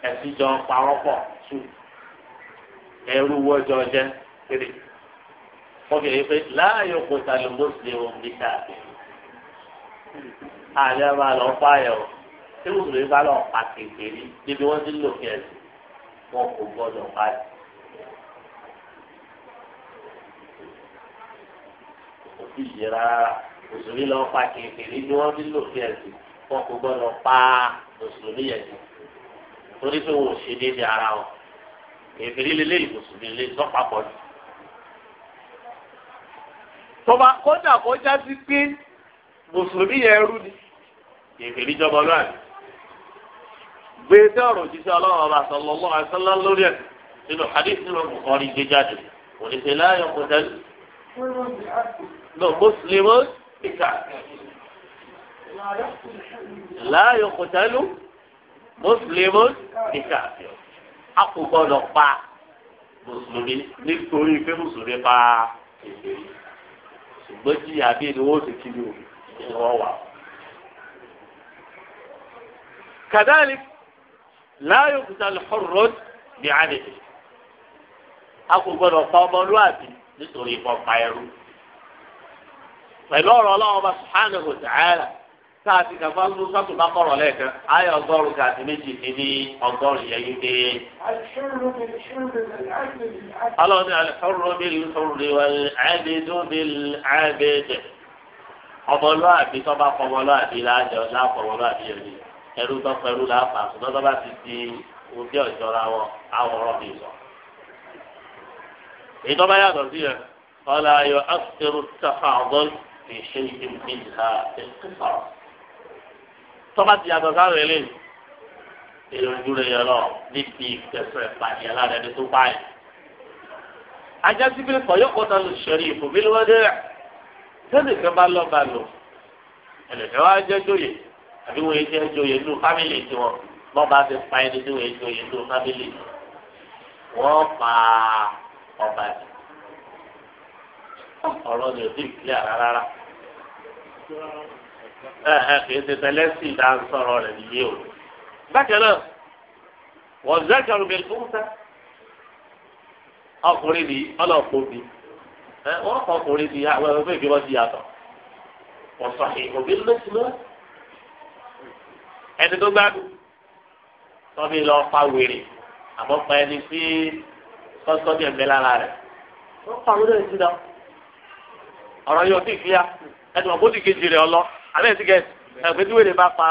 ẹ̀sìn jọ pa wọ́n pọ̀ tù ẹrú wọ́jọ́ jẹ́ kiri wọ́n fi èyí pé láàyò kò sàlù mùsùlùmí omi dàbí àlẹ́ máa lọ fáyọ̀ tí mùsùlùmí bá lọ pa kékeré níbi wọ́n ti lò kẹ́ẹ̀ wọn kò gbọ́dọ̀ fáyọ̀. òfin yìí rárá mùsùlùmí lọ pa kékeré ni wọ́n ti lò kẹ́ẹ̀ sí wọn kò gbọ́dọ̀ pa mùsùlùmí yẹn torí pé wọn ò ṣe déédéé ara wọn èfèrè lélẹ́ ìbùsùn lè sọ́pàpọ̀ ni. tọ́ba kódà kó já sí pé mùsùlùmí yẹn rú ni èfèrè jọba lóàbí. gbèsè ọ̀rọ̀ òjíṣẹ́ ọlọ́run ọba sallallahu alaihi wasallam lórí ẹ̀ nínú hadith nínú Bukhari gbé jáde òṣìṣẹ́ láyọ̀ kò tẹ́lẹ̀. no muslimus kíkà láyọ̀ kò tẹ́lẹ̀ muslimus kíkà fìọ́ a kò gbọdọ̀ pa mùsùlùmí nítorí pé mùsùlùmí pa kèfèrí ṣùgbọ́n jìyà bí ni wọ́n ti kiri o ni wọ́n wà. kàdáàlì láàyò kùtà lọ́rọ̀ ní àdìdì a kò pa ọmọlúwàbí nítorí ìfọ̀pá ẹrú pẹ̀lú ọ̀rọ̀ ọlọ́run bá subhanahu wa ta'ala káàtì kàfá ń sọ tó bá kọ̀rọ̀ lẹ́ẹ̀kan ayé ọgọ́rùn káàtì méjì ní ní ọgọ́rùn yẹn yìí dé. ọlọ́run alḥurru bil hurri wal abidu bil abid. ọmọlúwàbí tó bá fọmọlúwàbí láàjọ láfọmọlúwàbí yẹn ni ẹrú tó pẹ̀lú láàpá ṣùgbọ́n tó bá ti di ojú ọ̀jọ́ra wọn àwòrán mi sọ. èyí tó bá yàtọ̀ sí yẹn ọlá ayọ̀ àṣírù tàfà ọ̀gọ́n fi ṣe ìdí tọ́ba ti yàtọ̀ sáré lé èròjú rẹ̀ yọ lọ níbi ìfẹsẹ̀ ìpàdé alára ẹni tó báyìí. ajá síbílì kan yóò kọ́ta lu sẹ́rí ìfòmí ló wá dé rẹ̀ tẹ́lẹ̀ fẹ́ bá lọ́ bá lò ẹ̀lẹ́fẹ́ wá jẹ́ jóyè àbí wọ́n yé jẹ́ jóyè nínú fámìlì tiwọn bọ́n bá fi pa ẹni tí wọ́n yé jóyè nínú fámìlì wọ́n pa ọba jù ọ̀rọ̀ ni ò kìí ṣe tẹlẹsì là ń sọ̀rọ̀ rẹ̀ nìyí o. bákan náà wọ́n zákàrù bẹ̀rẹ̀ tó ń sá ọkùnrin ni ọlọ́ọ̀kọ́ bi wọ́n kọ́ ọkùnrin ni àwọn ẹgbẹ́ ìgbé wọn ti yàtọ̀ wọ́n sọ èyí òbí lóṣù lọ́wọ́ ẹni tó gbádùn tọ́bi lọ fa wèrè àmọ́ pa ẹni sí kọ́sọ́bì ẹ̀mẹ́ lára rẹ̀ wọ́n pa àwọn ẹ̀sìn ọ̀rọ̀ yóò ti fi ya ẹni wọ́n bó ti kejì rẹ̀ ọlọ́ọ̀ àbẹ́ ti gẹ̀ ẹ̀pẹ́ tí wèrè bá pa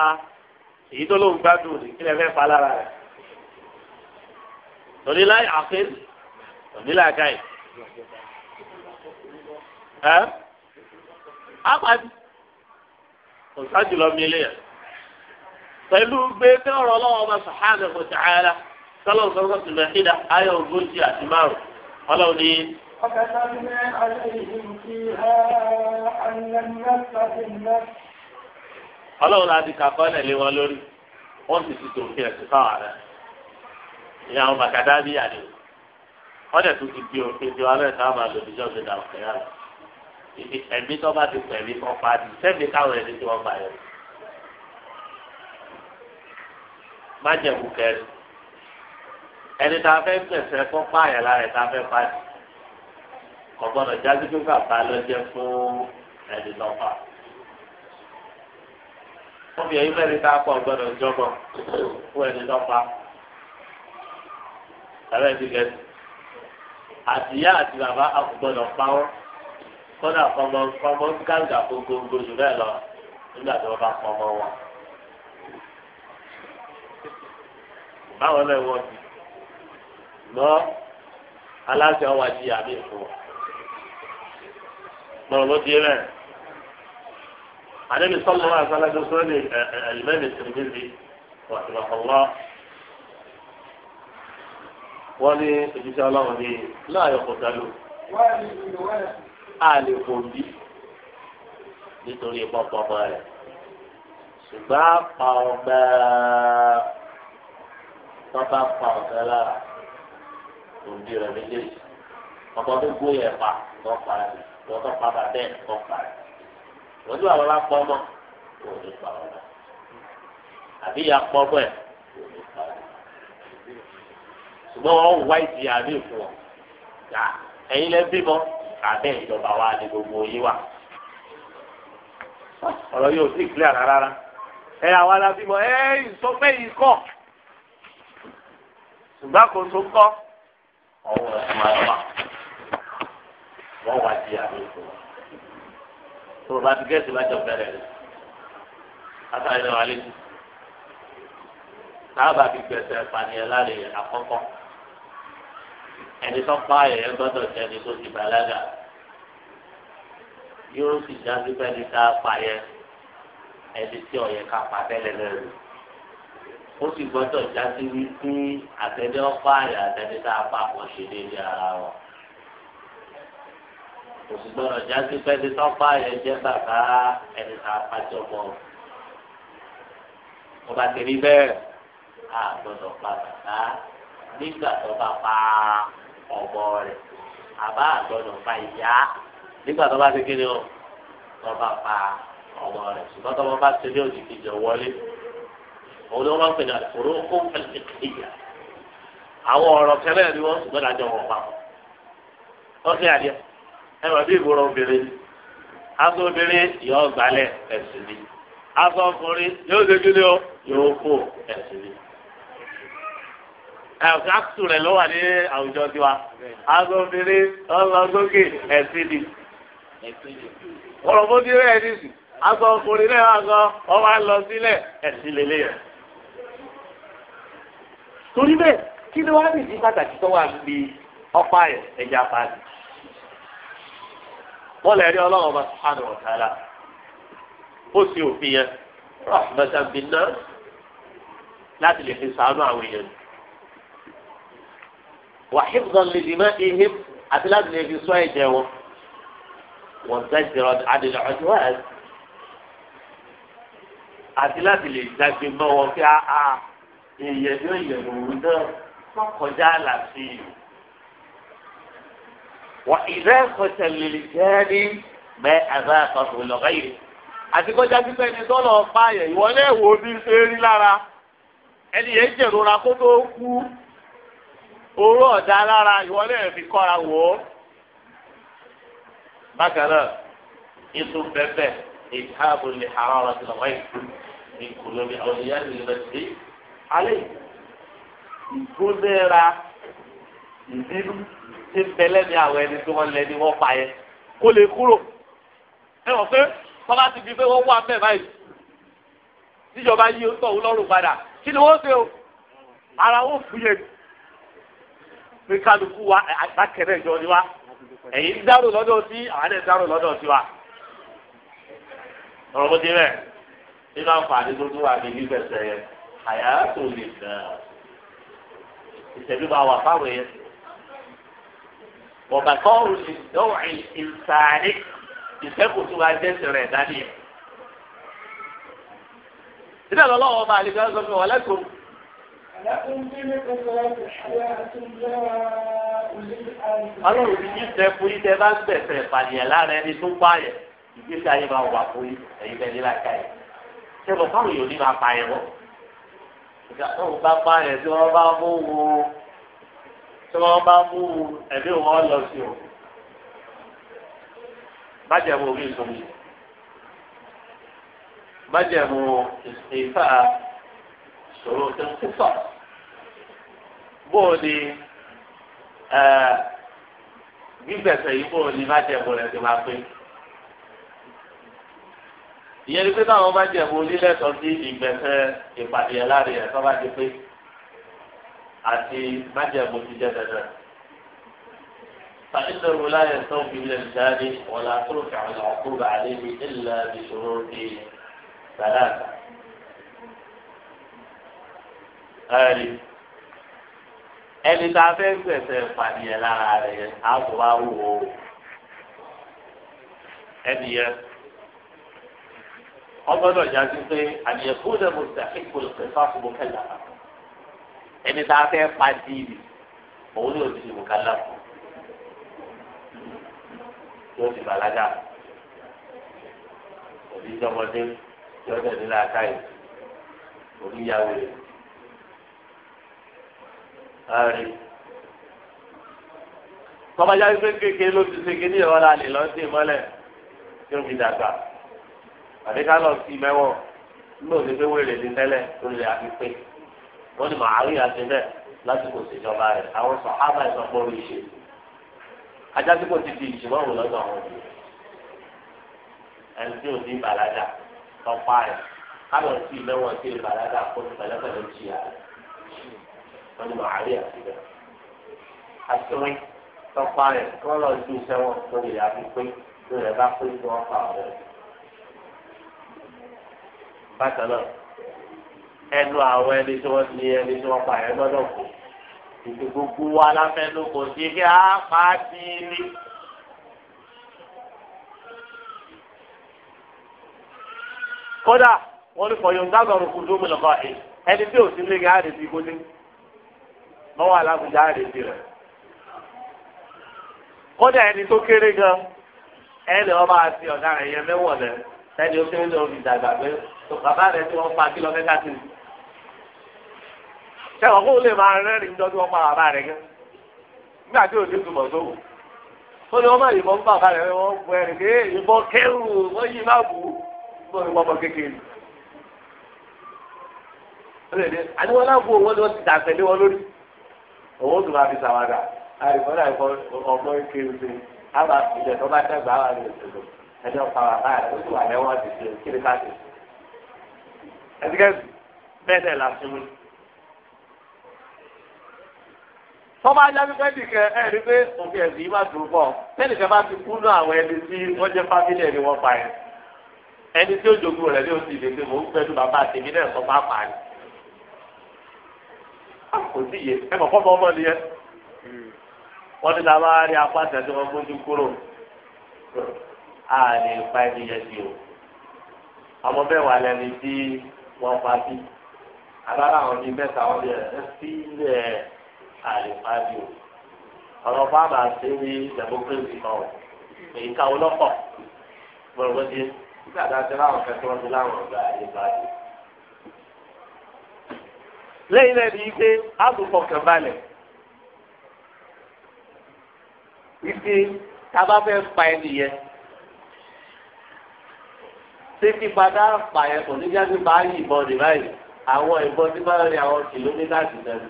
èyí tó lóun gbádùn ní kílẹ̀ fẹ́ pa lára rẹ̀ tòní láì àfin tòní láì káì ẹ́ apàdé kò sáájú lọ mi lé yẹn pẹ̀lú gbé tí ọ̀rọ̀ ọlọ́wọ́ ọba sàhánà kò sàhánà sọlọ́ sọ́kọ́ tìlẹ̀ ìdá ayọ̀ ogójì àti márùn ọlọ́run ní. وكتبنا عليهم فيها أن النفس بالنفس ọlọ́run láti kàkọ́lẹ̀ lé wọn lórí wọ́n sì ti tòun fi ẹ̀sùn fáwọn rẹ̀ ìyá àwọn bàkàdá bí àdé wọ́n dẹ̀ tún ti di òfin tí wọn lẹ́yìn táwọn máa lò níjọ́ ìgbéga òkè rẹ̀ ìdí ẹ̀mí tó bá ti pẹ̀lú kan pa sẹ́mi káwọn ẹni tí wọ́n bá yẹ. má jẹ̀bù kẹrin ẹni tá a fẹ́ pẹ̀sẹ̀ kó pààyàn lára ẹ̀ tá a fẹ́ pààyàn kò wọ́n fi ẹ̀yìn mẹ́rin ká pọ̀ gbọ́dọ̀ jọ́gbọ́ fún ẹni lọ́pa ẹ̀rẹ́ ti gẹ̀ àtìyá àti bàbá àkùgbọ́dọ̀ pa wọ́n kọ́dà fọmọ fọmọ gàgà gbogbogbò jù bẹ́ẹ̀ lọ nígbà tí wọ́n bá fọmọ wọn. báwọn náà wọ́n ti lọ aláṣẹ ọwọ́ àti àmì ìfowó. mọ̀rọ̀ ló di rẹ̀. النبي صلى الله عليه وسلم يقول الإمام الترمذي رحمه الله ولي إن شاء الله ولي لا يقتل آل قندي nítorí pọpọ ọmọ rẹ̀ ṣùgbọ́n apá ọmọ tọ́ba pa ọ̀gá lára òbí rẹ̀ méjèèjì ọmọ tó gbóyè pa lọ́ọ́ pa rẹ̀ lọ́ọ́ tó pa bàbá ẹ̀ lọ́ọ́ pa rẹ̀ wọ́n tí bàbá bá pọ̀ ọmọ kò ní pa ọ̀dà àbí ìyá pọ̀ ọmọ ẹ̀ kò ní pa ọ̀dà ṣùgbọ́n wọ́n wá ìjìyà ní ìfún ọ yà ẹ̀yin lẹ́ bímọ àbẹ́ ìjọba wa ni gbogbo yín wà ọ̀rọ̀ yóò sì clear rárá ẹ̀ àwa la bímọ ẹ̀ ìsọpẹ́ yìí kọ̀ ṣùgbọ́n kò tó kọ́ ọwọ́ ẹ̀ máa wà wọ́n wá ìjìyà ní ìfún ọ tó o bá ti gẹ̀ẹ́sì bá jọ bẹ̀rẹ̀ rẹ̀ látàrí náà wálé jù sábà fi gbẹ̀sẹ̀ pànìyàn lálẹ́ àkọ́kọ́ ẹni tó pa ẹ̀yẹ gbọ́dọ̀ jẹ́ ẹni tó ti bàlágà yóò sì dájú pé ẹni tá a pa yẹ ẹni tí ọ̀yẹ ká pa tẹ́lẹ̀ lẹ́rù ó sì gbọ́dọ̀ já sí wípé àtẹ̀dẹ́ ọ̀pá àyà àtẹ̀dẹ́ tá a pa pọ̀ ṣe déédéé ara wọn òsì gbọ́dọ̀ jásí pẹ́ẹ́lí tọ́pá yẹn jẹ́ bàbá ẹni tá a pàjọ mọ́ ọ bá ti rí bẹ́ẹ̀ a gbọ́dọ̀ pa bàbá nígbà tó bá pa ọ̀bọ rẹ̀ àbá gbọ́dọ̀ pa ìyá nígbà tó bá ti kí ni o tó bá pa ọmọ rẹ̀ ṣùgbọ́n tó bá ti rí òjì kejì wọlé òun ni wọ́n máa ń pè ní àkùrọ̀ kó fẹ́ẹ́ kéèyà àwọn ọ̀rọ̀ kẹlẹ́ ni wọ́n ṣùgbọ́n àjọ wọn pa wọ́n fi àdìẹ ẹ wà bí ìbúra obìnrin aṣọ obìnrin yóò gbalẹ̀ ẹ̀sìn ni aṣọ ọkùnrin yóò dojú ní o yóò kó ẹ̀sìn ni. ẹ̀sìn àkùtù rẹ̀ ló wà ní àwùjọ tiwa aṣọ obìnrin ọlọ sókè ẹ̀sìn ni. ọ̀rọ̀ bó ti rẹ̀ ní sùn aṣọ ọkùnrin náà wà sọ ọmọ àlọ sílẹ̀ ẹ̀sìn lélẹ̀ torí bẹ́ẹ̀ kí ni wàá nìdí pàtàkì tó wà níbi ọ̀pá ẹ̀jẹ̀ apá ni wọ́n lè rí ọlọ́run ọba sùhánù ọ̀tàlá ó sì òfin yẹn rahmatan binna láti lè fi sàánú àwọn èèyàn wàhíbùsàn lè dì máa ihe àti láti lè fi sọ ẹ̀jẹ̀ wọn wọ́n zẹ́jẹ̀rọ̀ adìlẹ̀ ọjọ́ ẹ̀ àti láti lè jágbe mọ́ wọn kí a ìyẹ̀dọ̀ ìyẹ̀dọ̀ òun náà kọjá àlàfíì. وإضافة للجانب ما أذاقه لغيره àti kọjá pípẹ́ ẹni tọ́lọ̀ ọ̀pá yẹ̀ ìwọ náà wò bí ṣe rí lára ẹni yẹn jẹ̀rora kó tó kú oró ọ̀dà lára ìwọ náà fi kọ́ra wò ó. bákan náà ètò bẹ́ẹ̀ ìdáàbò lè hara ọ̀rọ̀ sí lọ́wọ́ ìkùnlẹ̀ ọ̀dọ̀ yẹn lè lọ sí alẹ́ ìgbóná ìdínú ti ń bẹlẹ́ ní àwọn ẹni tí wọ́n lẹ ní wọ́n pa yẹn kó lè kúrò ẹ wọ́n pé wọ́n bá ti fi pé wọ́n wà mẹ́ẹ̀ báyìí tíjọba yí o tọ̀hún lọ́rùn padà kí ni wọ́n ṣe o ara wọn fún yẹn pé kálukú wa àgbàkẹ́rẹ́ ìjọ ni wa ẹ̀yin ń dárò lọ́dọ̀ sí àwọn ẹ̀ ń dárò lọ́dọ̀ sí wa ọ̀rọ̀ bó ti rẹ̀ nínú àǹfààní tó tún wà ní bíbẹ̀sẹ̀ yẹn àyà tó lè gbà ìṣẹ̀lú bá wà fáwọn yẹn. وبقاؤه للنوع الإنساني يثبت أداس رهدانية إذا الله ما عليك ولكم Ọlọ́run ti yí sẹ́ fún yín tẹ́ bá ń bẹ̀sẹ̀ ìpànìyàn lára ẹni tó pààyàn ìgbésí ayé máa wà fún yín ẹ̀yin bẹ́ẹ̀ ní láìka yìí. Ṣé mo fáwọn èèyàn ní máa pa ẹ̀rọ? Ìgbà tó ń bá pààyàn tí wọ́n bá mú wo tí wọ́n bá mú ẹ̀mí wọn lọ sí o májẹ̀mú orí ìsomi májẹ̀mú ìfà ṣòro tó ń sísọ bóò ni gbígbẹ̀sẹ̀ yìí bóò ni májẹ̀mú rẹ̀ ti máa pé ìyẹn ni pé táwọn májẹ̀mú onílẹ̀ sọ sí ìgbẹ̀sẹ̀ ìpàdé ẹ̀ láàrin ẹ̀ tó bá ti pé àti májẹ̀mú ti jẹ́ dandan. فإنه لا يستوفي من الزاني ولا ترفع العقوبة عليه إلا بشروط ثلاثة. ẹ̀rí ẹni tá a fẹ́ gbẹ̀sẹ̀ ìpànìyàn lára rẹ̀ á tó wá wò ó ẹni yẹn ọgbọ́dọ̀ yá pé àdìyẹ kúndẹ̀ mo ṣàkíkò ìpè fáfù mo ẹni tá a fẹ́ pa dìbì òun yóò ti dìbò kálá fún yóò ti bàlágà òbí jọmọdé yóò tẹ̀lé làákà yìí òbí yàwó rẹ̀ láàrin tọ́bajá wípé kékeré ló ti ṣe kéde ìwọ́n la lè lọ sí ìmọ́lẹ̀ tí ó fi dàgbà àbíká lọ sí mẹ́wọ̀ nígbà òṣèpé wèrè ní tẹ́lẹ̀ tó lè wọ́n ní màálí àti bẹ́ẹ̀ lásìkò ìṣèjọba rẹ̀ àwọn sọ̀hábà ìsọ̀pọ̀ orí ṣe ajá ti di ìṣùgbọ́n lọ́dọ̀ àwọn òbí ẹni tí ò ní ìbàlágà tọ́pá rẹ̀ kábọ̀ sí ìmẹ́wọ̀n sí ìbàlágà kó ní pẹ̀lẹ́pẹ̀lẹ́ jì á wọ́n ní màálí àti bẹ́ẹ̀ àtúwìn tọ́pá rẹ̀ kí wọ́n lọ ju iṣẹ́ tó lè àfi pé lórí ẹ̀ bá pé kí wọ́n fà ọ́ bẹ́ẹ̀ bákan náà ẹnu àwọn ẹni tí wọ́n ní ẹni tí wọ́n pa ẹ̀ gbọ́dọ̀ kù ìdí gbogbo wa láfẹ́nu kò sí kí á pa á sí ilé. kódà wọ́n ní fọyín dágbọ̀rún kùdú mi lọ́kọ̀ ẹ̀ ẹni tí ò sí lé ní àrètí gbóni lọ́wọ́ alábùjá àrètí rẹ̀ kódà ẹni tó kéré gan ẹni ọba àti ọ̀daràn yẹn mẹ́wọ̀n lẹ̀ ẹni ó kéré lọ́wọ́ ìdàgbà bàbá rẹ̀ tí wọ́n pa kí lọ́kẹ́ káàkiri sẹ́wọ̀n kó lè máa rẹ́rìn jọ tí wọ́n pa bàbá rẹ̀ gẹ́ nígbà tí òní tùmọ̀ sówò ó ní wọ́n máa yìnbọn bàbá rẹ̀ wọ́n bu ẹ̀rì pé ìbọn kẹ́rù wọ́n yí máa bù ú bọ́ọ̀ ni wọ́n bọ kékeré àti wọn láàbù owó ni wọ́n ti dàgbẹ́lé wọn lórí owó tó máa fi sàwádà àìfọ́n ọmọ kéwì sí àbá ìjẹ tó bá dẹ́gbàá wà ní ìṣòro ẹjọ́ pàwọ́ báyà ó sì wà lẹ́wọ̀n tọ́ba ajáfẹ́fẹ́ nìkan ẹ̀ rí pé òfin ẹ̀sìn yìí má dùn pọ̀ tẹ́nìkan bá ti kú náà àwọn ẹni tí wọ́n jẹ́ fámílì ẹni wọ́n pa ẹ̀ ẹni tí ó jogún rẹ̀ ní oṣù ìdèkè mò ń gbẹ́dùn bàbá àtẹ̀mí náà sọ pápá rẹ̀ ah, kò sí yé ẹ kọ̀kọ́ bọ́ ọmọ nìyẹn wọ́n ti dábàá rí apá tẹ̀sí wọn fún dúkúrò a lè pa ẹni yẹn sí o ọmọ bẹ́ẹ̀ wà lẹ́ni tí wọ́n pa sí àbára àwọn bíi mẹ́ta wọ́n lè ẹ sílẹ̀ àlèfáàbí o ọ̀rọ̀ bàbá ṣe ní democracy kan o èyí ká ọlọ́pọ̀ gbọ̀ngbọ̀n nígbà tá a ti láwọn fẹ́ tí wọ́n ti láwọn ọ̀gá àlèfáàbí. lẹ́yìn náà ni pé àbùkọ̀ kan balẹ̀ tábà fẹ́ pa ẹni yẹn ṣé dá pààyàn kò ní bá yìnbọn ní báyìí àwọn ìbọn tí bá rí àwọn kìlómítà ti dẹnu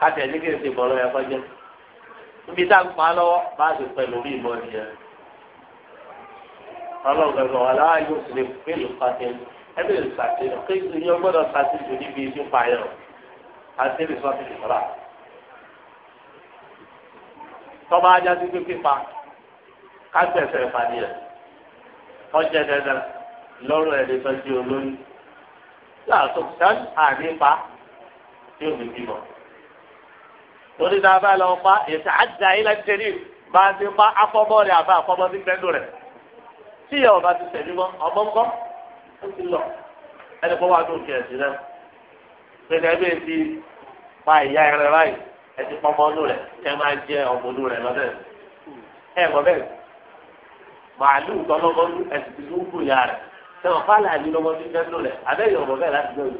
káti ẹni kí n ti bọ̀rọ̀ yẹn kọjá níbi tá a ń pa á lọ́wọ́ bá a ti pẹ́ lórí ìmọ̀ nìyẹn ọlọ́gbẹ̀gbẹ̀ wà láwọn yóò sì lè pẹ̀lú pàtẹ́ ẹbí lè ṣàtìlẹ̀ kí ni wọ́n gbọ́dọ̀ ṣàtìlẹ̀ níbi ìdí payọ̀ àti lè sọ fìlì fúra. tọ́ba ajá sí pé pípa kágbẹ̀sẹ̀ ìpàdé rẹ̀ ọjọ́ dandan lọ́rùn ẹni tó di olórí láàtọ̀ sẹ́ni ànípa tí ò ní bímọ torí náà bá lọ pa ètò àjà ilẹ̀ tẹ̀lé bá a ti pa afọ́bọ́ rẹ̀ àbá afọ́bọ́ ti gbẹ́dọ̀ rẹ̀ tí ìyàwó bá ti tẹ̀lé wọn ọmọ ńkọ́ ó ti lọ ẹni kó wá tó tiẹ̀ sí rẹ̀ pẹ̀lú ẹbí ti pa ìyá rẹ̀ báyìí ẹ ti pọ́ ọmọdún rẹ̀ kẹ́ máa jẹ ọmọdún rẹ̀ lọ́dẹ̀ ẹ mọ̀ bẹ́ẹ̀ màálù tọ́lọ́mọdún ẹ ti ti lóògùn ìyá rẹ̀ sẹ́wọ̀n fáàlà àdínlọ́mọdún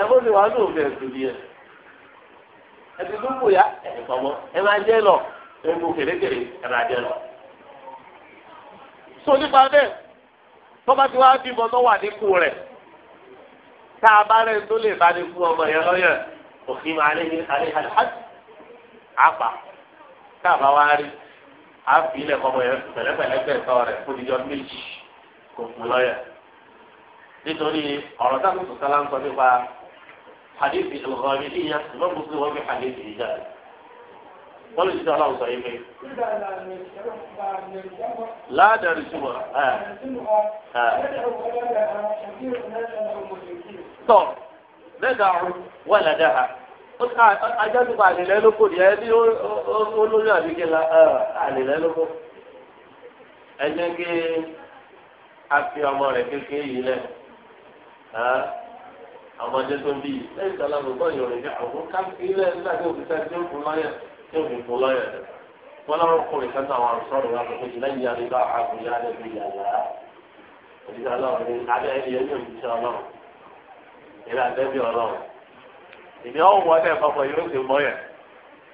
ẹ̀fọ́ ti wá lóun bẹ̀rẹ̀ tó ẹ̀sìn tó kù ya ẹ̀sìn ẹ máa jẹ́ lọ ẹ̀mú kèrékèré ẹ máa jẹ́ lọ. so nípa bẹ́ẹ̀ tọ́ba ti wá bímọ náà wà níkù rẹ̀ tá a bá rẹ̀ tó lè bá ní fún ọmọ yẹn lọ́yẹ̀ òfin máa lé ní alẹ́ alhàjì àpà tá a bá wá rí a fi ilẹ̀ ọmọ yẹn pẹ̀lẹ́pẹ̀lẹ́ gbẹ̀tọ́ rẹ̀ fún ìjọ méjì kò fún lọ́yẹ̀ nítorí ọ̀rọ̀ táwọn sọ̀tàn láǹkọ́ nípa حديث الغامدية ما بصير هو بحديث إيجابي wọ́n lè ṣiṣẹ́ aláwọ̀ sọ yìí pé. ládàrí túmọ̀. tọ́ mẹ́ta ọ̀run wà ládàá ajá tó bá àlè lẹ́lókò ni ẹni olórí àbíké la àlè lẹ́lókò. ẹ jẹ́ kí a fi ọmọ rẹ̀ kékeré yìí lẹ̀ ọmọdé tó ń bí ẹ ìsàlámù bọ́ ìyọ̀rẹ̀ ní àwọn káńtì ilẹ̀ nígbà tí òfin sẹ́ni tí ó fún lọ́yẹ̀ tí ó fi fún lọ́yẹ̀ wọn lọ́wọ́ kùnrin kẹta àwọn sọ̀rọ̀ wọn kò fi lẹ́yìn àríwá àbúyá lẹ́bi yàrá òṣìṣẹ́ ọlọ́run ní abẹ́ ẹni yẹn ní òṣìṣẹ́ ọlọ́run ìlà àtẹ́bí ọlọ́run ìní ọ̀hún wọn náà fọwọ́ yóò ṣe mọ́ yẹn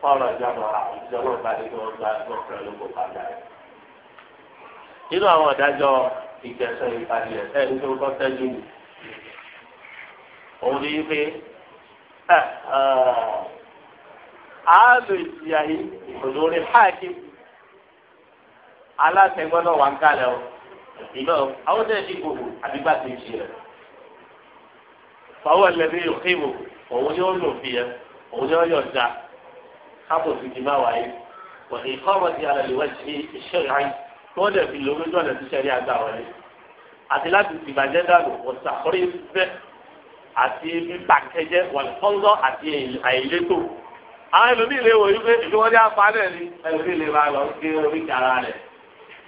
fọ́ọ̀rọ̀ ìjọba òṣìṣẹ́ ọlọ́run òun ni wípé ẹ eh, eh, àálò ìjìyà yìí olórí háàkì aláṣẹ gbọ́dọ̀ wà ń kalẹ̀ o ìlọ àwọn tẹ ẹni gbogbo àdìgbà tó ń ṣe rẹ fàwọn ẹlẹbi òkèwò òun yóò lò fi ẹ òun yóò yọ da kábò tó ti má wáyé wọn ni kọ́mọ ti alẹ́ lèwọ́ ṣe iṣẹ́ rẹ̀ ayé tí wọ́n dẹ̀ fi lórí lọ́dẹ̀ tó ṣẹlẹ̀ àgbà wọlé àti láti tìbàjẹ́ dànù wọ́n sàkórí bẹ́ẹ̀ àti bíbàkẹjẹ wàlúfọ́nzọ́ àti àìlétò. àwọn ẹlòmíì lè wò yí pé ìlú wọn ní apalẹ̀ ni ẹlòmíì lè máa lọ gé orí kara rẹ̀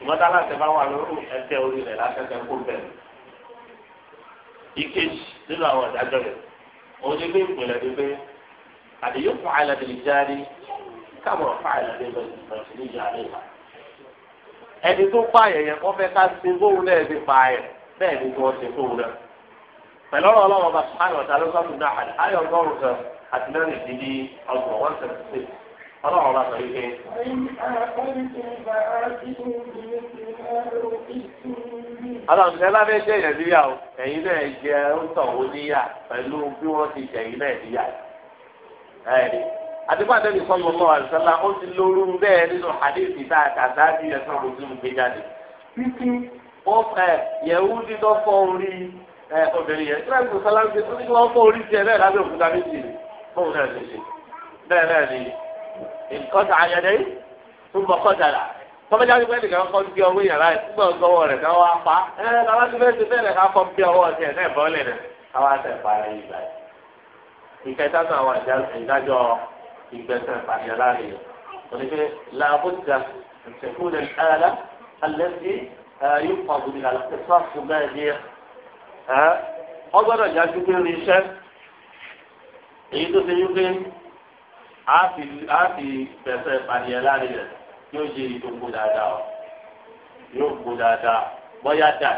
ìmọ̀tá láti bá wà lórí ẹsẹ̀ orí rẹ̀ lásẹ̀kẹ̀ kó bẹ̀rẹ̀. ìkejì nínú àwọn ìdájọ́ rẹ̀ òun ni bí ìpìlẹ̀ ni pé àdéhùn fún àìlẹ̀ lè jáde káwọn fún àìlẹ̀ lè lọ sí ìjà rẹ̀ wá. ẹni tó pààyàn yẹn kọ́ ká ṣe fóun náà ti pààyàn bẹ́ẹ̀ ni wọ́n ṣe fóun náà. pẹ̀lú ọ̀rọ̀ ọlọ́wọ́ bá ayọ̀ ta ló sọ́kùn náà ayọ̀ ọgọ́rùn kan àti lẹ́rìn sí ọgbọ̀n one seventy six ọlọ́wọ́ bá sọ wípé. ọlọ́run tẹ bá fẹ́ jẹ́ èèyàn o ẹ̀yin náà jẹ́ níyà pẹ̀lú bí wọ́n ti jẹ̀yìn náà ó ti bẹ́ẹ̀ nínú àdéhùn a ẹ obìnrin yẹn tí wọn kò sọlá ń gbé tó ní kí wọn fọ orí tiẹ̀ bẹ́ẹ̀ lábẹ́ òkúta méjì fóun náà lè ṣe bẹ́ẹ̀ náà ni nǹkan tó ayẹyẹ yìí tó mọ kọjá la kọmọdé àti pẹ́ẹ́lì kan kọ́ bí ọwọ́ yàrá yìí tó gbọ́ ọwọ́ rẹ̀ kan wá pa ẹ ẹ kàwá ti fẹ́ẹ́ ti bẹ́ẹ̀ ká kọ́ bí ọwọ́ tiẹ̀ náà bọ́ lẹ̀ káwá tẹ̀ parí ìgbà yìí ìkẹta náà wà ìdájọ́ ìgbẹ́sẹ̀ pàṣẹ láàrin onífẹ́ wọ́n gbọ́dọ̀ jájú pé rí iṣẹ́ èyí tó ṣe wípé a fi bẹ̀sẹ̀ ìpàdé láàrin rẹ̀ yóò ṣe ìdókòó dáadáa yóò gbó dáadáa bọ́yá dà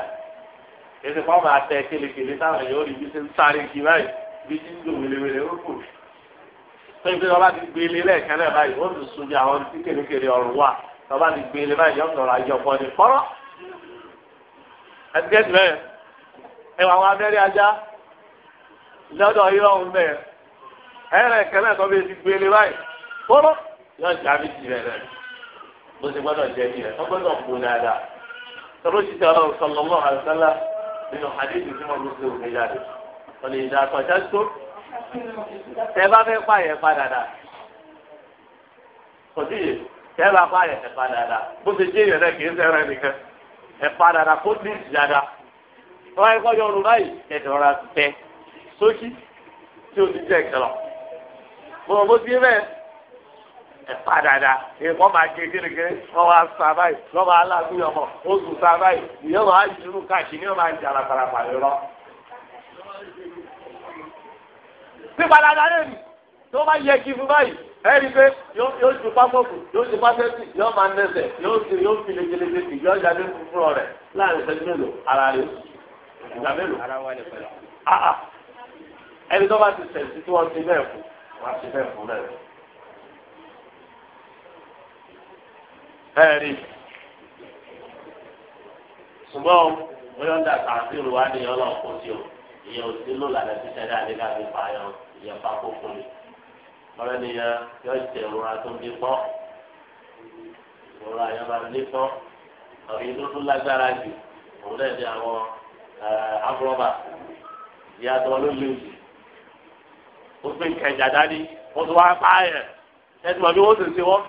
èsì fọ́ọ̀mù àtẹ kélékèlé táwọn èèyàn rí bí ṣe ń sáré kí báyìí bí ṣe ń lò wéléwélé ó kù pé bí wọ́n bá ti gbélé lẹ́ẹ̀kan náà báyìí ó sì sun bí àwọn tí kélékèlé ọ̀rùn wà wọ́n bá ti gbélé báyìí yọ̀ọ̀tọ̀ ayọ̀pọ̀ ní fọ́rọ́ ẹgbẹ́ bẹ́ẹ̀. ẹwà àwọn abẹ́rẹ́ ajá lọ́dọ̀ yìí lọ́hùn bẹ́ẹ̀ ẹ̀rẹ̀ kẹlẹ́ tó bí ti gbélé báyìí kóró yóò já mi jì rẹ̀ rẹ̀ bó ti gbọ́dọ̀ jẹ́ mi rẹ̀ tó kú dáadáa tọ́lọ́ ti tẹ ọlọ́run sọlọ́mọ́ àlùsálà nínú tí jáde ìdá àtọ̀já tó tẹ bá fẹ́ pa dáadáa kò tẹ bá pa dáadáa bó ti jẹ́ kì í sẹ́rẹ̀ nìkan ẹ̀ pa dáadáa kó wọ́n á kọ́jọ́ ọ̀run báyìí ẹ̀dọ̀ ra bẹ sókí tí o ti jẹ́ ìkẹlọ. mo mọ̀ bó ti bẹ́ẹ̀ ẹ̀ pa dáadáa èèkọ́ máa gé kérekére wọ́n wá sa báyìí lọ́ máa láàbí ọmọ ó sùn sa báyìí ìyẹn máa yúrù káàkiri ní ọmọ àjàrà parapà lọ. pípa dáadáa lè rí tí wọ́n bá yẹ kí fún báyìí ẹ̀rí pé yóò ju pápákù yóò ju pásẹ́tì yóò máa ń dẹ́sẹ̀ yóò fi lè yóò jáde fún fúnra rẹ̀ láàrin sẹ́jú ara rẹ̀ sùn ìgbà mélòó ah, ah. ẹni tó bá ti sẹ̀sì tí wọ́n ti bẹ́ẹ̀ fún wọ́n ti bẹ́ẹ̀ fún náà. ẹ̀rí ṣùgbọ́n bóyá ń dàgbà sí ìrùwá ni ọlọ́run kò sí o ìyẹn ò sí lóla rẹ̀ títẹ̀ dáa nígbà tí fààyàn ìyẹn bá kó fún mi. ọ̀rẹ́ mi yẹn yọ ìtẹ̀ ìrora tó ń bí pọ́ ìrora yẹn máa ń bí pọ́ ọ̀rẹ́ inú lágbára jù òun náà ní àwọn. Eh, agurọba ìyàtọ̀ ló lè jù ó gbé kẹjà dání wọ́n ti wá pààyàn ẹtùmọ̀ bí wọ́n sì ṣe wọ́n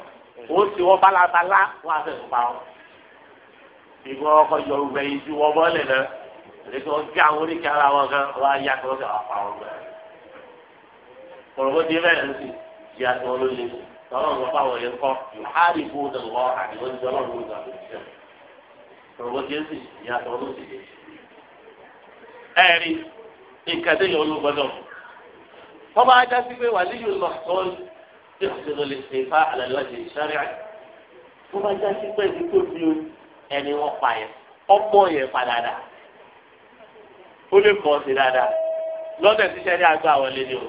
wọ́n sì wọ́n balabala wọ́n á fẹ̀sùn pa wọn. ìgbọ́ ọkọ̀ yorùbá yìí ju wọn bọ́ọ̀lì náà ètò ọjọ́ àwọn oríkì ara wọn gan wọ́n á yá kí wọ́n sì wá pa wọn gbẹ. kọ̀rọ̀bọ̀ di bẹ́ẹ̀ ń sì ìyàtọ̀ ló lè jù tọ́lọ́run lọ́pọ̀ àwọn yẹn kọ́ yòhárì fún ẹ̀rí nǹkan tó yẹ olùgbọ́dọ̀. tọ́ba ajá sí pé wàlíyù lọ sọ́ọ́lù tí o ti lọ lè ṣe fa àlàlẹ́ wájú ìṣẹ́rẹ́ tọ́ba ajá sí pé ẹni tó bí ẹni wọ́n pa yẹn ọmọ yẹn pa dáadáa ó lè kọ́ sí dáadáa lọ́dẹ̀ ṣiṣẹ́ ní agbá wọlé ni o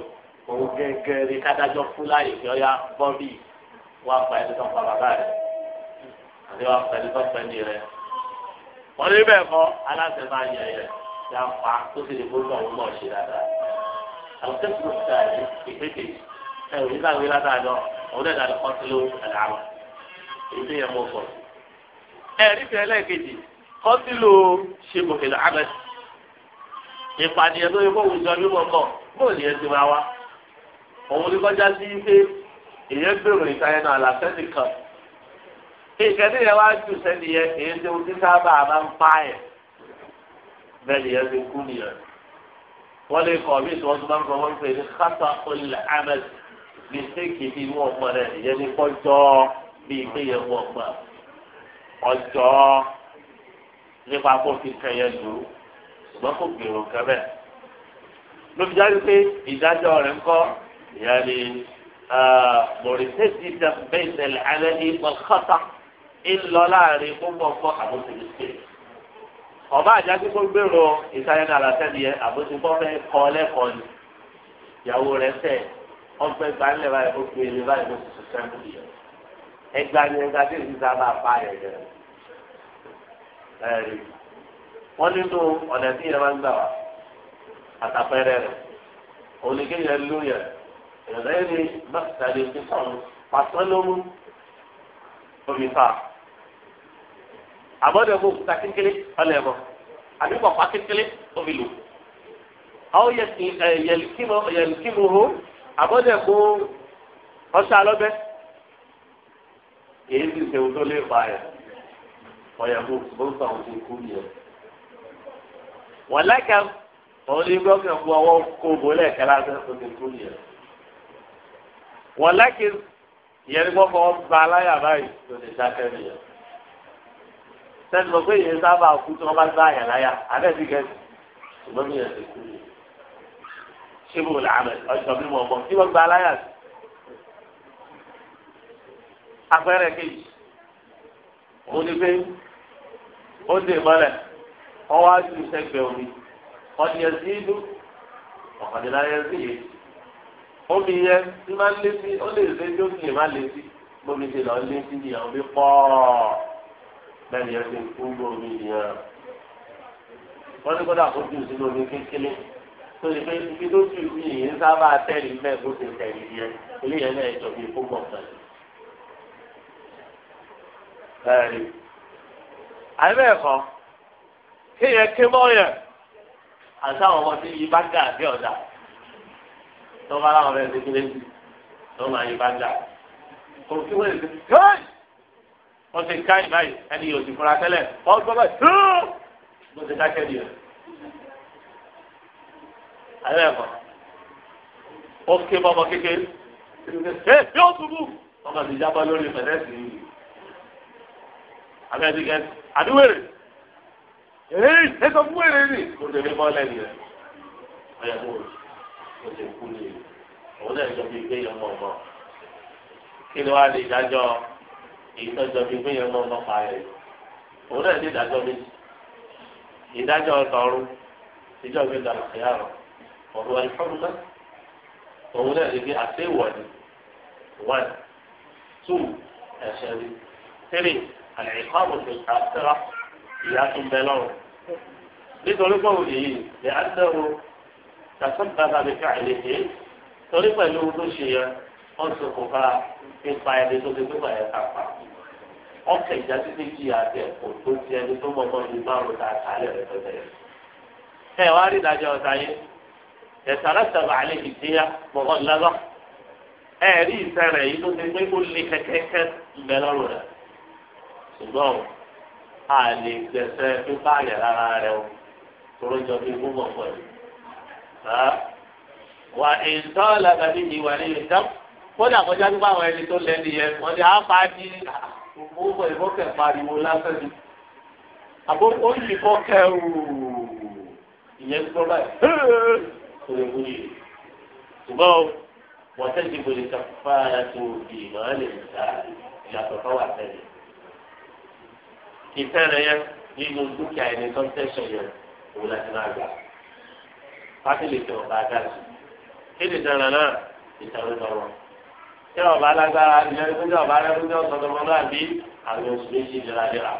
òun gẹ́gẹ́ rí kádájọ́ fún láyè kí ọ yá bọ́ọ̀lì wá pa ẹni tó pa bàbá rẹ̀ àti wá pa ẹni tó pẹ́ ní rẹ̀ wọ́n ní bẹ́ẹ̀ kọ́ aláṣẹ máa yẹ yẹ láǹfà tó sì lè gbóná òun náà ṣe dáadáa. àwọn tẹ́sítì ọ̀sẹ̀ àti ìpèkè ẹ̀ ò ní bá wí ládàá lọ òun náà dàdí kọ́ńtìló àlàáwà èyí tó yẹ mọ́ pọ̀. ẹ rí fẹ́ lẹ́ẹ̀kejì kọ́ńtìló ṣe mọ̀kẹ́lẹ́ abẹ́ ìpànìyàn tó yẹ kó wùjọ ní mọ̀mọ́ bó ni ẹ ti máa wá òun ní kọjá sí pé èyẹ gbèrò ìtayẹ náà làfẹ́ nìkan ìkẹ́ni yẹn wá jù sẹ́ni yẹn èyí tó ti sábà máa ń pààyàn bẹ́ẹ̀ yẹn ti kú nìyẹn wọ́n lè kọ́ bí tí wọ́n tún bá ń kọ́ wọ́n pè ní kásá olè ahmed bí séèkì bí wọ́n mọ̀ rẹ̀ ìyẹn ní kọjọ́ bí ìgbé yẹn wọ́n mọ̀ ọjọ́ nípa kó fi kẹyẹ lù ú ṣùgbọ́n kò gbèrò kẹ́bẹ̀. ló jáde pé ìdájọ́ rẹ̀ ń kọ́ ìyẹn ni mọ̀rìsẹ́ bẹ́ẹ̀ tẹ̀lé alẹ́ ní ọ̀kọ́ta ń láàrin gbogbo ọkọ̀ àbòsílẹ̀ ọba àjáde kó gbèrò ìsáyẹn náà látẹ́bi yẹ àbójútó fẹ́ kọ́ lẹ́kọ̀ọ́ ni ìyàwó rẹ̀ tẹ̀ ọgbẹ́ gbalẹ̀ báyìí ó gbé ilé báyìí ló ti sẹ́ńtù yẹ ẹgbà ni ẹgbà tí èyí sábà pa yẹ jẹ ẹ̀rí wọ́n nínú ọ̀nà tí yẹn máa ń gbà wá àtàpẹ́rẹ́ rẹ̀ oníkéyẹ lóyè ìrẹ́lẹ̀ bá tàbí ìfisọ̀rọ̀ pàṣẹ lóru omi fà àbọ̀dọ̀ ẹ̀mọ òkúta kékeré ọlẹ̀ ẹ̀mọ àbí pọ̀pá kékeré omi lò. àwọn yẹ̀lìkìmù hó àbọ̀dọ̀ ẹ̀mọ ọṣà lọ́bẹ̀ èyí ti ṣe òótọ́ lè pa ẹ̀ ọ̀yà bó bó ń fa òkú kú yẹn. wọ́n lákà òun ní gbọ́kàn bu ọwọ́ kó bó lásán òkú kú yẹn. wọ́n lákì yẹn ní gbọ́kàn aláyà báyìí lóde sẹ́ni mo pé ìyẹn sábà kú tí wọ́n bá gbá àyàn láyà àbẹ́sí kẹ́sì ṣùgbọ́n mi yàn sí kú yìí ṣé mo là á mẹ ọjọ́ bí mo mọ tí wọ́n gbá láyà sí. afẹ́rẹ́ kejì mo ní pé ó dè mọ́lẹ̀ wọ́n wá ju sẹ́gbẹ̀ẹ́ omi ọ̀dì ẹ̀sìn ìlú ọ̀kàndínláyà ẹ̀sìn yìí omi yẹn tí máa ń lé sí ó lè lé sí ó sì lè má lé sí bómi ti lọ lé sí ìyàwó mi pọ́ọ́ lẹ́nu yẹn fi kú lómi yẹn wọ́n ní kọ́dà kó jù omi kékeré tó ní pé ibi tó jù sí yìí ń sábà tẹ̀lé bẹ́ẹ̀ kó ti tẹ̀lé yẹn eléyẹn náà ẹ̀jọ̀ bíi kó gbọ̀n kan. ẹ̀rí àyẹ̀bẹ̀ ẹ̀kọ́ kéèyàn ké mọ́ yẹn àtàwọn ọmọ tí yìí bá gà ọ̀dà tó bá láwọn ọ̀rẹ́ ti kéré tó máa yìí bá kò kí wọ́n lè fi wọ́n ti ká ìbáyìí ẹni yóò ti fura tẹ́lẹ̀ wọ́n gbọ́ bẹ́ẹ̀ tó bó ti ká kẹ́lì rẹ̀. Àyẹ̀ ẹ̀kọ́ ó ké bọ́mọ kékeré ṣé yóò túbú ọmọ ti jábọ́ lórí pẹ̀lẹ́sì yìí. Abẹ́ẹ̀dì kẹ́sì àdúwèrè èyí ẹ̀sọ́ fún wèrè ni kò tẹ̀lé bọ́ọ̀lẹ̀ ni rẹ̀. Ọ̀yà bò ó ti kú ni òun náà jọ bí gbé yọmọ ọmọ kí ni wàá lè dájọ́ ìtọ́jọ́ bíi pé yẹn lọ́ọ́ lọ́ọ́ parẹ́ òun náà ní ìdájọ́ méjì ìdájọ́ ọ̀tọ̀ọ̀rún ìjọ mi gbà lọ́ọ̀yà rọ̀ ọ̀rọ̀ àìfọ́nùmá òun náà ní bí àtẹ̀wọ̀dì one two ẹ̀ṣẹ̀ rí three àlẹ́kọ́ọ̀mù tó àtẹ́rà ìyá tó ń bẹ lọ́rùn nítorí pé òun yìí ní àtẹ̀wọ̀ tàṣọ́ǹtàṣà mi káàlì pẹ̀lú tó ṣe yẹn wọn sọ kò fa ipa ẹni tó ti pípa ẹ ká pa ọkẹ ìjà títí jì àti ẹ̀kọ́ tó ti ẹni tó mọmọ ní márùn ta àtàlẹ rẹ tó tẹ́lẹ̀. ẹ wá rí ìdájọ́ ọ̀tá yẹn ẹ̀sà lásàbà alẹ́ ìdíyà mọ̀ọ́ ńlábà ẹ rí ìsẹ̀rẹ̀ yìí tó ti pé ó lé kẹ́kẹ́kẹ́ ìbẹ̀ lọ́rùn rẹ̀ ṣùgbọ́n a lè gbẹ̀sẹ̀ pípa àyẹ̀ rárá rẹ o tóró jọ yìí. wà ní ìdáhùn kódà kọjá nípa àwọn ẹni tó lẹ́nu yẹn wọ́n ní àáfà ní gbogbo ìfọ́kẹ̀ pariwo lásán ni àbó ó ń lè fọ́kẹ̀ ìyẹn gbọ́ báyìí kò lè wúni ṣùgbọ́n wọ́n tẹ́sí ìbò lè kàfà tó bì máa lè ta ìyàtọ̀ tó wà tẹ́lẹ̀ ìfẹ́ rẹ yẹn nínú dúkìá ẹni tó ń tẹ̀sán yẹn òun láti máa gbà pátí lè tẹ̀ ọ̀gá dá sí kí ni dára náà ìtàwé náà wọ̀ tí ọba alágbára ìjọba ọba arẹ́gbẹ́jọ́ sọ̀tọ̀mọ́ náà bí àwọn oṣù méjì léraléra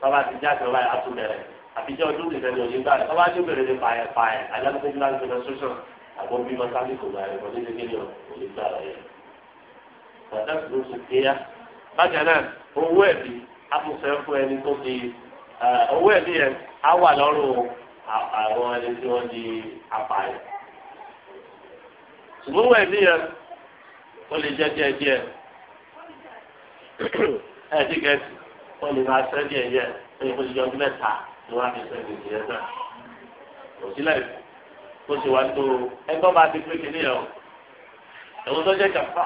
tọ́ba ti jáde ọba yà á tún bẹ̀rẹ̀ àfijọ́ ọdún nìkan ní òní báyìí tọ́ba tún bẹ̀rẹ̀ ní pààyà pààyà alágbèjì láti fẹ́ sọ́sọ́ àbọ̀ bí mọ́tàlì kò bá ẹ̀kọ́ ní kékeré òní gbà rẹ̀. bàtà kúrò sí kéyà bákan náà owó ẹ̀bí amúfẹ́ fún ẹni tó di owó ẹ̀bí yẹn á wà lọ́rùn àwọn ẹni tí wọ́n di apààyà. ṣùgbọ́n owó ẹ̀bí yẹn ó lè jẹ́ díẹ̀ díẹ̀ ẹ̀ ti gẹ̀ẹ́sì ó lè máa sẹ́ díẹ̀ díẹ̀ ó lè fojú ọdún mẹ́ta ni wọ́n á fi sẹ́ gbèsè yẹn náà kò sílẹ̀ kó sì wá tó ẹgbọ́n bá ti pé kínní yẹn ẹ̀wọ́n tó jẹ́ kàfà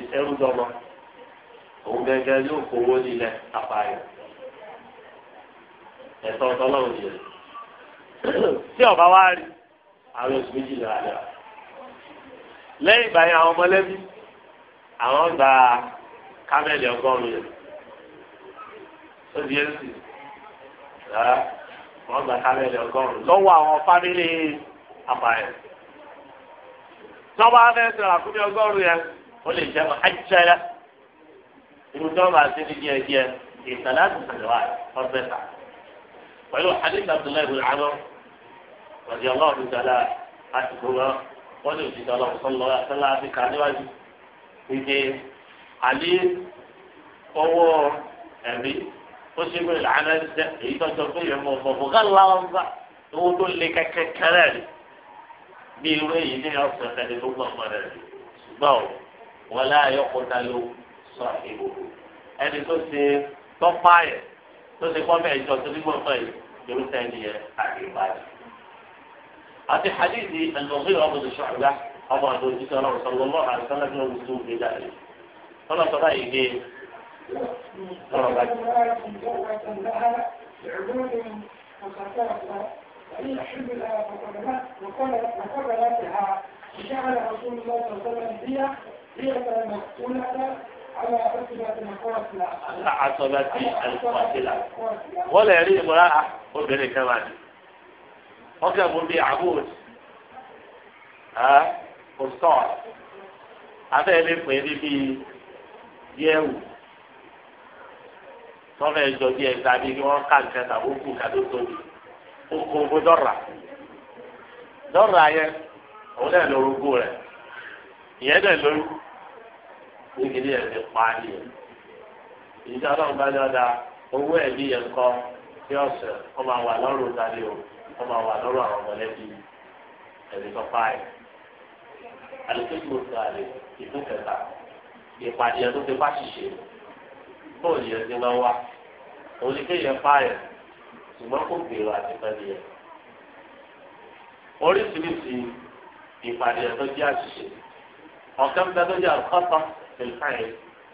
ìṣẹ́rú dọ́mọ òun gẹ́gẹ́ yóò kówó nílẹ̀ àpáyọ̀ ẹ̀tọ́ ọ̀tọ́ lọ́wọ́ nìyẹn tí ọba wá rí àwọn oṣù méjìlá rẹ̀ lẹ́yìn ìgbà yẹn àwọn ọmọlẹ́bí àwọn gba kámẹ́lì ọgọ́rùn-ún yẹn ó di èsì wọ́n gba kámẹ́lì ọgọ́rùn-ún lọ́wọ́ àwọn fámìlì àpààyàn tọ́ba fẹ́ sọ̀rọ̀ àkúbí ọgọ́rùn-ún yẹn ó lè jẹ́ àjẹyà irú tí wọ́n bá ṣe ní díẹ̀díẹ̀ ìsàlẹ̀ àti ìsàlẹ̀ wa ọ̀sẹ̀ ta pẹ̀lú hadith Abdullahi ibn Amr radiyallahu ta'ala àti wọ́n lè fi sọ̀rọ̀ sọ̀rọ̀ àtàlà àti kàníwájú ìdè àlè ọwọ́ ẹ̀mí ó ṣe pé làánà jẹ́ èyí tó sọ pé yẹn mọ̀ mọ̀ mọ̀ ká láwọn bá owó tó lé kẹ́kẹ́ kẹ́rẹ́ rẹ̀ bí irú èyí ní ọ̀sẹ̀ ẹni tó gbọ̀n mọ́ra rẹ̀ ṣùgbọ́n wọn láàyò kọta ló sọ ìwò ẹni tó ṣe tọ́pá yẹ tó ṣe kọ́ mẹ́ẹ̀jọ tó ní gbọ̀n mọ́ yìí ló ń tẹ́lẹ̀ yẹ àgbègbè هذا حديث المغير أبو الشعبة أبو عبد الجسر صلى الله عليه وسلم من وسوء في ذلك فلا تضعي إيه ربك وقال لها وقال لها جعل رسول الله صلى الله عليه وسلم هي هي على عصبات القاتله ولا يريد ولا احد قل كمان wọ́n fi àbò bíi abud ọ̀sán afẹ́ lè pè é níbi yẹ́wù tọ́lẹ̀ ìjọ bíi ẹ̀ka bíi kí wọ́n ká nǹkan tàbí òkú kàdó tóbi òkú òkú dọ́ra dọ́ra yẹn òun náà lórí ogún rẹ̀ ìyẹn náà lórí nígbìdí ẹ̀ ti pa ni ẹ̀ ìjọba ọlọ́run bá ní ọ̀dà owó ẹ̀mí kọ́ bí ọ̀sẹ̀ ọmọ àwọn àlọ́run ta ni kó máa lọ́rọ̀ àwọn mọ̀lẹ́bí ẹ̀rí tó fáyì. àlùkòjì wo sọ àlè ìlú kẹta ìpàdé ẹ̀ tó ti bá ṣiṣẹ́ bóòlù yẹn ti máa wá oníkéyẹ̀ fáyì ṣùgbọ́n kò gbèrò àti pẹ̀lú yẹn. oríṣiríṣi ìpàdé ẹ̀ tó jẹ́ àṣìṣe ọ̀kan bẹ́ẹ̀ tó jẹ́ àkọ́tọ̀ ìlkáyẹ̀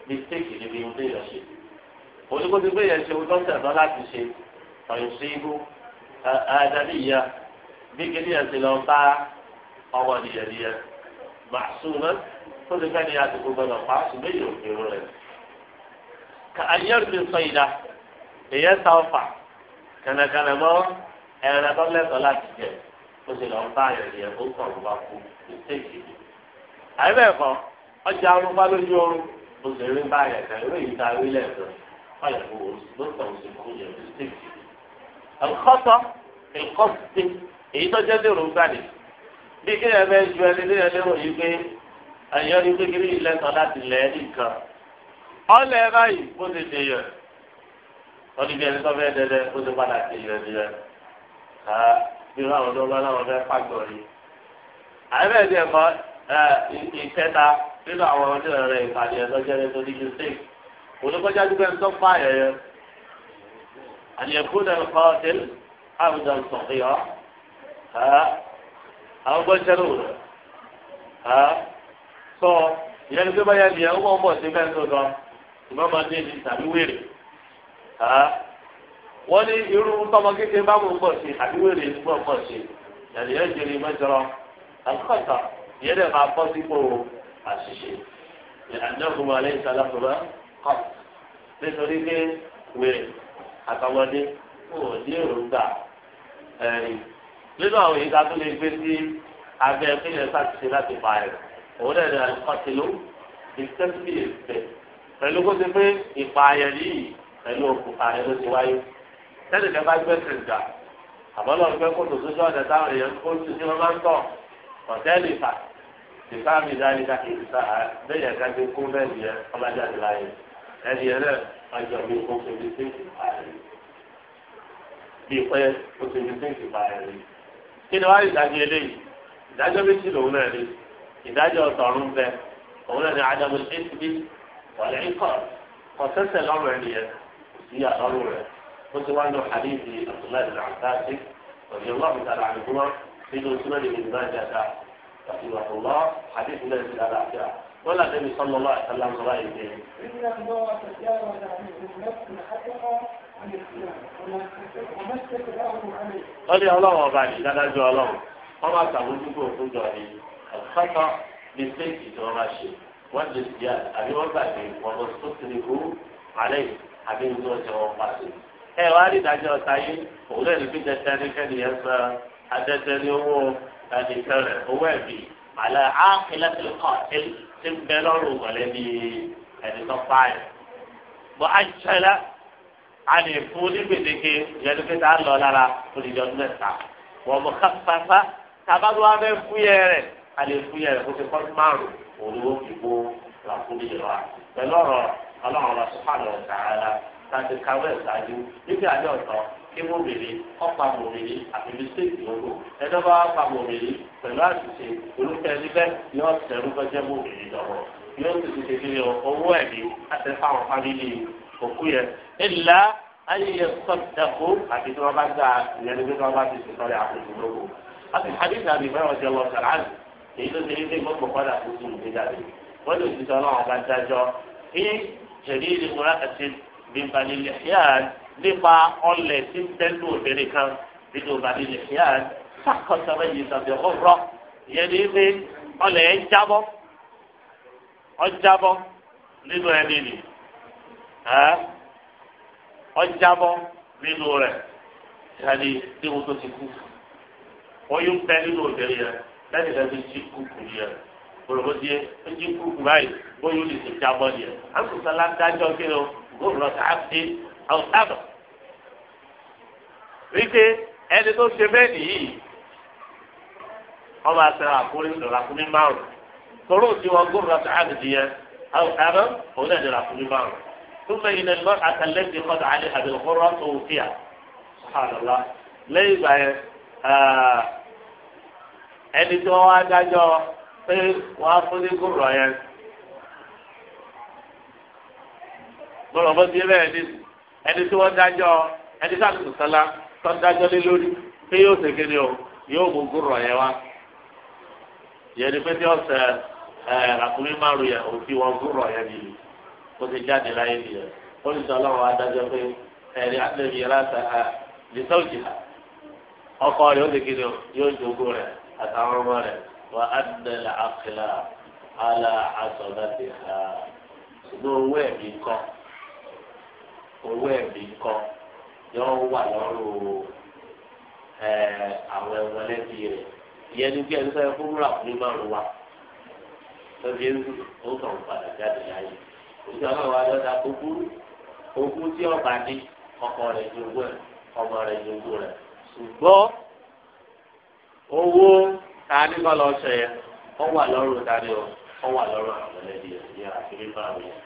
mistake níbi ohun tó yẹ ṣe. oníkóso gbé yẹn ṣe ohun tó ń tẹ̀sán láti ṣe ọ̀yọ̀ṣe igbó àdàbíyà bí kìíní yẹn ti lọ bá ọwọ́ nìyẹnìyẹ màṣúmọ́ tó ti fẹ́ni àdìgbò gbọdọ̀ pa ṣùgbọ́n èyí ò fi rú rẹ̀. ka anyẹ́rù mi sọ ìdá èyẹ ta ọfà kẹ̀nẹ̀kẹ̀nẹ̀ mọ́ ẹ̀rẹ̀ tọ́lẹ̀tọ̀ láti jẹ ó ti lọ bá ẹ̀yẹ ó kàn ló bá kú ìtẹ́jì. àyẹ̀bẹ̀ kan ọjà arúgbá lójú oorun ó sì rí bá ẹ̀yẹ kan eré ìta orílẹ̀ ẹ̀dọ̀ ọ̀yẹ̀kọ̀ ó sì ló tọ̀ ó sì kú ìyẹn ìtẹ́jì ẹ̀kọ́tọ̀ ẹ̀kọ́tì èyí tó jẹ́ lérò gbà ní. bí kí ẹ bẹ́ẹ̀ ju ẹni lé ẹlẹ́rọ yìí pé ẹ̀yọ́ ni pé kiri ilẹ̀ tán láti lẹ̀ ẹ́ nìkan. ọlẹ́ báyìí bó ti ṣe yọ wọ́n ní bí ẹni tó fẹ́ dẹ́dẹ́ bó ti padà ṣe yọ ni yọ. bí wọ́n àwọn ọ̀dọ́ bá láwọn fẹ́ pàgbọ́ ni. àbẹ̀dẹ̀ ẹ̀kọ́ ìkẹta nínú àwọn ọdún rẹ̀ ìpàdé ẹ̀ أن يكون القاتل عبدا صغيرا ها أو بشرون ها صو ìyẹn tó bá yà ni àwọn ọmọ ọ̀sẹ̀ bẹ́ẹ̀ tó lọ ìmọ̀ máa ní ìdí tàbí wèrè wọ́n ní irú tọmọ kékeré bá mú un bọ̀ sí àbí wèrè ń bọ̀ bọ̀ sí yàrá yẹn jẹrìí mẹ́jọ àkọ́tà ìyẹn dẹ̀ máa bọ́ sípò àṣìṣe ìyànjọ́ fún wa lẹ́yìn sálá fún wa kọ́ nítorí pé wèrè àtọmọdé kò ní èròǹgbà ẹ̀yìn nínú àwọn èyí ká tó lè gbé sí abẹ́ pínlẹ̀ sàtìṣe láti pa ẹ̀ òun náà ní àlùkọ́tìlú ìtẹ́sí ìfẹ́ pẹ̀lú kó ti pé ìpààyàn yìí pẹ̀lú òkúta ẹ̀ ló ti wáyé tẹ́lẹ̀ lẹ́ bá gbé sèǹgà àmọ́ lọ́ọ́ gbé kótó sójú ọ̀nà táwọn èèyàn kó tu sí wọn máa ń tọ̀ ọ̀tẹ́ẹ̀lì fà ìfá mi dání ká kì í bẹ́ẹ̀ yẹn ká gbé kó bẹ́ẹ̀ yẹn ọlájà àjọ mi kò ṣe ní báyìí bí pẹ́ kò ṣe ní báyìí kí ni wàá ìdájọ́ eléyìí ìdájọ́ méjì lòun náà ni ìdájọ́ ọ̀tọ̀run bẹ òun náà ni adamu ṣéǹtì bí wàlẹ́ ikọ̀ kọ̀sẹ́sẹ̀ lọ́rùn ẹ̀ nìyẹn kò sí àlọ́rùn rẹ̀ ó ti wá ní hadithi abdullahi bin abdulhasi ọ̀dọ̀ ìwà mùsàlá àdìgúnmọ́ nínú fún lọ́ hadithi wọ́n làdé mi sọ́nà lọ́wọ́ àtàlà ń lọ́wọ́ ìdè. wọ́n ní ọlọ́run ọba ní dádájọ́ ọlọ́run wọ́n máa sàmójúkú òkú jọ ní ọ̀sọ́tọ̀ ní séèkì tí wọ́n máa ṣe wọ́n lè ṣe àbí wọ́n gbàgbé wọn lọ sókè ní kú àlẹ́ àbí ní wọ́n jẹ wọn pàṣẹ. ẹ wá rí ìdájọ́ ọ̀tá yìí òun lè rí bí dẹ́tẹ́ ní kẹ́ni yẹn sọ adẹ́tẹ́ ní owó ẹnìkan rẹ̀ owó ẹ̀bì àlẹ́ àkìlẹ́tì kọ́ọ̀tì ti ń bẹ lọ́rùn mọ̀lẹ́bí ẹni tó pààyàn. bọ́ àjẹlá a lè fún ní gbèdéke ìyẹnu pé tá a lọ lára olùjọ mẹ́ta wọ́n mọ̀ ká pàpà tàbátú wa fẹ́ fúyẹ́ rẹ̀ a lè fúyẹ́ rẹ̀ kó ti kọ́ márùn olówó ìbò làkúndì lọ́wọ́ pẹ̀lú ọ̀rọ̀ ọlọ́run ọ̀rọ̀ sùpàdé ọ̀tà ara láti káwé ìsáájú níbi àdé ọ̀tọ̀ kébó mèrè ọ̀pá mòmìnì àti mistake lọ́wọ́ ẹ̀dọ́ bá ọ̀pá mòmìnì pẹ̀lú àṣìṣe olùkẹ́ níbẹ̀ yóò tẹ̀rù fẹ́jẹ́ mòmìnì lọ́wọ́ yóò sì ti kékeré owó ẹ̀mí àti fáwọn fámìlì òkú yẹn. ìlà ayẹyẹ sọ́dẹ̀kọ́ àti tí wọ́n bá gbà ìyẹn ní wọ́n bá ti sọ̀rọ̀ àkókò lọ́wọ́. àti hadith àbí mẹ́wàá jẹ́ lọ sàrán èyí tó ti ní gbogbo padà tó ti lùdí jáde. wọ́n lè ti sọ ọlọ́run bá dájọ́ nípa ọlẹ̀ tí ń tẹ́lú obìnrin kan nínú ìbàdí lè fi hàn sàkọsọ̀rọ̀ yìí tàbí ọ̀rọ̀ ìyẹn ní pé ọlẹ̀ ń jábọ́ ọjábọ́ nínú ẹni nì ọjábọ́ nínú rẹ̀ ìhàlì níwò tó ti kú oyún bẹ nínú obìnrin rẹ̀ lẹ́yìn lẹ́yìn tí kú kù yẹ gbòròbódì yẹ ó jí kú kù báyìí bóyá ó lè ti jábọ́ yẹ àkùsọ̀ ládájọ́ kí ló gbòòrò tààtì. àwọn sábà wípé ẹni tó ṣe bẹ́ẹ̀ nìyí ọba sẹ́ra àkúrí ìdọ̀rọ̀ àkúrí márùn tọ́lọ́ ti wọn gómìnà tó àdìdì yẹn àwọn òun náà dọ̀rọ̀ àkúrí márùn tó fẹ́ yìí lẹ́nu àtàlẹ́sì kọ́tà àlẹ́ àbẹ̀lẹ́kọ́rọ́ tó fi à lẹ́yìn ìgbà yẹn ẹni tó wá dájọ́ pé wọ́n á fún ní yẹn gbọ́dọ̀ bọ́ sí ẹni tí wọ́n dájọ́ ẹni tí àtúntò sálá tó dájọ́ lé lórí pé yóò ṣe kéde o yóò mú gúrọ̀ yẹn wá yẹn ni pé tí ọ̀sẹ̀ ẹ̀ àkúmí márùn yẹn òfin wọn gúrọ̀ yẹn nìyí kó ti jáde láyé nìyẹn ó ní sọ ọlọ́run adájọ́ pé ẹ̀rí àtẹ̀bí yẹn láta ẹ̀ lìtọ́ọ̀jì ọkọ rẹ̀ ó ṣe kéde o yóò jogún rẹ̀ àtàwọn ọmọ rẹ̀ wà á dẹ̀ ala asọ̀dá ti ha ṣùgbọ́n owó ẹ̀mí kan yóò wà lọ́rùn àwọn ẹ̀wọ̀n lẹ́bi rẹ̀ ìyẹn ní bí ẹni sọ yẹn fún ràpù ní márùn wa lọ́bi ẹni ó kàn padà jáde láyé òṣìṣẹ́ náà wà lọ́dà tó ogún tí ọba ní ọkọ rẹ̀ ju owó ẹ̀ ọmọ rẹ̀ ju owó rẹ̀ ṣùgbọ́n owó ta ní kọ́ lọ́ọ́ ṣẹ̀yẹ ọ wà lọ́rùn dání ọ wà lọ́rùn àwọn ẹlẹ́bi rẹ̀ ní àṣírí báwo yẹn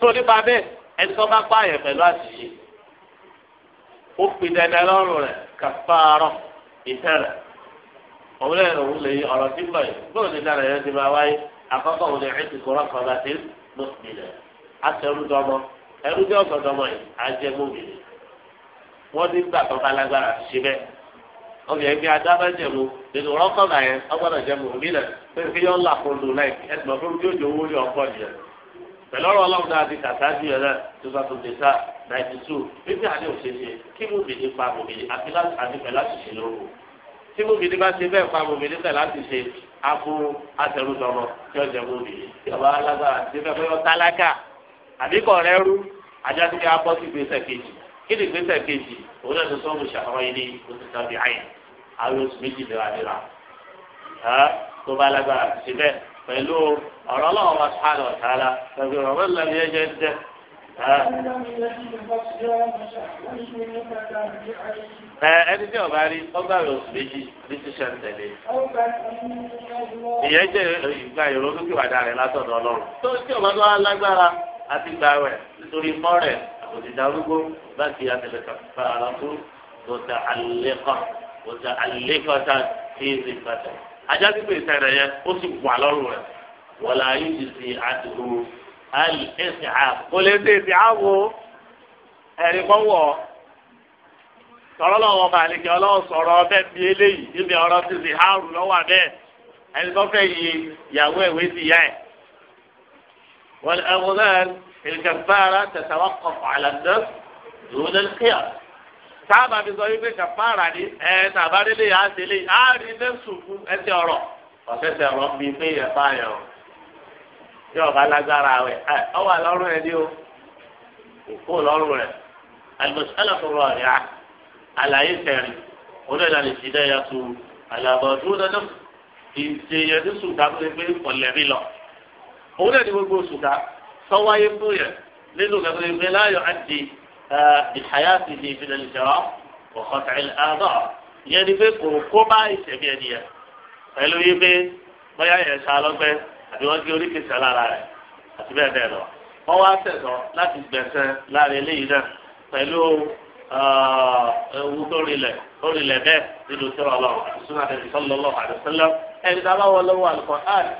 tó nípa bẹ́ẹ̀ ẹni tó bá pààyàn pẹ̀lú àṣìṣe ó pè dandan lọ́rùn rẹ̀ kàfàárọ̀ ìtẹ̀rẹ̀ òun lè rò wúlò yìí ọ̀rọ̀ tí bọ̀ yìí bóun ní dára yẹn ti máa wáyé àkọ́kọ́ òun lè rí ti kọ́rọ́ kan bá ti ló fi lẹ̀ àti ẹrú dọ́mọ ẹrú tí ọ̀sán dọ́mọ yìí á jẹ́ gómìnà wọ́n ní gbà tó bá lágbára ṣe bẹ́ẹ̀ obìnrin bí adábẹ́jẹ̀mú nínú rọ́kọ̀ọ̀nà yẹn ọgbọ́dọ̀ jẹ́ mòmílẹ̀ pé kí yọ́n là kó lù láì ẹ̀sìn pẹ̀lú ọ̀rọ̀ ọlọ́run náà ti kàtà sí ẹ̀rẹ́ tuba tó dé sáà náìtì tù fífi àdé òṣèṣe kí mo bìíní pa mo bìíní àti àti pẹ̀lú àṣìṣe lóru tí mo bìíní bá ṣe bẹ́ẹ̀ pa mo bìíní pẹ̀lú àṣìṣe afọ àtẹrùdọ̀rọ̀ tí ó jẹ mo bìíní tí ọba alágbára ti fẹ́ fẹ́ tálákà àbíkọ̀ rẹ rú ajá ti ká bọ́ sí gbèsè kejì kí ni gbèsè kejì òun náà ti sọ mo ṣàkọ́rọ́ yìí ní oṣù ọ̀rọ̀ ọlọ́run wa sáré ọ̀tàlá tàbí ọ̀rọ̀ lẹ́nu yẹn jẹ́ jẹ́. ẹni tí ọba rí ọba rẹ oṣù méjì ní ṣíṣe ń tẹ̀lé ìyẹn jẹ́ ìgbà ìrònú kí wàdà rẹ látọ̀dọ̀ ọlọ́run tó tí ọba tó wá lágbára àti gbà rẹ nítorí mọ́rẹ̀ òdìdá arúgbó bá ti àtẹlẹkà fara tó bòtà àlékọ́ bòtà àlékọ́ tá a ti rí bàtà ajá pípé ìtẹ̀rẹ̀ yẹn ó sì wà lọ́rùn rẹ̀ wọlé ayé ti fi àdúgbò àlè ẹsẹ àbò. kò lè ṣe èsì àbò ẹ̀rí kọ́ wọ̀ sọ̀rọ̀ lọ́wọ́ ọba àlejò ọlọ́wọ́ sọ̀rọ̀ ọbẹ̀ bíi eléyìí níbi ọ̀rọ̀ ti fi hàrù lọ́wọ́ abẹ́ ẹni tó fẹ́ yí ìyàwó ẹ̀wé ti yá ẹ̀. wọlé ẹ̀wọ̀n náà ìkàfàrà tẹ̀sàwọ́kọ̀ àlàndẹ́ lónìí kíá sábà fi sọ wípé kàfàrà ni ẹ tàbá délé yà á délé yà á rí lẹ́sùn fún ẹsẹ̀ ọ̀rọ̀ ọ̀sẹ̀sẹ̀ ọ̀rọ̀ bíi pé ẹ̀fà yẹn o tí ọba lágbára rẹ̀ ọwọ́ àlọ́rùn ẹ̀ ní o òkú lọ́rùn rẹ̀ àlùmọ̀sálà tó rọ̀ rẹ̀ àlàyé tẹ̀rì onílà lè ti dẹ́ yàtò àlàbọ̀ tó dáná ìṣe yẹn ní sùdá tó gbé pọ̀lẹ́rì lọ. òun náà ní gbogbo sùdá sọ́wáyé fún yẹn nínú kẹfẹ́ ìgbé láyọ̀ àti ìhàyà ti di ìfilẹ̀ ìjọba ọ̀kọ̀tà ìlànà yẹn ni pé kò kó bá ìṣẹ̀mí ẹ̀ nìyẹn pẹ̀lú yí pé bóyá yẹn ṣàlọ́gbẹ́ àti wọ́n gé oríkèé sẹ́ lára rẹ̀ àti bẹ́ẹ̀ bẹ́ẹ̀ lọ. wọ́n wá sẹ̀sọ́ láti gbẹ̀sẹ̀ lára eléyìí náà pẹ̀lú ewu tó rilẹ̀ tó rilẹ̀ bẹ́ẹ̀ nínú sọ́rọ̀ ọlọ́run àti súnà tẹ̀sí sọ́lọ́lọ́ àdùsọ́lọ́ ẹni tá a bá wọ lọ́wọ́ àlùkò áàdì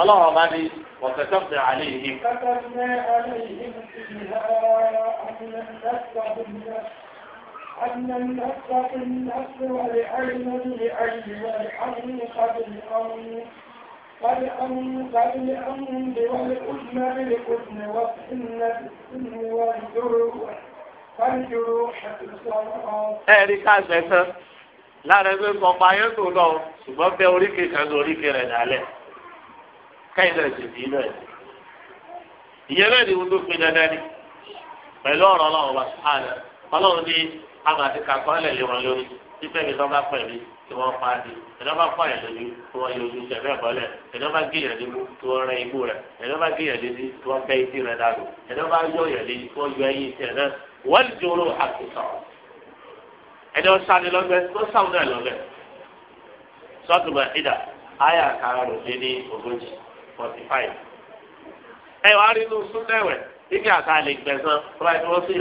ọlọ́run ọba ni wọ́n fẹ́ sọ́ọ̀tì àlẹ́ yìí. أن النفس بالنفس والعين بالعين والعين قد الأمر فالأنب والأذن بالأذن والسن والجروح فالجروح في الصلاة. إيه كاسة lára ẹgbẹ́ kọpa yẹn tó lọ ṣùgbọ́n bẹ oríkè kan ní oríkè rẹ̀ dálẹ̀ káyìn náà sì bí náà ìyẹn náà ni wọn tó pe dandan ni pẹ̀lú ọ̀rọ̀ ọlọ́run wa ṣáà náà ọlọ́run ní amàtìkà kan lẹ̀ lé wọn lórí pípẹ́ mi lọ́ba pẹ̀lú tí wọ́n di ẹ̀dọ́ bá fọ lójú tí wọ́n yọ ojú sẹ̀fẹ̀ gé yàn lébu tí rẹ imú rẹ̀ ẹ̀dọ́ gé yàn létí tí wọ́n bẹ́ etí rẹ̀ dànù yọ yàn létí tí yọ ẹyin tẹ̀ náà wọ́n ti dúró àkùsọ̀ ẹ̀dọ́ sani lọ́gbẹ́ tó sáwọn náà lọ́gbẹ́ sọ́tùmọ̀ ìdá ayà kára rò dé ní ogójì forty five ẹ wàá rí inú súnlẹ̀wẹ̀ ike àtàlẹ̀ gbẹ̀sán tó bá wọ́n sí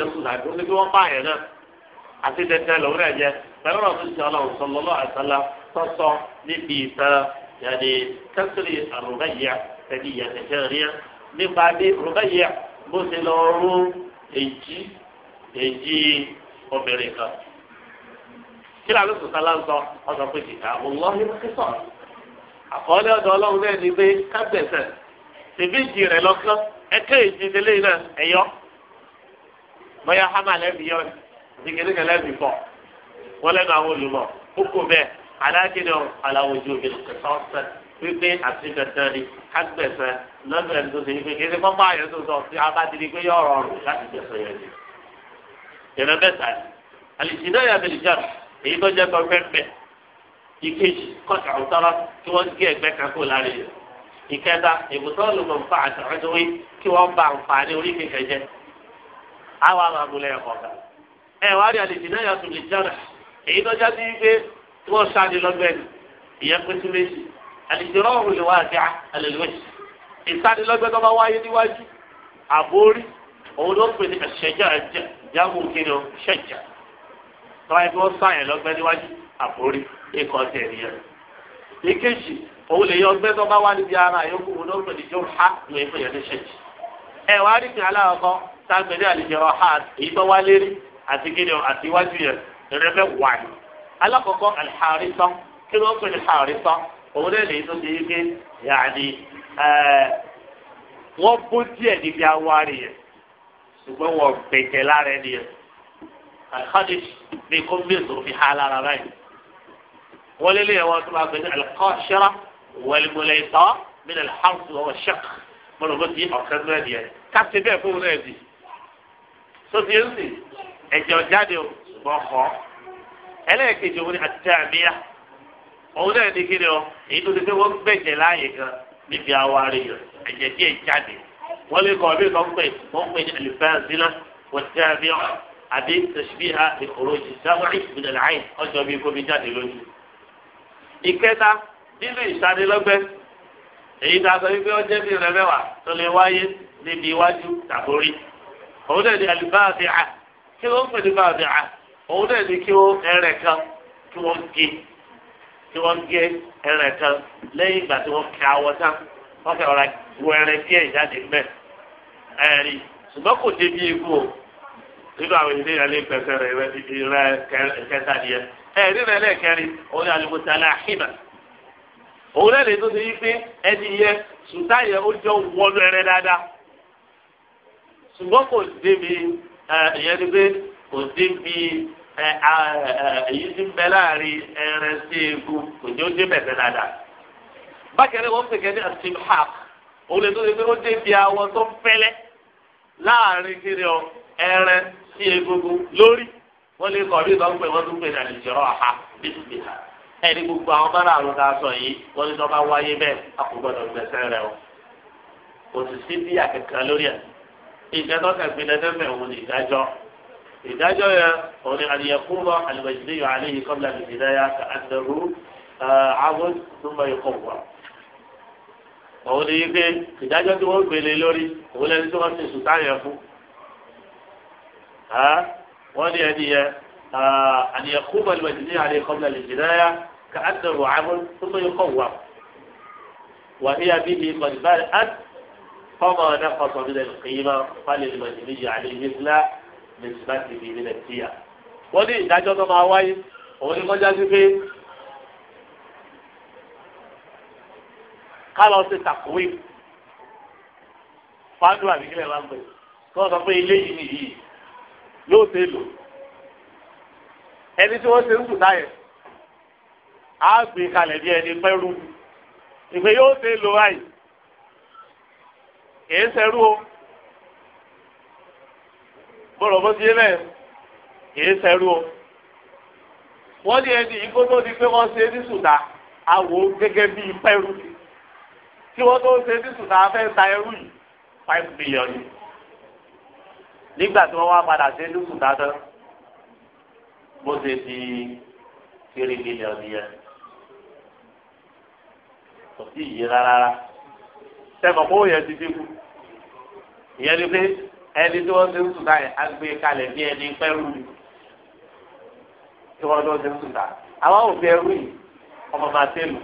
yẹn pẹ̀lú ọ̀rọ̀ tó ọlọ́run sọlọ́lọ́ àtàlà tọ́sọ níbi ìtàn yàní kẹ́sìrì àrùbáyà tẹ̀lé ìyàtẹ̀jẹ̀ rí ẹ nípa bí rùbáyà bó ti lọ rú èjì èjì obìnrin kan. kí ló àlùsùn sálá ń sọ pé kìkà ọlọ́run ló àkọọ́lẹ̀ ọ̀dọ̀ ọlọ́run náà ni pé kábẹ̀sẹ̀ tìbíjì rẹ̀ lọ́kàn ẹ̀kẹ́ ìjìnlẹ̀ náà ẹ̀yọ́ bóyá hámà lẹ́bi yọ wọ́n lẹ́nu àwọn olùmọ̀ kókó bẹ́ẹ̀ aláàjìnà aláwòjú mi ọ̀sẹ̀ wípé àti bẹ̀tẹ̀ ni agbẹ̀sẹ̀ lọ́dọ̀ ẹni tó ṣe wípé kí ẹsẹ pọ́npọ́ àyẹ̀ tó sọ fi abádìrí pé yọ ọ̀rọ̀ ọ̀rùn láti bẹ̀sẹ̀ yẹn ni. ìrẹ́ mẹ́ta ni àlìsínà yà bẹ̀lì jà èyí tó jẹ́ tọ́ pẹ́pẹ́ ìkejì kọ́ta ọ̀tọ́lá kí wọ́n gé ẹgbẹ́ kan kó lára yẹn ìkẹta ìbùsọ̀ lùmọ̀ nfa àtàwẹ́dúwé kí wọ́n bá nfààní orí kékeré jẹ àwọn àmàgùnlẹ̀ ẹ̀kọ́ kan ẹ̀ wá rí àlìsínà yà tó lè jára èyí tó jáde wípé tí wọ́n sáà di lọ́gbẹ́ni ìyẹn pé sí méjì àlìjọ́rọ̀ ọ̀hún lè wá àti àlèlúwẹ̀sì ìsánilọ́gbẹ́ tó bá wáyé níwájú àbórí òun ló pè ní ẹ̀ṣẹ̀jà jágùn kiri o ṣẹ̀jà tó wáyé bí wọ́n sáàyàn lọ́gbẹ́ níwájú àbórí ikọ̀ tẹ̀ nìyẹn. ìkejì òun lè yọ ọgbẹ́ tó bá wá níbi ara yòókù òun ló pè ní jọ́ ìwé ìpè rẹ̀bẹ̀ wáyé alákọ̀ọ́kọ́ alḥarisọ́ kí ló ń pè ní alḥarisọ́ òun lè lèyí tó ti yí pé yàní wọ́n bó díẹ̀ níbi awárí yẹn ṣùgbọ́n wọ́n bẹ̀jẹ̀ lára ẹni yẹn alḥadis ní kó mẹ́sàn fi há lára báyìí wọ́n lé lẹ́yìn wọn tó máa pè ní alkọ́ṣẹ́rà wẹ̀lmùlẹ̀tọ́ min alḥams wọ́n ṣẹ́k mọ̀nà bó ti ọ̀kẹ́ lẹ́yìn yẹn káṣí bẹ́ẹ̀ fún un náà di sọ́sì yẹn sì ẹ̀jẹ̀ ọ̀jáde o. ṣùgbọ́n kọ́ ẹlẹ́ẹ̀kejì ni àtijọ́ òun náà o èyí ti pé wọ́n gbẹ̀jẹ̀ láàyè kan níbi àwárí rẹ̀ ẹ̀jẹ̀ díẹ̀ jáde wọ́n lè kọ́ ọ̀bí kan pè wọ́n ní ti àbí bíi jáde ìkẹta nínú èyí a sọ wípé tó lè wáyé níbi iwájú tàbórí òun náà ní kí wọ́n ẹrẹ̀ kan kí wọ́n gé kí wọ́n gé ẹrẹ̀ kan lẹ́yìn ìgbà tí wọ́n kẹ awọ tán wọ́n fẹ́ ọ̀rá wọ ẹrẹ̀ díẹ̀ ìjáde mẹ́ ẹ̀rí ṣùgbọ́n kò débi ikú o nínú àwọn ilé ìyá lè pẹ̀sẹ̀ rẹ̀ rẹ̀ ibi rẹ̀ kẹta díẹ̀ ẹ̀rí rẹ̀ lẹ́ẹ̀kẹrin òun ní alùpùpù alẹ́ àhìnà òun náà lè tó ti yí pé ẹni yẹ sùtá yẹ ó jọ wọnú ẹrẹ̀ dáadáa ṣùgbọ́n kò débi ìyẹn ni pé kò débi èyí tí ń bẹ láàrin ẹrẹ sí egu kò jẹ́ ó dé bẹ̀rẹ̀ dáadáa. bákẹ́rẹ́ wọ́n pèkẹ́ ní asimhaq òun lè tó ṣe pé ó dé bi awọ tó ń fẹ́lẹ́ láàrin kiri ọ ẹrẹ sí egungun lórí wọ́n lè kọ̀ bí ìtọ́jú pé wọ́n tún pè ní àlejò ọ̀ha bísí ha ẹni gbogbo àwọn bá láàrú ká sọ yìí wọ́n ní sọ́ba wáyé bẹ́ẹ̀ a kò gbọ́dọ̀ gbẹ̀sẹ̀ rẹ o kò sì sí bí àkẹ́kẹ́ lórí ẹ̀ ìgbẹ́tọ́kẹ́ gbin òun ìdájọ́ هدايه وهنا ان يقوم المجدي عليه قبل الهدايه كانه عبد ثم يقوى وهنا يجي هدايه تقول بلي لوري ولا نسوى في سلطان يقوى يقوم المجدي عليه قبل الهدايه كانه عبد ثم يقوى وهي به قد بدات فما نقص من القيمه فللمجدي عليه مثل lèsì láti fi ilẹ̀ tíyà wọ́n ní ìdájọ́ tó máa wáyé òun ni kọjá sí pé ká lọ sí tàkùwé fádùn àbíkílẹ̀ máa ń pè kí wọ́n sọ pé ilé yìí nìyí yóò ṣe lò ẹni tí wọ́n ṣe ń kù táyẹ̀ á gbé kalẹ̀ bí ẹni pẹ́rù ìpè yóò ṣe lò báyìí kì í ṣerú o bọ̀rọ̀ bó ti yé bẹ́ẹ̀ kìí sẹ́rú o wọ́n ní ẹni ìgbó tó di pé wọ́n ṣe ní sùdà àwò gẹ́gẹ́ bí pẹ́rù tí wọ́n tó ṣe ní sùdà fẹ́ ta ẹrú yìí five million nígbà tí wọ́n wá padà ṣe ní sùdà tán bó ṣe di three million yẹn kò sí ìyè rárá sẹ́kọ̀ọ́ kó yẹ ti dínkù ìyẹn ni pé ẹni tí wọ́n ti ń sùn táyà á gbé kalẹ̀ bí ẹni pẹ́rù ni tí wọ́n tó ti ń sùn táyà. àwọn òfin ẹrú yìí ọmọ máa tẹ̀lù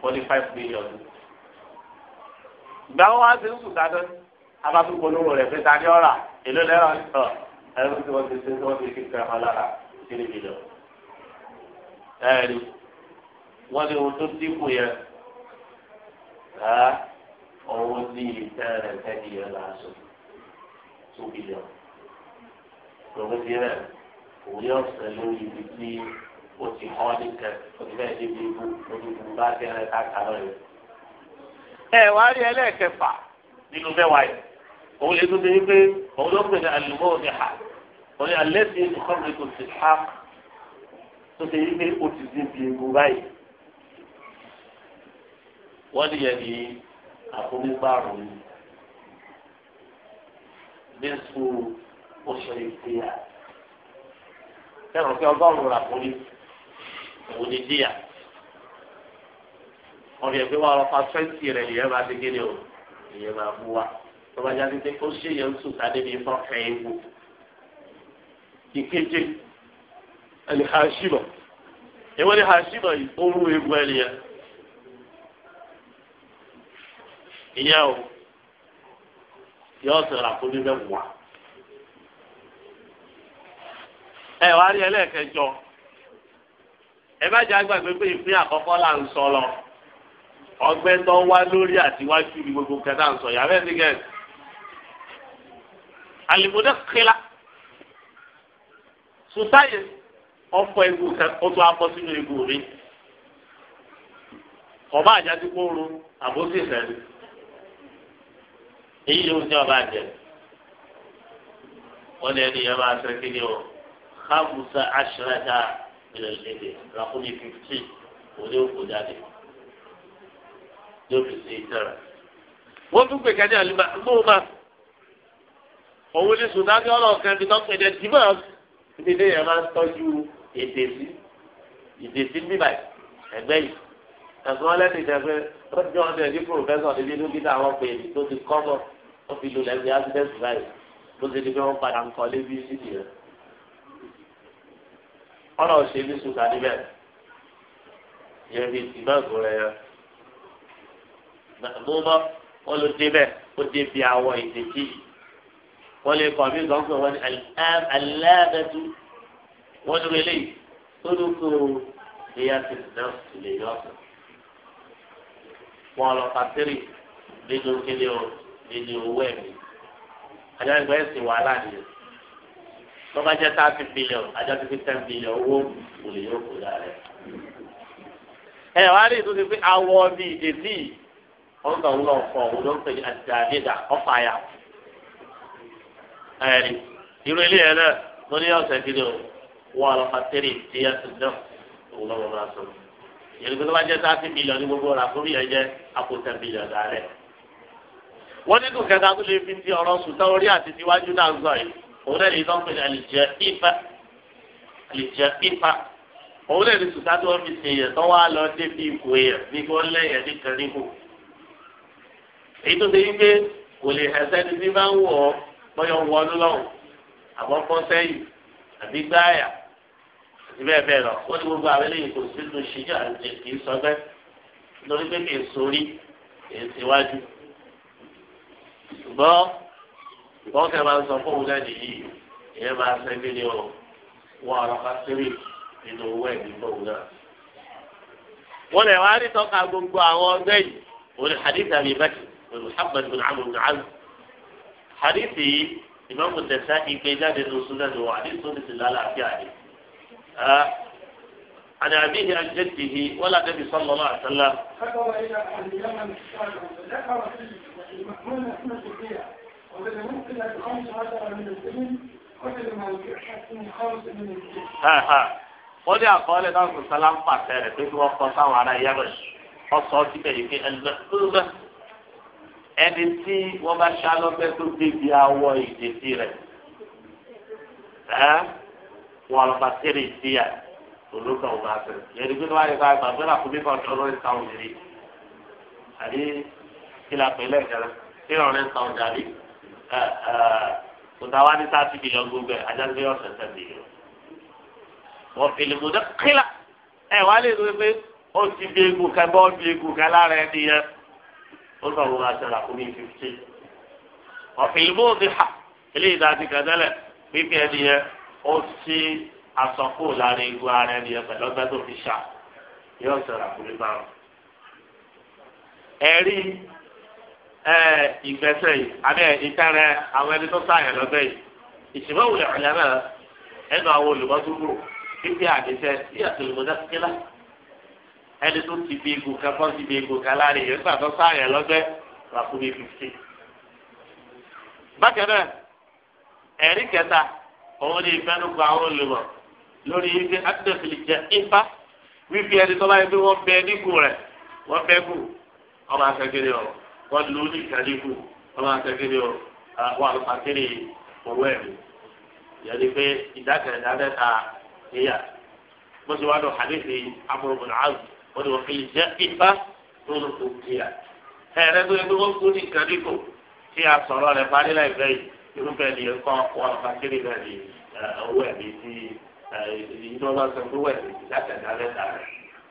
forty five million. ìgbà wọn wá ti ń sùn táyà abátúkọ olówó rẹ̀ pé ta ni ọ̀rà èló lẹ́rọ̀ ọ̀ ẹrú tí wọ́n ti ṣe tí wọ́n ti fi kẹ́ ọ lára kiri bìlọ̀. ẹ̀rí wọ́n ní ohun tó dínkù yẹn ọ̀hún ní ìtẹ́ rẹ̀ two billion lọ́wọ́dé rẹ̀ òun yóò sẹ́ lórí ibi tí ó ti hàn nìkan òun bẹ́ẹ̀ ṣe bí ibú lórí ibú bá kẹ́rẹ́ káàkà lọ́yẹ̀. ẹ wá rí ẹlẹ́ẹ̀kẹfà nínú mẹ́wàá yìí òun lè tún bíi pé òun ló pè ní àlùmọ́ òní ha òun alẹ́ ti kọ́mìnì kò sì ha tó ṣe yí pé ó ti di ibi ibú báyìí. wọ́n ní yẹn ní àfọwọ́gbárùn-ún nísù oṣù ìdíyà sẹ́wọ̀n kí ọgọ́rùn-ún rà fúnni òun ni díyà wọ́n yẹ pé wọ́n lọ fa fẹ́ǹsì rẹ̀ ìyẹn máa ti kéde o ìyẹn máa bú wa tó bá jáde pé ó ṣe yẹn ń sùn káde ní ifọ̀ fẹ́ ewu ìkeje ẹni hàṣìmọ̀ èwo ni hàṣìmọ̀ yìí ó rú ewu ẹni yẹn ìyẹn o yóò sọ̀rọ̀ àkóbí bẹ́ẹ̀ wà. ẹ wá rí ẹlẹ́ẹ̀kẹjọ ẹ bá jẹ́ àgbàgbé pé ìpín àkọ́kọ́ là ń sọ lọ ọgbẹ́ tó ń wá lórí àtiwájú ni gbogbo kẹta ń sọ yàrá ẹni gẹ̀ẹ́sì. àlìmọ́dé kíla sùtáyé ọ̀fọ̀ ewu ọtún akọ sínú ewu mi kọ̀ bá àjàdí kó àbóṣe ìfẹ́ èyí ló ń jẹ́ ọba jẹ wọ́n lé ẹni yẹn máa ṣe kí ni o hamusa ashrata ìrẹ̀lẹ̀dẹ̀ rakumi fifteen òní òkú jáde yóò fi ṣe ìtara. wọ́n tún pè kẹ́ni àlùmá gbóhùnmá òun ní sùdáni ọlọ́ọ̀kan ti tọ́pẹ́ jẹ dìbò ibi tí yẹn máa ń tọ́jú èdè sí èdè sí bíbà ẹgbẹ́ yìí ẹ̀sùn ọlẹ́dẹ̀ẹ́dẹ́gbẹ́ tọ́jú ọ̀dẹ̀ ní pòfẹ́sọ̀ níbi dókítà àwọn pèlè tó ti kọ́ bọ̀ ó fi lulẹ̀ bí access báyìí bó ṣe di pé wọ́n padà ń kọ́ lébi sídìí rẹ̀ ọ̀nà òṣè bí sùkà níbẹ̀ yẹn fi tì báàgù rẹ̀ yẹn gbogbo olùdébẹ̀ ó débi àwọ̀ ìdèkì wọ́n lè kọ́ mí gbọ́ngàn wọn ni aláàbẹ̀tú wọ́n lè lè tó dúkú ìyá ti náà sì lè yọ̀ ọ̀sán wọn lọ pàtẹ́rì nínú kíni e owó ẹ̀mí àjọ ẹ̀sìn wàhálà nìyẹn tó jẹ́ thirty billion àjọ ti fi billion owó kò yóò kó dára ẹ wá rí ìtúnṣe pé awọ bí ìdèzí wọn kàn ń òun ló ń pè ní àtìdáàdéda ọ̀fàyà ẹ̀rí irú ilé yẹn náà mo ní ọ̀sẹ̀ kí o wọ́n lọ tẹ́lẹ̀ tí yẹn ti dán òun lọ́wọ́ máa sọ yẹn ní bá jẹ́ billion ní gbogbo rà fún mi jẹ́ billion rẹ̀. wọ́n nínú kẹta tó lè fi ti ọ̀rọ̀ sùtá orí àti tiwájú náà zọ yìí òun náà lè lọ́ pé àlìjẹ ifa àlìjẹ ifa òun náà lè sùtá tí wọ́n fi ṣe yẹn tó wá lọ débi ìkó yẹn bí wọ́n lẹ́yìn ní kẹrìnkù. èyí tó ṣe wípé kò lè hẹ sẹ́ni tí bá ń wọ̀ ọ́ bọ́yọ̀ wọnú lọ́wọ́ àbọ̀ sẹ́yìn àbí gbáyà àti bẹ́ẹ̀ bẹ́ẹ̀ lọ wọ́n ní gbogbo àwọn eléyìí kò ṣùgbọ́n wọ́n kẹ́ máa ń sọ fún òun náà nìyí ìyẹn máa ṣe kí ni o wọ́n ọ̀rọ̀ ká sírì nínú owó ẹ̀mí fún òun náà. wọ́n lè wá rí tọ́ka gbogbo àwọn ọgbẹ́ yìí òun ni hadith àbí bàtì òun Muhammad bin amr bin hadith yìí ìmọ̀mù tẹ̀sán ìgbé jáde ní oṣù náà ni wọ́n hadith ti ti lálàáfíà ni. عن أبيه عن جده ولا النبي صلى الله عليه وسلم. المكمنة اسمها فيها وإذا ممكن أن خمس عشر من السنين قتل ما يحسن خمس من السنين wọ́n ní àkọọ́lẹ̀ náà kò sálá ń pàṣẹ rẹ̀ pé kí wọ́n kọ́ sáwọn ará yabesh wọ́n sọ síbẹ̀ yìí pé ẹlẹ́kúrẹ́ ẹni tí wọ́n bá ṣá lọ́gbẹ́ tó débi awọ ìdèsí rẹ̀ ẹ́ wọ́n lọ bá tẹ̀lé sí ẹ̀ olóka ọba àtẹ̀rẹ̀ yẹ́nì pé wọ́n á yẹ ká gbàgbé làkúndé kan tọ́lọ́ ìta òmìnirí àdé kí la pè lẹ́ẹ̀kẹ́rẹ́ tí ìrọ̀lẹ́ ń sàn jàbí kòtà wa ní sáàtì bìlíọ̀n gbogbo ẹ̀ ajá gbé ọ̀sẹ̀ sẹ́ bìlíọ̀n. wọ́n fi lèmọ̀ dẹ́ kílà ẹ̀ wá lè rí pé ó ti bí egun kan bọ́ bí egun kan lára ẹni yẹn ó sọ wọn aṣọ àkómi fifty. wọ́n fi lèmọ̀ òdi ha ilé ìdájí kan tẹ́lẹ̀ pípé ẹni yẹn ó ti asọ́kù lára egun ara ẹni yẹn pẹ̀lú ọgbẹ́ tó fi ṣá yóò sọ àkómi báwọn. ẹ̀rí ìgbésẹ̀ yìí àbí ìtẹ̀rẹ̀ àwọn ẹni tó sáyẹn lọ́gbẹ́ yìí ìṣèwọ́ wulẹ̀ ọ̀lẹ́ náà ẹnu àwọn olùmọ́tòkò fífi àdìsẹ́ sí àtòlùmọ́dá kíkílá ẹni tó ti bí egbò kan fọ́n ti bí egbò kan láàrin yìí nígbà tó sáyẹn lọ́gbẹ́ wà fún mi fífi. bákan náà ẹ̀rí kẹta òun ni ìfẹ́nukọ àwọn olùmọ̀ lórí jẹ ipa ẹni tó bá yẹ wọ́n bẹ wọ́n lu ní ìkàlíkù wọ́n máa kẹ́kẹ́ ní wọ́n àlùfà kiri owó ẹ̀mí yẹni pé ìdákẹ̀ẹ́dá mẹ́ta níyà bó ti wá lọ hadithi Amr ibn Awf wọ́n ti wọ́n fi jẹ́ ipa lóru kò kíyà ẹ̀rẹ́ tó yẹ kó wọ́n kú ní ìkàlíkù tí a sọ̀rọ̀ rẹ̀ parí láìpẹ́ yìí irúfẹ́ ni ẹ̀kọ́ wọ́n àlùfà kiri náà ní owó ẹ̀mí tí ìjọba sọ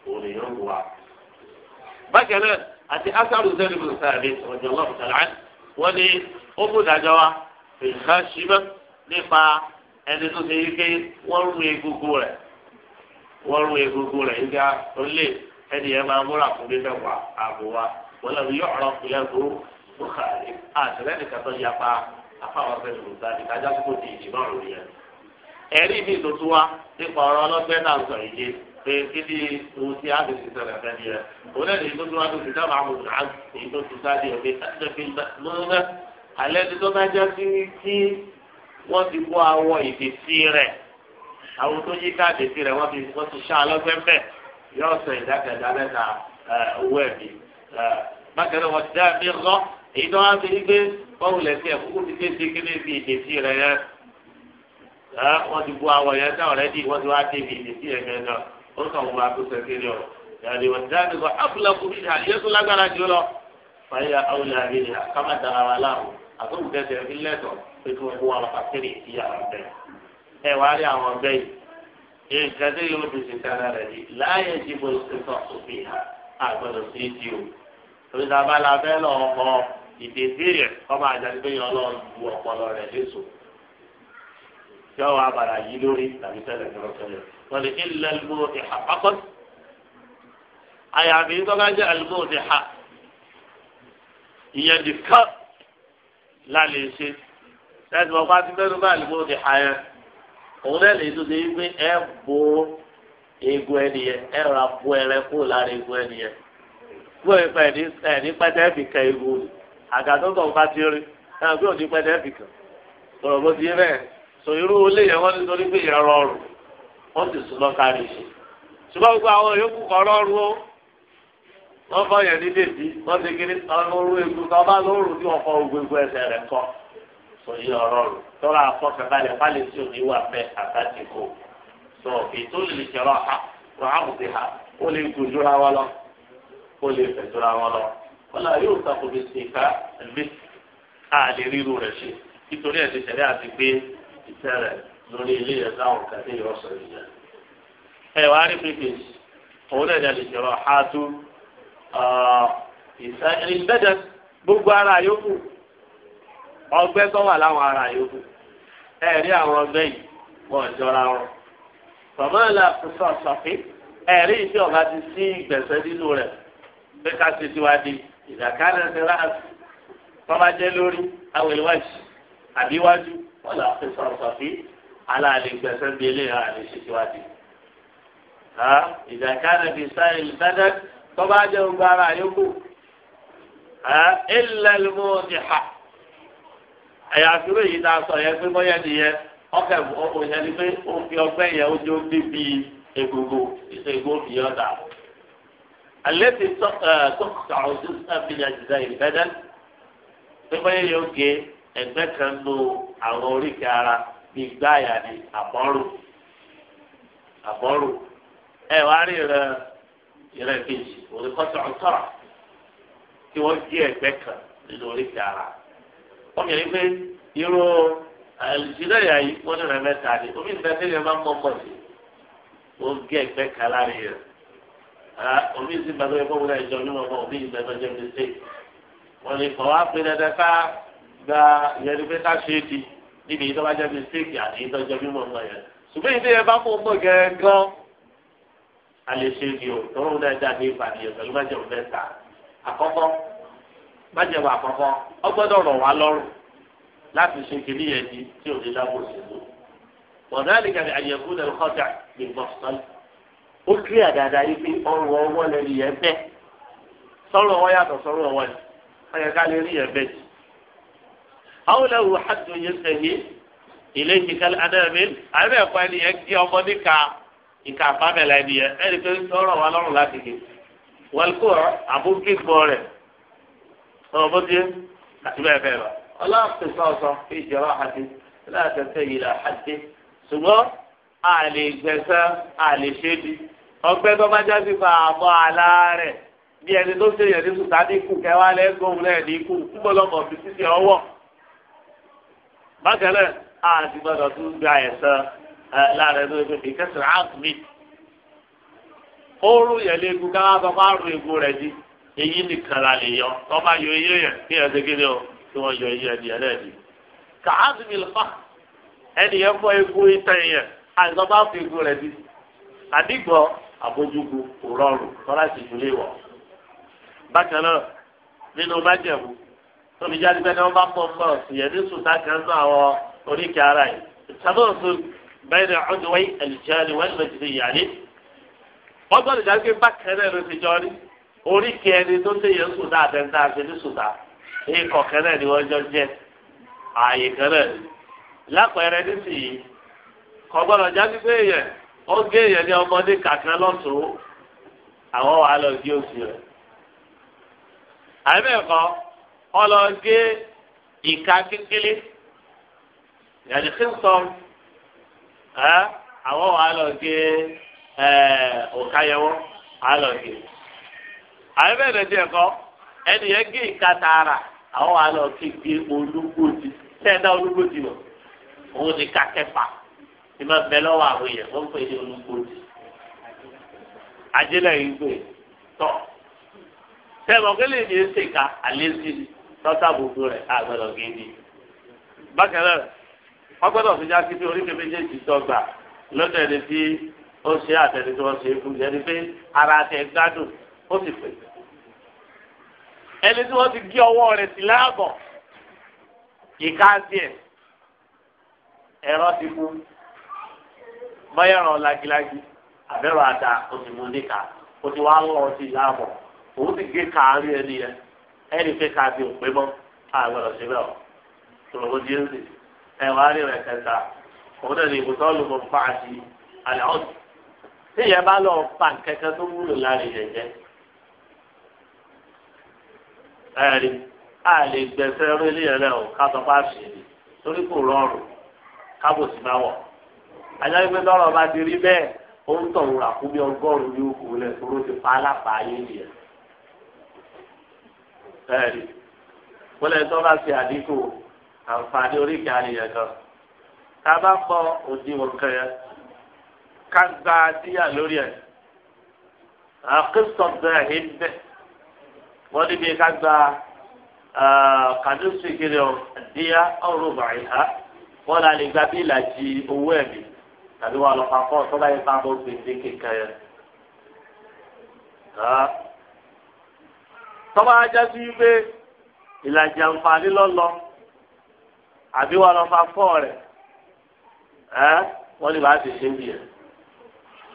fún ni yóò wà. bákẹ́ àti asaru zẹni bin sáré ọjọ lọrọ tẹlẹ wọn ni ó mú ìdájọ́ wa ìka ṣímẹ nípa ẹni tó ṣe yí pé wọn rún egungun rẹ wọn rún egungun rẹ yíga olè ẹni yẹn máa múra fún mi mẹ́wàá ààbò wa wọn lọ yọ ọ̀rọ̀ fúlẹ fún bukari àtẹlẹ nìkan tó yapa afáwọn zẹni bin sáré kájà kókó di ìjìmọ òun yẹn ẹrí mi tuntun wa nípa ọ̀rọ̀ ọlọgbẹ náà sọ ìdí pé kí ni ohun tí a lè fi sọ̀rọ̀ ẹ̀fẹ́ ni rẹ̀ òun náà lè gbóngbó wájú sí dábàá àwọn ọ̀gá èyí tó ti sáré ọ̀gbẹ́ ẹ̀fẹ́ lọ́nà alẹ́ ní tó bá jẹ́ sí kí wọ́n ti kó awọ ìdèsí rẹ̀ àwọn tó yí káàdì sí rẹ̀ wọ́n ti wọ́n ti ṣá lọ́fẹ́fẹ́ yóò sọ ìdákẹ́dá mẹ́ta eh, owó ẹ̀mí eh, bákan náà wọ́n ti dá mi rọ́ èyí tó wá sí gbé bọ́ọ̀lù ẹ̀sìn ẹ̀kúkú ti dé sí kí ní rẹ̀ yẹn eh, wọ́n ti bu awọ yẹn sáwọn rẹ̀ dì wọ́n ti wá dé ibi ìdèsí rẹ̀ yẹn náà. ó kàn wọ akóso kiri ọ yàrá ìwà dáàbì kọ àfúlà kù bí yẹtù lágbára jù lọ fàyà àwùlà mi ni àkàmà dara wà láàmú àtúntò tẹsẹ̀ ilé ẹ̀tọ́ pé kí wọ́n kó wọn lọ́ka kiri ìyá ọ̀bẹ ẹ wàá rí àwọn ọ̀bẹ yìí ẹ nǹkan yóò dùn sí rẹ yìí láàyè tí mo ti sọ òfin ha sí ti o torí ta bá la fẹ́ lọ ọkọ ìdèzíyẹ ọmọ àjàdí pé yọ lọ bu ọpọlọ rẹ wọ́n ilẹ̀ almodiha pápọ́n àyàfi tó bá jẹ́ almodiha ìyẹn nìkan lálẹ́ ṣe láti mọ̀ bá ti mẹ́nu bá almodiha yẹn òun náà lè tó ṣe wípé ẹ bo egun igwe ẹ ra bo ẹrẹ kó lára egun ẹnìyẹn kó ẹ̀fọ́ ẹ̀ní pẹ́tẹ́ fi kẹ wọ́n ti sùn lọ kárí ṣe ṣùgbọ́n gbogbo àwọn yòókù kọ́ lọ́rùn o wọ́n fọ yẹn ní bèbí wọ́n ti kiri ọlọ́run egbò kan bá lóòrùn tí wọ́n fọ gbogbo ẹsẹ̀ rẹ̀ kọ́ sòyí ọ̀rọ̀ rẹ̀ tọ́lá àfọ̀kẹ́balẹ̀ pálí tí òní wà fẹ́ sọ ha ha ó lè wọn lọ ó lè wọn lọ yóò sàkó bí sèkà ẹ̀mí àlè ríru rẹ̀ ṣe nítorí ẹ̀ lórí ilé yẹn táwọn kàtí yọ sọ ìjà. ẹ wàá rí pípé òun náà dàbí ìṣòro àtú ìbẹ́dẹ gbogbo ara yòókù ọgbẹ́ tó wà láwọn ara yòókù ẹ rí àwọn ọgbẹ́ yìí wọ́n jọra wọn. bàbá ìlà sọ sọfí ẹ rí ìṣe ọba ti sí ìgbẹ̀sẹ̀ nínú rẹ̀ pé ká ṣe tiwájú ìdàkálẹ̀ ti ráàsì tọ́ba lórí àwọn ìwájú àbíwájú wọ́n là sọ sọfí aláàlẹ gbẹsẹ bíi eléyà àlẹ ṣètìwádìí ha ìdàkánà bíi sáyẹn dáadáa tọba jẹ gbogbo ara yòókù ha ilẹ̀ mú ti ha àyàfi wo yìí náà sọ yẹn pé bọ́yẹ nìyẹn ọkẹ òyìn ni pé òfin ọgbẹ́ yẹn ó jó bíbí egungun ìṣe egun òfin yọ̀ dà alẹ́ ti tọ́kùtà ọdún sábì ní àjùdá ìbẹ́dẹ́ pé bọ́yẹ yóò gé ẹgbẹ́ kan lo àwọn oríkèé ara gbígbáyà ni àbọ̀rù àbọ̀rù ẹ wá rí rẹ rẹ kejì òrìkọ́tọ̀ ọ̀tọ̀rọ̀ tí wọ́n jí ẹ̀gbẹ́ kan nínú oríṣi ara wọ́n yẹ pé irú àlùjílẹ̀ yà yìí wọ́n ní rẹ mẹ́ta ni omi ìfẹ́ tẹ́lẹ̀ máa ń mọ́ pọ̀ sí wọ́n gé ẹ̀gbẹ́ kan lára rẹ̀ omi ìsìn bàtọ́ ẹ̀kọ́ wọlé ìjọ ní ọmọ omi ìsìn bàtọ́ jẹ́ mi sí wọ́n lè kọ́ wá pé dandan ká gba ìyẹn ní pé ká ṣe é di níbi yìí tó bá jẹ́ mistake àti yìí tó jẹ́ mímọ̀ mọ̀ yẹn. ṣùgbọ́n ìdí yẹn bá kó mọ̀ gẹ́gán a lè ṣe ni o tọ́rọ̀ ń dáadáa ní ìbàdíyẹ pẹ̀lú májẹ̀mú mẹ́ta àkọ́kọ́ májẹ̀mú àkọ́kọ́ ọgbọ́dọ̀ rọ̀ wá lọ́rùn láti ṣe kìlí yẹn di tí ò ní lábò sílùú. bọ̀dọ̀ àlìkàlẹ̀ àyẹ̀kú lẹ́nu kọ́tà ní bọ́sítọ́lì. ó kí àwòlẹ́wò hàtò yẹn sẹ́yìn ilé ìkẹ́lẹ́ adáyẹ̀mí àbẹ̀ ẹ̀kọ́ ẹni yẹn kí ọmọ níka ìka àfámẹ́lá ẹni yẹn ẹni pé ọ̀rọ̀ wa lọ́rùn láti ké wọ́lùkọ́ àbúkígbọ́ rẹ̀ ọ̀rọ̀ bó tiẹ̀ àti bẹ́ẹ̀ bẹ́ẹ̀ lọ. ọlọ́ọ̀sẹ̀ sọ̀sọ̀ fi ìjọba àti láàtẹ̀tẹ̀ yìí là àti ṣùgbọ́n àlè gbẹ̀sẹ̀ àlè ṣébi ọgbẹ́ tó bá jáde fa àmọ́ àlá rẹ̀ bí ẹni tó ṣe yẹn ní sùtá ní ikú kẹwàá lẹ́gbọ̀n lẹ́ẹ̀ ní ikú kúbọ̀lọ́mọ̀ fi títí ọwọ́ bákan náà a ti gbọ́dọ̀ tún gba ẹ̀san lára ẹni ojú fi kẹsàn án mi ooru yẹn lé egun káwá bá bá ru egun rẹ di èyí nìkan la lè yọ tó bá yọ eyín yẹn kí ẹ ṣe kí ni o tí wọn yọ eyín ẹni ẹlẹ́ẹ̀dì kàásì mi lọ́fà ẹni yẹn fọ egun itan yẹn àìsàn bá fi egun rẹ di àdìgbọ́ àbójúgu kò tọ́lá sì fi lé wọ̀ bákan náà nínú májẹ̀mú tóbi jáde bẹ́ẹ̀ ni wọ́n bá pọ̀ mọ́ ìyẹ̀dí sùtá kan náà àwọn oríkèé ara yìí ìtàbọ̀sọ bẹ́ẹ̀ ni ọdúnwé ẹ̀lìjẹ́ni wọ́n lè ti yàrá wọ́n gbọ́dọ̀ jáde pé bákan náà ló ti jọ rí oríkèé ẹni tó ń tẹ̀yẹ̀ sùtá àtẹ̀ntà àtẹ̀ní sùtá ikọ̀ kan náà ni wọ́n jọ jẹ́ ààyè kan náà lápẹẹrẹ nísìnyí kò gbọ́dọ̀ ọlọ́gé ìka kékeré yàtọ̀ sí sọm àwọn wà lọ́gé òkàyẹwọ́ wà lọ́gé. àwọn bẹ́ẹ̀ lọ́jọ́ ẹ̀kọ́ ẹni yẹn gé ìka tààrà àwọn wà lọ́gé gé olúgbòdì sẹ́ẹ̀dá olúgbòdì lọ òun ni ká kẹfà ìmọ̀ bẹ́ẹ̀ lọ́wọ́ àwọn èèyàn wọ́n pè é ní olúgbòdì. ajẹ́lẹ̀ yìí gbé tọ̀ sẹ́ẹ̀mọ̀ kí lè ní í ṣèkà àlẹ́ sí i tọ́sà gbogbo rẹ̀ àgbẹ̀dọ̀ gidi. bákan náà wọ́n gbọ́dọ̀ fi já sí pé oríkèé méjèèjì dọ́gba lọ́dọ̀ ẹni tí ó ṣe àtẹni tí wọ́n ṣe é fún ẹni pé ara tẹ gbádùn ó sì pè. ẹni tí wọ́n ti gé ọwọ́ rẹ̀ sí láàbọ̀ ìka tiẹ̀ ẹ̀rọ ti mú báyọ̀rọ̀ lagilagi àbẹ̀rọ̀ àdá ó ti mú níka ó ti wá lọ́ọ́ sí láàbọ̀ òun ti gé kàárí ẹni yẹn ẹni pé ká fi òpè mọ́ àgbọ̀dọ̀ síbẹ̀ ọ̀ tòlóko díẹ̀ sí ẹ wá rí rẹ̀ kẹta òun náà ní ibùsọ̀ lùmọ̀ fà á sí àlẹ́ ọ̀dù tí ìyẹn bá lọ fa kẹ̀kẹ́ tó wúlò lára ìyẹn jẹ́ ẹ̀rí a lè gbẹ̀sẹ̀ orílẹ̀ yẹn lẹ́wọ̀ ká sọ fún àṣírí torí kò rọrùn kábòsí máa wọ̀ ajá wípé lọ́rọ̀ bá ti rí bẹ́ẹ̀ ó ń tọ̀run àkúbí ọgọ́rùn-ún ní òkú rẹ̀ toró ti pa alápàá ayé nìyẹn ẹ̀rí wọ́n lè tọ́ bá ṣe àdínkù àǹfààní oríkì àníyàn kan tá a bá pọ̀ òdiwọ̀n kan yẹn ká gba àdíyà lórí ẹ̀ àkíntọ̀ bẹ̀rẹ̀ yìí bẹ̀ wọ́n níbi ká gba kàdúsì kiri ọ̀ àdíyà ọ̀rùn bàyìí ha wọ́n lè gba bí ìlàjì owó ẹ̀mí tàbí wọn lọ pa pọ̀ tó bá yẹ pa bó gbèdéke kan tọ́ba ajá sí wípé ìlàjì àǹfààní lọ́lọ́ àbí wà lọ́fà fọ́ rẹ̀ ẹ́ wọ́n lè bá ti ṣe bí ẹ̀.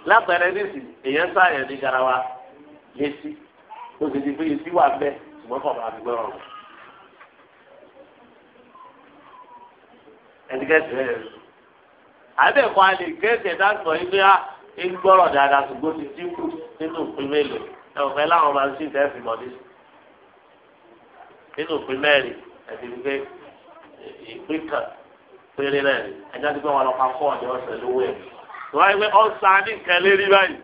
lápẹẹrẹ nísì èèyàn sáyẹn ní garawa létí ó sì ti pé etí wà bẹ́ẹ̀ ṣùgbọ́n kọ̀ máa fi gbọ́rọ̀ rẹ̀. ẹnikẹ́sì rẹ̀ àbẹ̀kọ́ a lè gẹ́sì ẹ̀dá sọ yín pé a ah, ń gbọ́rọ̀ dáadáa ṣùgbọ́n ti dínkù nínú ìpín mélòó ẹ̀ òfẹ́ láwọn máa ń ṣì fẹ́ fi mọ́ nínú ìpín mẹ́rin àti wípé ìpín kan péré náà ni ẹjọ́ ti gbé wọn lọ pa fún ọ̀dẹ́ ọ̀sẹ̀ lówó ẹ̀. wọ́n á gbé ọ̀sà ní nǹkan lérí báyìí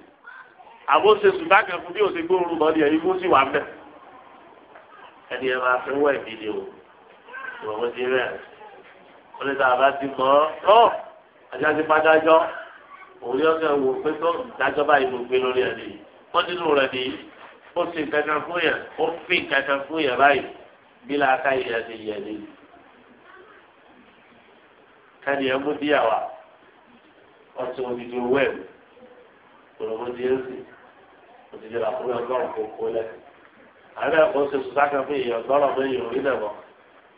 àbó ṣe sùn bá kẹfù bí òṣègbè òórùn mọ́ ni ẹ̀yin kó sì wà mẹ́. ẹni ẹ máa fẹ́ wẹ̀ mí ni o ìwọ̀n mo ti rẹ̀ ó lè sábà ti mọ́ ọ́ ẹjọ́ ti pátájọ́ òun yọ kẹ́ wò pé tó dájọ́ báyìí mo gbé lórí ẹ̀ nìyí wọ́n nínú rẹ̀ nìyí ó sì kẹ́kẹ́ fún yẹn ó fi kẹ́kẹ́ fún yẹn báyìí bí làákà yẹ ti yẹ ni káni ẹ mú díyà wa ọtí odidi owó ẹ kòlòmó di èsì odidi làkúrò ọgọ́rùn kò kó lẹ àbẹ kò ṣe sùsákẹ fún èèyàn ọgọ́rùn fún èèyàn orí nàbọ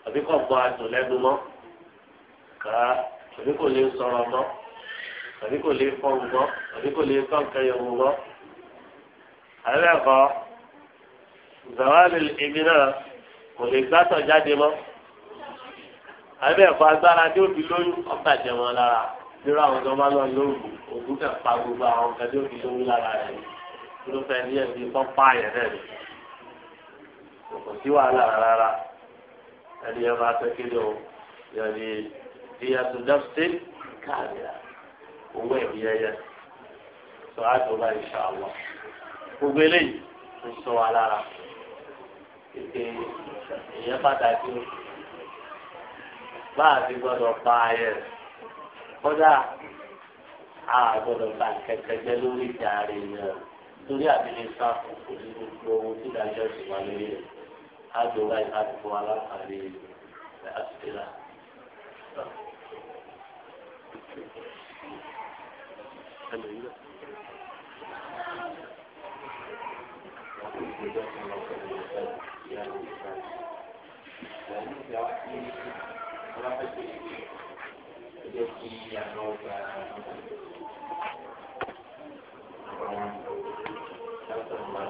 àbí kò gbọ́ àdùn lẹ́nu mọ́ kà á àbí kò lè sọ̀rọ̀ mọ́ àbí kò lè fọ mọ́ àbí kò lè fọ nǹkan yẹn mọ́ àbẹ kò zawalil ìmí náà kò lè gbàtọ̀ jáde mọ́ àbẹ ẹ̀kọ́ agbára tí ó fi lóyún ọgbà jẹ wọn lára nírú àwọn tó bá lọ lóògùn ògùn kẹ pa gbogbo àwọn nǹkan tí ó fi lóyún lára rẹ irúfẹ́ ní ẹbí kọ́ pààyàn náà ni kò sí wàhálà rárá ẹni ẹ máa tẹ́kí lọ yẹni ìyàtò dẹ́pítì káàdìrà owó ẹ̀mí ẹyẹ sọ àjọba ìṣàwọ̀ gbogbo eléyìí ń sọ wa lára kékeré ìyẹn pàtàkì o bá a ti pa ayẹ rẹ kódà a gbọ́dọ̀ bá kẹkẹ jẹ lórí ìjà yẹn torí àbílẹ̀ sáfù kò ní gbogbo ohun tí ìdájọ́ sì wà lórí rẹ a jọ wáyé a ti fún aláǹfààní rẹ a ti là. Thank you. jẹ́ kí àwọn ọgbà àwọn látọ̀gbà àti àwọn ọgbà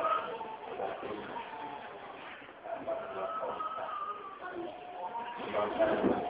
ìgbà ọgbà.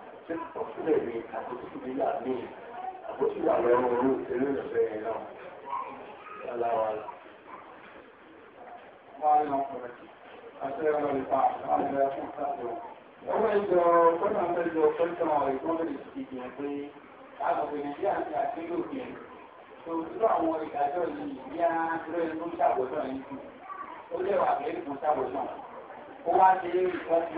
ṣé mi àbójútó mi là mí àbójútó àwọn ẹran olú eré ìfẹ́ yẹn náà aláwa. wọ́n á lọ ọkùnrin àti ẹ̀rọ ìfà àwọn ẹ̀rọ fún sáàtì wọn. ìjọ pẹ́lú àwọn ìjọ pẹ́lú àwọn ìgbọ́nbẹ̀rẹ̀ ìgbìyàn pé àgbègbè nàìjíríà ti àkéwì òkè tó àwọn ìdájọ́ yìí bí a rẹ̀ ló ń ṣàbọ̀dọ̀ yìí ó lẹ́wà pé kò ṣàbọ̀dọ̀ ó wá ṣe é ìfọ́sí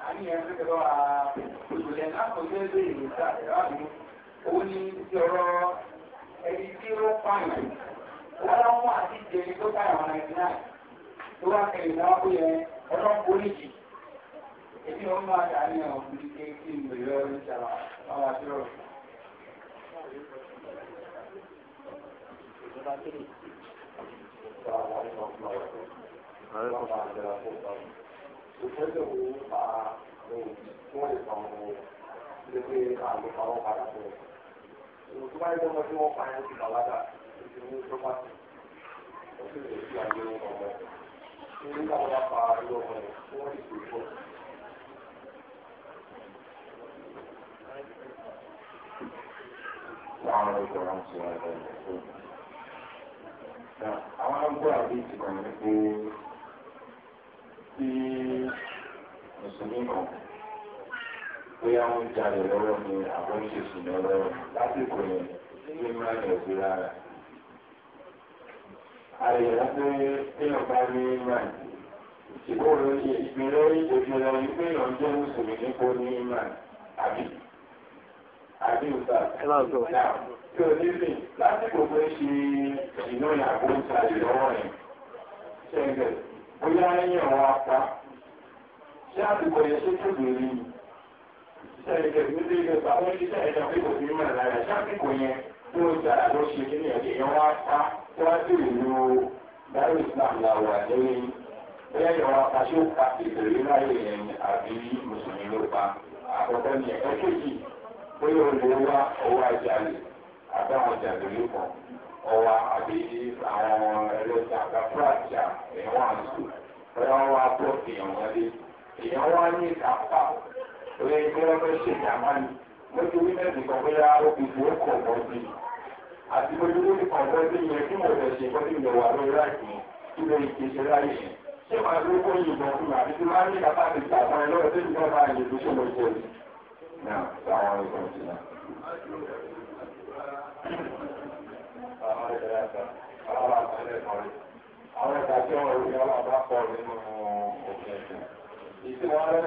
Owó ní ti ọ̀rọ̀ ẹni tí ó pààyàn. Wọ́n wọ́n àti ìjẹni tó pààyàn wọn náà náà. Tó wá kẹ̀lé náà ó yẹ ọlọ́pọ̀ oníjì. Èmi ò máa dà ní ọ̀hún ní kéèké ìfẹ́sẹ̀ wo ń fa ohun tí wọ́n lè fa ọmọ wọn lè pé àlè fa wọn padà fún ẹ. Ìwọ̀n tó bá yẹ lọ́mọ tí wọ́n fa ẹ̀ ti bàlágà ti ní pọ́pátì ó sì lè fi àyè ohun ọmọ ẹ̀. Ní káwọn bá fa ilé ọmọ ẹ̀ tí wọ́n sì gbé pọ̀. Láwọn ọ̀dọ́ wọn ti wá ẹgbẹ́ ìgbà tó. Àwọn ọgbọ́n àbí ìtìkọ̀ ní tí mùsùlùmí kan bóyá jalè lọ́wọ́ ni àbọ̀ ṣe sùn lọ́wọ́ lásìkò yẹn ní máa yẹ rárá. àyẹ̀wò pé èèyàn bá ní máa ìṣèkóòrò ìpínlẹ̀ ìpínlẹ̀ ìpínlẹ̀ èèyàn jẹ́ mùsùlùmí nípo ní máa àbí àbí òta náà tí o nílì lásìkò pé ṣe ìnáyà àbó ń lọ́wọ́ yẹn ṣẹ́ńgẹ̀ẹ́ bóyá ẹ̀yìn ọ̀rọ̀ apá ṣé àsìkò yẹn ṣe tún lórí ni ṣe ìkẹ̀kẹ̀ ní ilé ìgbà wọn ṣe ṣàìdá pé kò sí mọ̀ lára ṣé àsìkò yẹn tó ń jà ló ṣe kí ni ẹ̀jẹ̀ yẹn wá pa tó wá sí ìlú dáhùn islam làwà lórí bóyá ìrọ̀ apá ṣé ó pa ìbèrè láyé yẹn àbí mùsùlùmí ló pa àkọ́kọ́ ni ẹ̀kẹ́jì bóyá olùwà owó àjàlè àbáwọn jàdùlé ọwà àbí àwọn ẹlẹ́sìn àgbàfọ́ àjà ẹ̀wọ̀n àṣù ẹ̀wọ̀n wa bọ́ èèyàn wọlé èèyàn wá ní ìkápá orí ẹgbẹ́ wọn ṣe ìyàmá ni lójú wíńdẹ́sì kan bóyá obìnrin ó kọ̀ wọ́n bí àti lójú wíńdẹ́sì kan bọ́ sí yẹn kí mo fẹ́ ṣe kọ́ sí mi wà lórí láìpẹ́ kí lórí ìgbésẹ̀ láyé yẹn ṣé wàá ló kó yìnbọn fún mi àti tí wàá ní ìkápá ti gbà fún ẹ tó ti gbọ́ bá tó ṣe mo jẹ́ Now, àwọn ìdájọ́ orí ọlọ́ọ̀bá pọ̀ òbí wa fẹ́ pé wọ́n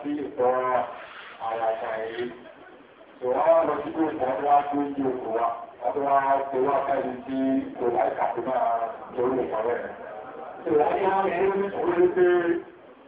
sí ìtọ́ àwọn àṣà èyí. lọ sí pé ìtọ́ wá tó yí òkú wa, wọ́n tó tó wá káyìí sí kò láìka tó máa torí ìtọ́ rẹ̀. Tò wọ́n ní wọ́n pé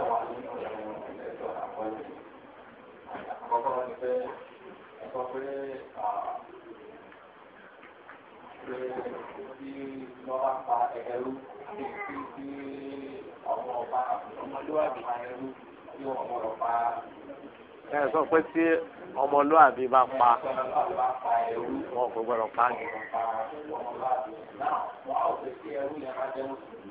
wà nínú ìrìn ẹ̀jọ́ àpọ́jù. Àkọ́kọ́ ni pé ẹ sọ pé pé tí wọ́n bá pa ẹ̀rú tí tí ọmọ ọba ọmọlúwàbí pa ẹ̀rú tí ọmọ rẹ̀ Ẹ sọ pé tí ọmọlúwàbí bá pa wọn kò gbọdọ̀ pa ni. Náà wọ́n á ò fẹ́ kí ẹrú yẹn máa jẹ́ mùsùlùmí.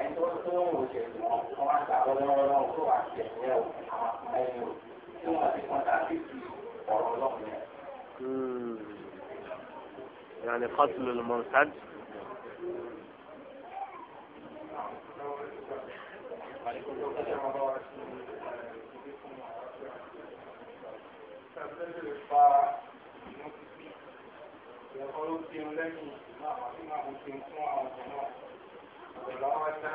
ẹni tó tó ń ṣe ìmọ̀ wọn wá gbàgbọ́ lọ́wọ́ lọ́wọ́ tó wà ṣe ìyẹn o àwọn ẹni o tí wọ́n ti kàn láti fi ọ̀rọ̀ lọ́wọ́ yẹn. يعني قتل المرتد Ìyẹn kọ́ ló ti ń lẹ́yìn ìmáàmù àti ìmáàmù ti ń fún àwọn ọ̀sán náà. ìlànà ẹ̀dá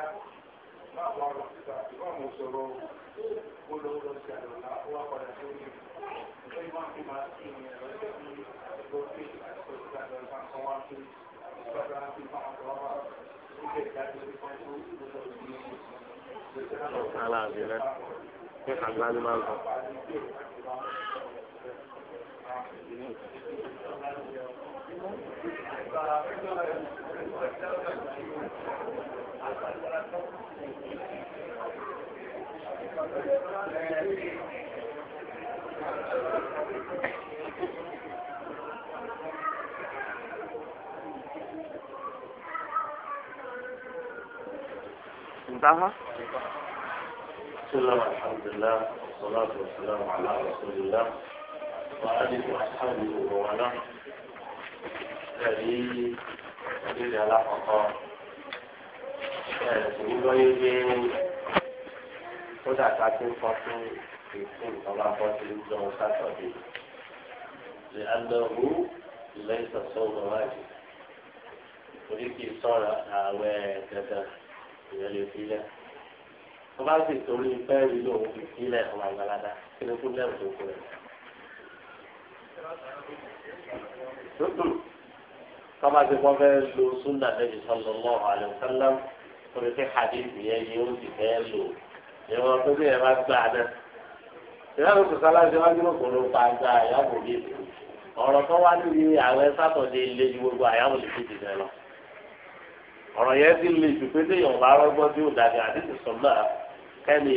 náà wà lọ síta ìwọ́n mú sọ̀rọ̀ olówó lọ sí àlọ́lá ó wá padà sí orí ìgbẹ́ ìwọ́n fi máa sí ìrìn ẹ̀rọ sí ìgbọ́ pé àti òkúta lọ bá kan wá sí ìgbàgbà àti ìpamọ́ wá nígbà ìdájọ́ ìpamọ́ tó lọ sí ìgbẹ́ ìdájọ́ aláàbí rẹ ní àgbà ni máa ń sọ. Thank you. انتهى بسم الله لله والصلاة والسلام على رسول الله وعلى اله وأصحابه ومن والاه ẹ̀rí ìbéèrè alákọ̀ọ́kọ́ ẹ̀sìn nígbọ́ yé gbé kódà ká tó kọ́ fún fifteen ọba fọ́tí lọ́jọ́ sátọ̀dé lè adọ́gbó lẹ́yìn sọ̀sọ́gbọ̀ wájú torí kì í sọ̀rọ̀ ààwẹ̀ dandan ìyẹn lè fi lẹ̀ tó bá sì torí fẹ́ẹ́rì lòun fi sílẹ̀ ọmọ àgbàlagbà kí ló kú lẹ́rù tó kú rẹ̀ kọ́má ti kọ́ fẹ́ lo súnà Nabi sallallahu alaihi wasallam torí pé hadith yẹn ni ó sì fẹ́ lò ìwọ tó bí ẹ bá gbà náà ìyá mi kò sálá ṣe wá nínú kòló pa gba àyàwó mi ọ̀rọ̀ tó wá níbi àwẹ̀ sátọ̀dé ilé ju gbogbo àyàwó lè fi dìde lọ ọ̀rọ̀ yẹn ti lè jù pé téèyàn bá rọ́gbọ́n tí ó dàbí àdìsí sọ́nà kẹ́ni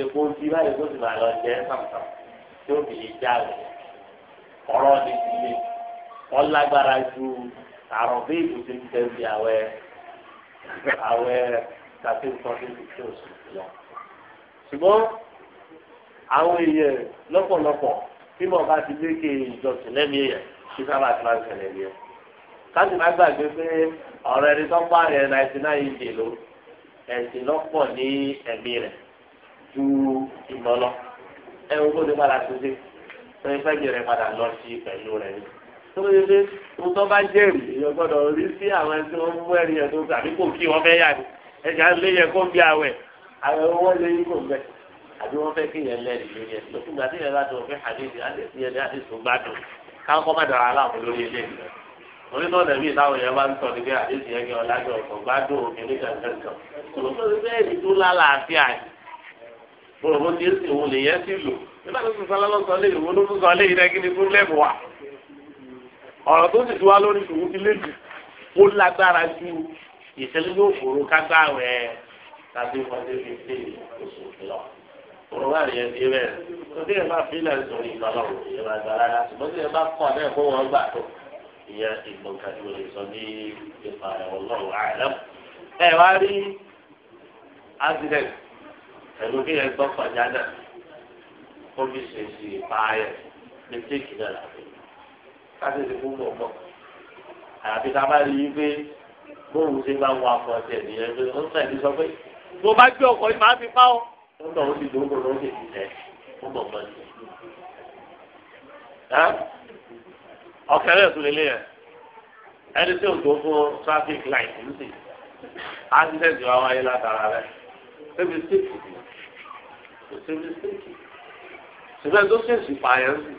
epo ti báyìí tó sì máa lọ jẹ́ sàmùsàmù tí ó fi lè já rẹ̀ ọ̀rọ̀ ni àrùn bí ìbùsí ń tẹ́ bí àwẹ̀ àwẹ̀ tàbí nǹkan tó ti tó lọ. ṣùgbọ́n àwọn èèyàn lọ́pọ̀lọpọ̀ tí mo bá ti léke ìjọsìn lẹ́nu èèyàn kí sábà ti máa ń ṣẹlẹ̀ ní ẹ. káàdì má gbàgbé pé ọ̀rọ̀ ẹni tó ń pààrọ̀ náìtì náà yìí dè ló ẹ̀sìn lọ́pọ̀ ní ẹ̀mí rẹ̀ ju ìmọ̀ lọ. ẹ wo kó lè padà tó dé pé fẹ́ẹ́ tó lè dé ohun tó bá jẹ́rìí èèyàn gbọ́dọ̀ rí sí àwọn ẹni tí wọ́n mú ẹ̀rí ẹ̀ tó tàbí kò kí wọ́n fẹ́ yá ni ẹ̀jẹ̀ á lé yẹ kó ń bí awẹ̀ àwọn owó lé yín kò bẹ̀ àbí wọ́n fẹ́ kí yẹn lẹ́rìí lórí ẹ̀ tó fún gbàdúrà bá dùn fún àdéhùn àdéhùn yẹn ní àdéhùn gbádùn káwọn kọ́ má dara aláàbò lórí ilé ìlú orí náà yẹn bá ń sọ ọ̀rọ̀ tó sì ti wá lórí ìṣòwò ilé jù ó lágbára ju ìṣẹ́lẹ̀ yóò fòrò kágbá rẹ̀ tàbí wọlé fi ṣe oṣù lọ. Òrò wà nìyẹn ti rẹ̀. Tòdí ẹ̀ máa fi ilẹ̀ sọ̀rọ̀ ìgbàlọ́ ìyẹn máa gbà rárá. Ṣùgbọ́n tí ẹ bá kọ̀ náà kó wọ́n gbà tó. Ìyẹn ìgbọ̀n kàdé olè sọ ní ipa ẹ̀wọ̀n lọ́wọ́ àìlẹ́. Ẹ wá rí accident pẹ̀lú kí ẹ gbọ́ káṣí ti fún mọ̀ mọ́ àyàfi ká bá rí i pé bóun ṣe bá wọ akọ ọ̀sẹ̀ nìyẹn pé ó ń tẹ̀lé sọ pé tó bá gbé ọkọ̀ yìí máa fi pa ọ́. ó lọ sí ìdókòwò ló ń ṣe ìṣẹ́ ó mọ̀ mọ́ ni. ọ̀kẹ́rẹ́ ìtúlẹ̀ ilé yẹn ẹni tí ò tó fún traffic light ń sì accident wa wáyé látara rẹ̀ ṣé mi ṣèkì ṣe ṣùgbọ́n tó ṣèṣì pààyàn sí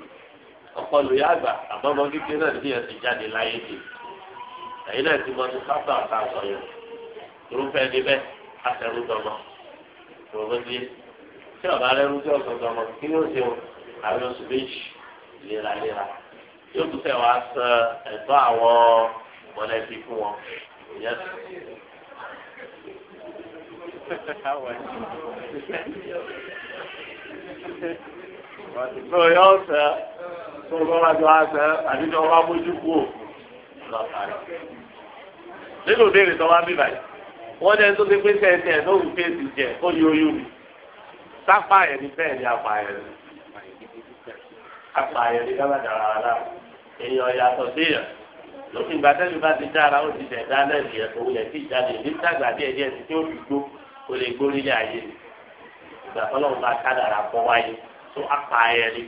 ọpọlọ yá àgbà àbọ̀mọ kékeré náà ní ẹ̀sìn jáde láyé dé ẹ̀yin náà ti mọ ní sábà ọ̀tá sọ yẹn irúfẹ́ ẹni àtẹrù dọmọ ìrònú di tí ọ̀bá rẹ́rú tí ọ̀sán dọmọ kí ló ṣe o àwọn oṣù méjì léraléra yóò tún fẹ́ wá sọ ẹ̀tọ́ àwọn mọ̀lẹ́bí fún wọn ìyẹn Thank you. tó yọ sẹ́ tó lọ́wọ́ jọ á sẹ́ àti tó wá mójú kú ò lọ sáré. nínú ìbéèrè tó wá bíbà yìí wọ́n dẹ́n tó ti pín sẹ́ẹ̀sì ẹ̀ lóhùn fèsì jẹ ó yọ oyún mi sápá ẹ̀ ní bẹ́ẹ̀ ni apá ẹ̀ ní apá ẹ̀ ní kábàdàrà wà láàrú èèyàn yàtọ̀ síyàn lófin ìgbà tẹ́lifí bá ti dára ó ti dẹ̀dá lẹ́yìn ẹ̀ òun ẹ̀ ti jáde ní dàgbà díẹ̀ díẹ̀ tí ó fi gbó kò lè gbórí ní ayé ìgbà tọ́lọ́run bá kádàrà pọ̀ wáyé tó apààyàn ni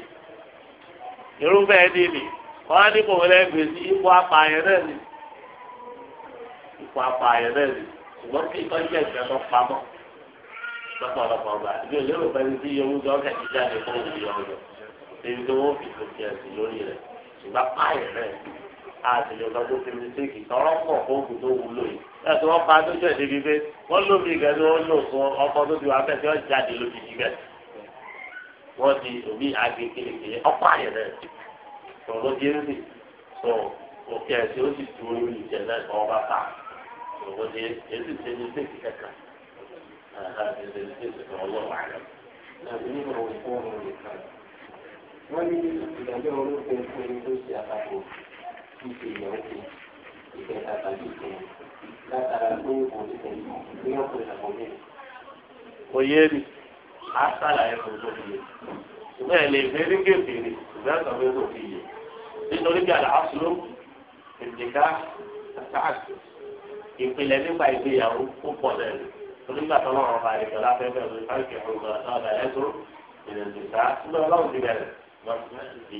irúfẹ́ ẹni ni. wọ́n á ní kò wọlé gbè sí ipò apààyàn náà ni ipò apààyàn náà ni ṣùgbọ́n kí ikọ́ jẹ́ ìgbẹ́ tó pamọ́ lọ́pọ̀lọpọ̀ gbà ibi òlérò pẹ́ẹ́ni tí iye oúnjẹ ọ̀kẹ́ ti jáde fún òbí ọ̀yọ́ èyí tó wọ́n fi tòkì ẹ̀sìn lórí rẹ̀ ṣùgbọ́n apààyàn náà ni àtìlẹ́ ọ̀gá tó fi mi séèkì tọ́rọ́ pọ̀ fóògùn tó wúlò yìí láti wọ́n pa tó jẹ́ débi pé wọ́n lómi ìgbẹ́ tí wọ́n lò fún ọkọ̀ tó ti wá fẹ́ tí wọ́n jáde lójijì bẹ́ẹ̀ wọ́n di omi àgbè kéékèèké ọ̀pọ̀ àyẹ̀ rẹ̀ tọ̀rọ̀ di ẹ̀rì tó òkè ẹ̀sìn ó sì tu orí ìjẹ̀ náà kọ́ ọba pa tọ̀rọ̀ di ẹ̀sìn ṣe ní ṣèkì kẹta wọ́n ní ìdájọ́ olóògbé fún ẹni tó ṣe àpapọ̀ ṣíṣe ìyàwó kejì ìkẹta tàbí ìkẹyìn látara pé kò ní tẹ̀lé ìyàwó á sàlàyé fún tó fi yé ṣùgbọ́n ẹ̀ lè fẹ́ rí kéfèrè ṣùgbọ́n ẹ̀sán fún tó fi yé nítorí bí àlàáfíà ìdìgá àtàkì ìpìlẹ̀ nípa ìgbéyàwó ó pọ̀ lẹ́nu onígbà tó lọ́wọ́ ọba àdìgbò láfẹ́fẹ́ lórí fáńkì ọ̀gbọ̀n ọ̀dà ẹ̀tọ́ ìrìnàjò ṣùgbọ́n ọlọ́run ti bẹ̀rẹ̀ lọ́sùn ìjì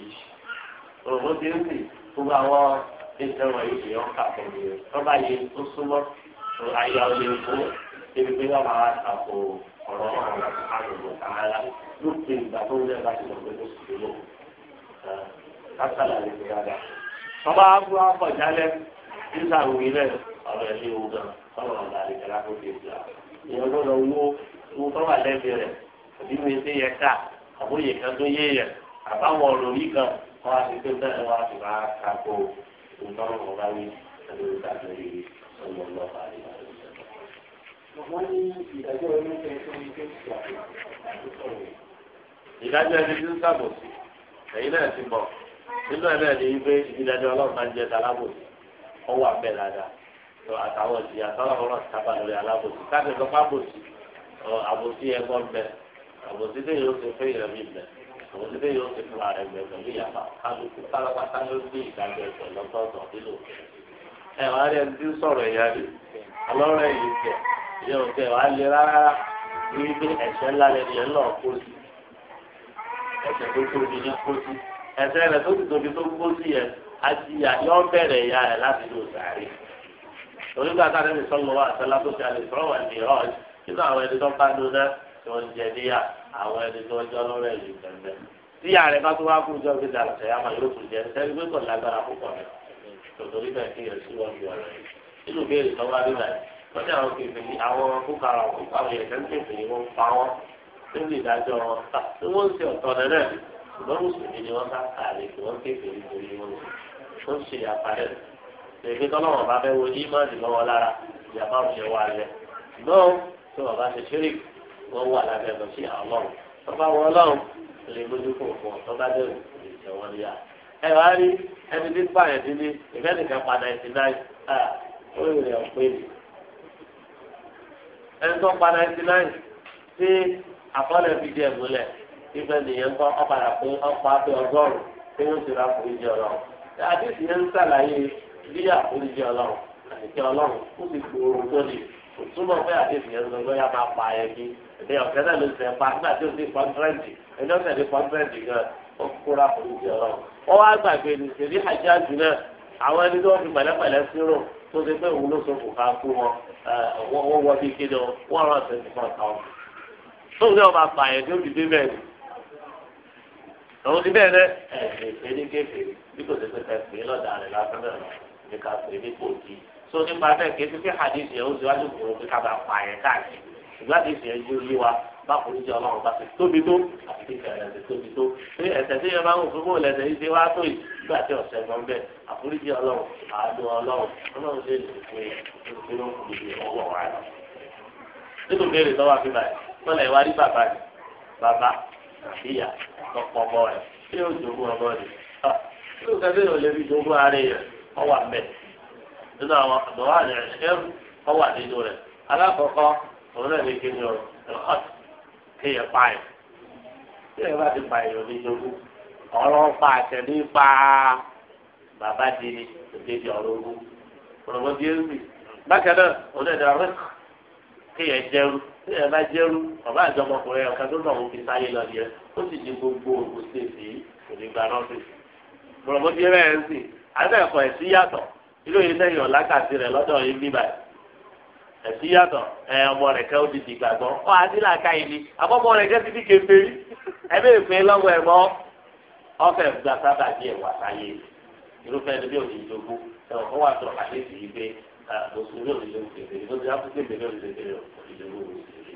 òròbó ti ń sì gbogbo àwọn ìṣẹ́ wọ̀nyí ti yọ̀ ká fún mi ọba yìí tó súnmọ́ ayọ̀ lè fún ebi pé wọ́n máa ta kó ọ̀rọ̀ àwọn àlùkò tààlà lókè ìgbà tó lé bá ti lọ pé lóṣù tó lò kásálà lè fi yára. tọ́ba agbó akọ̀jálẹ̀ nígbà wí lẹ̀ ọ̀rọ̀ ilé wo gan ọ̀rọ̀ ọ̀gá àlejòlá tó fi gbà. ìyẹn gbọ́dọ̀ wo wo tọ́wà lẹ́gbẹ̀ẹ́ rẹ̀ òbí mi ṣe yẹ ká àbóyè kan tó yé yẹ àbáwọn ọ̀rọ̀ yìí kan wọ́n á ti tó bẹ́ẹ̀ wọ́n á ti máa ìdájọ́ ẹni tí ń ṣàbòsí ẹ̀yin náà ti mọ̀ nínú ẹ̀ náà ní wípé ìdájọ́ ọlọ́run máa ń jẹ́ talábòsí ọwọ́ abẹ́ dáadáa tó àtàwọn ìdí àtàwọn ọlọ́run sábà lórí alábòsí káàdì tó bá bòsí àbòsí ẹgbọ́n bẹ àbòsí tó yóò ṣe fún ìrẹ̀mí bẹ àbòsí tó yóò ṣe fún ààrẹ bẹ pẹ̀lú ìyàpá kálukú pátápátá ló ní ìdájọ́ ẹ̀sọ̀ lọ́tọ̀ọ̀tọ̀ nínú ìyẹn ò tẹ̀ wá lé rárá wí pé ẹ̀ṣẹ̀ ńlá lẹ́nu yẹn lọ́ọ̀ kó sí ẹ̀ṣẹ̀ tó tóbi ní kó sí ẹ̀ṣẹ̀ rẹ̀ tó ti tóbi tó kó sí yẹn àjìyà yọ bẹ̀rẹ̀ ìyá rẹ̀ láti lò sàárè onígbà táwọn ẹni sọ́nù wa àtàlà tó ti àlè sọ́rọ̀ wà ní ìrọ̀lẹ́ nínú àwọn ẹni tó bá lóná tí wọ́n jẹ níyà àwọn ẹni tó jọ lọ́rọ̀ ẹ̀yìn gbẹ̀gbẹ̀ tí ìyá rẹ̀ bá tó wá kú jọ fi dàrú sẹ́yà máa yóò tún jẹ sẹ́ni pé kò lágbára púpọ̀ rẹ̀ tòtòrí bẹ́ẹ̀ kí yẹn sí wọn bí ọ̀rọ̀ yìí nínú ìbéèrè tó wá bí báyìí wọ́n ní àwọn kèfèrí àwọn búkàrà wọn nípa àwọn ẹ̀jẹ̀ ń kèfèrí wọn pa wọn lórí ìdájọ́ wọn ta tí wọ́n ń ṣe ọ̀tọ̀ nẹ́rẹ́ ṣùgbọ́n mùsùlùmí ni wọ́n bá kàlẹ́ kí wọ́n kèfèrí torí wọn ó ń ṣe àpárẹ̀ èmi tọ́lọ́wọ̀n bá fẹ́ wo ímọ̀ọ́nì lọ́wọ́ lára ìjàmbá òṣè wà lẹ̀ ṣùgbọ́n ẹ wá rí ẹni tí pààyàn ìfẹ́ nìkan padà ẹ̀sìn náà ó rìn rẹ̀ ọ̀pẹ́ ẹni tó pa náírà náírà tí àkọọ́lẹ̀ fi di ẹ̀múlẹ̀ ìfẹ́ nìyẹn kọ́ ọ̀padà fún ọ̀pá pé ọgọ́rùn tí wọ́n ti ra àforíjì ọlọ́run àdéhùn yẹn ń sàlàyé bí àforíjì ọlọ́run àtìkẹ́ ọlọ́run ó sì gbòòrò tó lè kò túmọ̀ pé àdéhùn yẹn lọ́gbọ́n yá máa pa ẹ̀ bí ẹ̀ ọ̀kẹ́ náà ló sẹ̀ pa nígbà tí ó ti pọ́ńtẹ́rẹ́ǹdì ẹjọ́ tẹ̀lé pọ́ńtẹ́rẹ́ǹdì gan ó kóra àforíjì ọlọ́run ó wá gbàgbé ní ṣèlú àjáde náà àwọn ẹni tó fi pẹ̀lẹ́pẹ̀lẹ́ sírò tó ti pé òun ló so kò ká kú wọn Eh, wọ́n wọ bí kéde wọ́n rán twenty four thousand. tóun ní ọba pààyàn tó fi dé bẹ́ẹ̀ ni òun ti bẹ́ẹ̀ dẹ́ ẹ̀ẹ́dẹ́gbẹ́ eh, ní kéfì bí kò tẹ́tẹ́ fẹ́ pè é lọ́dà rẹ̀ lásán ní ká pè é ní kò tí. nípa bẹ́ẹ̀ kéfì kí hadith yẹn ó wájú kúrò pé ká bá pààyàn káàkiri ìgbà báwo ni ìjọba ọba ti tóbi tó àti kíkà rẹ̀ ti tóbi tó pé ẹ̀ṣẹ̀ tí yẹn máa ń wò fún bóòlù ẹ̀ṣẹ̀ yìí ṣe wá tó yìí nígbà tí ọ̀sẹ̀ gan bẹ́ẹ̀ àforíjì ọlọ́run àánú ọlọ́run ọlọ́run ṣe lè pe ìṣòro ìdè ọwọ́ wa rẹ̀. nínú ìbéèrè tó wà fi báyìí wọ́n lè wá rí bàbá rẹ̀ bàbá ìyá ọ̀pọ̀ ọmọ rẹ̀ ṣé ó jogún ọmọ rẹ̀ ṣé ó kẹ́kẹ́ ò lè fi jogún kéèyàn pààyàn kéèyàn bá ti pààyàn oníjogún ọ̀rọ̀ pa àtẹ̀lé pa bàbá di ni na ọ̀rọ̀ ogun ọ̀rọ̀ di ẹrú mi bákan náà onídàá rẹ kéèyàn jẹrú kéèyàn bá jẹrú bàbá àjọmọkùnrin ọ̀kan tó náà fi sáyé lọ yẹ ó sì di gbogbo òkú sèfì onígbà di ẹrú ẹ̀ ń sìn ẹ̀ sí yàtọ̀ ilé rẹ̀ lọ́dọ̀ bíbáyìí. ẹ̀sìn yàtọ̀ ẹ ọmọ rẹ̀ kẹ́ ó di dìgbàgbọ́ ọ àdìlà káyìí ni àbọ̀mọ rẹ̀ kẹ́ ti di kèfèrí ẹ bẹ́ẹ̀ pé lọ́wọ́ ẹ̀ mọ́ ọfẹ́ gba sábà díẹ̀ wà sáyé irúfẹ́ ẹni bí òdìdógó ẹ̀rọ kan wà sọ̀rọ̀ àyè sí i pé mùsùlùmí òdìdógó kèfèrí tó ti ápùsí èmi ní òdìdógó òdìdógó kèfèrí.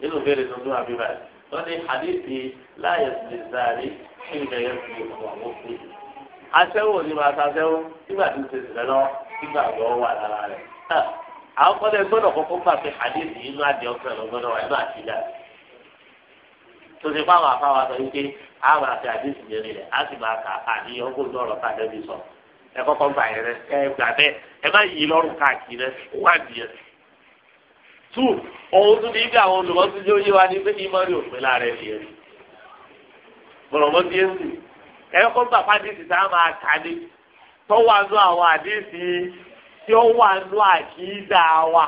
nínú ìbéèrè tuntun àbíbá wọ́n ní àdéhìí láàyè sí sáré kí ni ẹ̀yẹ fi ọ̀wọ́ fún mi. aṣẹ́wó ni màá sasẹ́wó nígbà tí ó ti sẹ̀ lọ nígbà tó wà lára rẹ̀ ah, àwọn kọ́ lẹ́ gbọ́dọ̀ kọ́kọ́ gbà pé hadith yìí inú adìẹ ọ̀sán ló gbọ́dọ̀ wà inú àtìlá tó ti fáwọn afáwọn sọ wípé àwọn àti hadith yẹn rẹ̀ á sì máa kà àdìyẹ ọ̀rọ̀ sọ ẹ kọ́kọ́ gbà yẹn rẹ ẹ gbà bẹ́ẹ̀ ẹ má yí lọ́rùn káàkiri rẹ wá adìyẹ. tù ohun tún ní bí àwọn wa ní pé ìmọ̀ yẹn tí ó wà nù àkìdá wa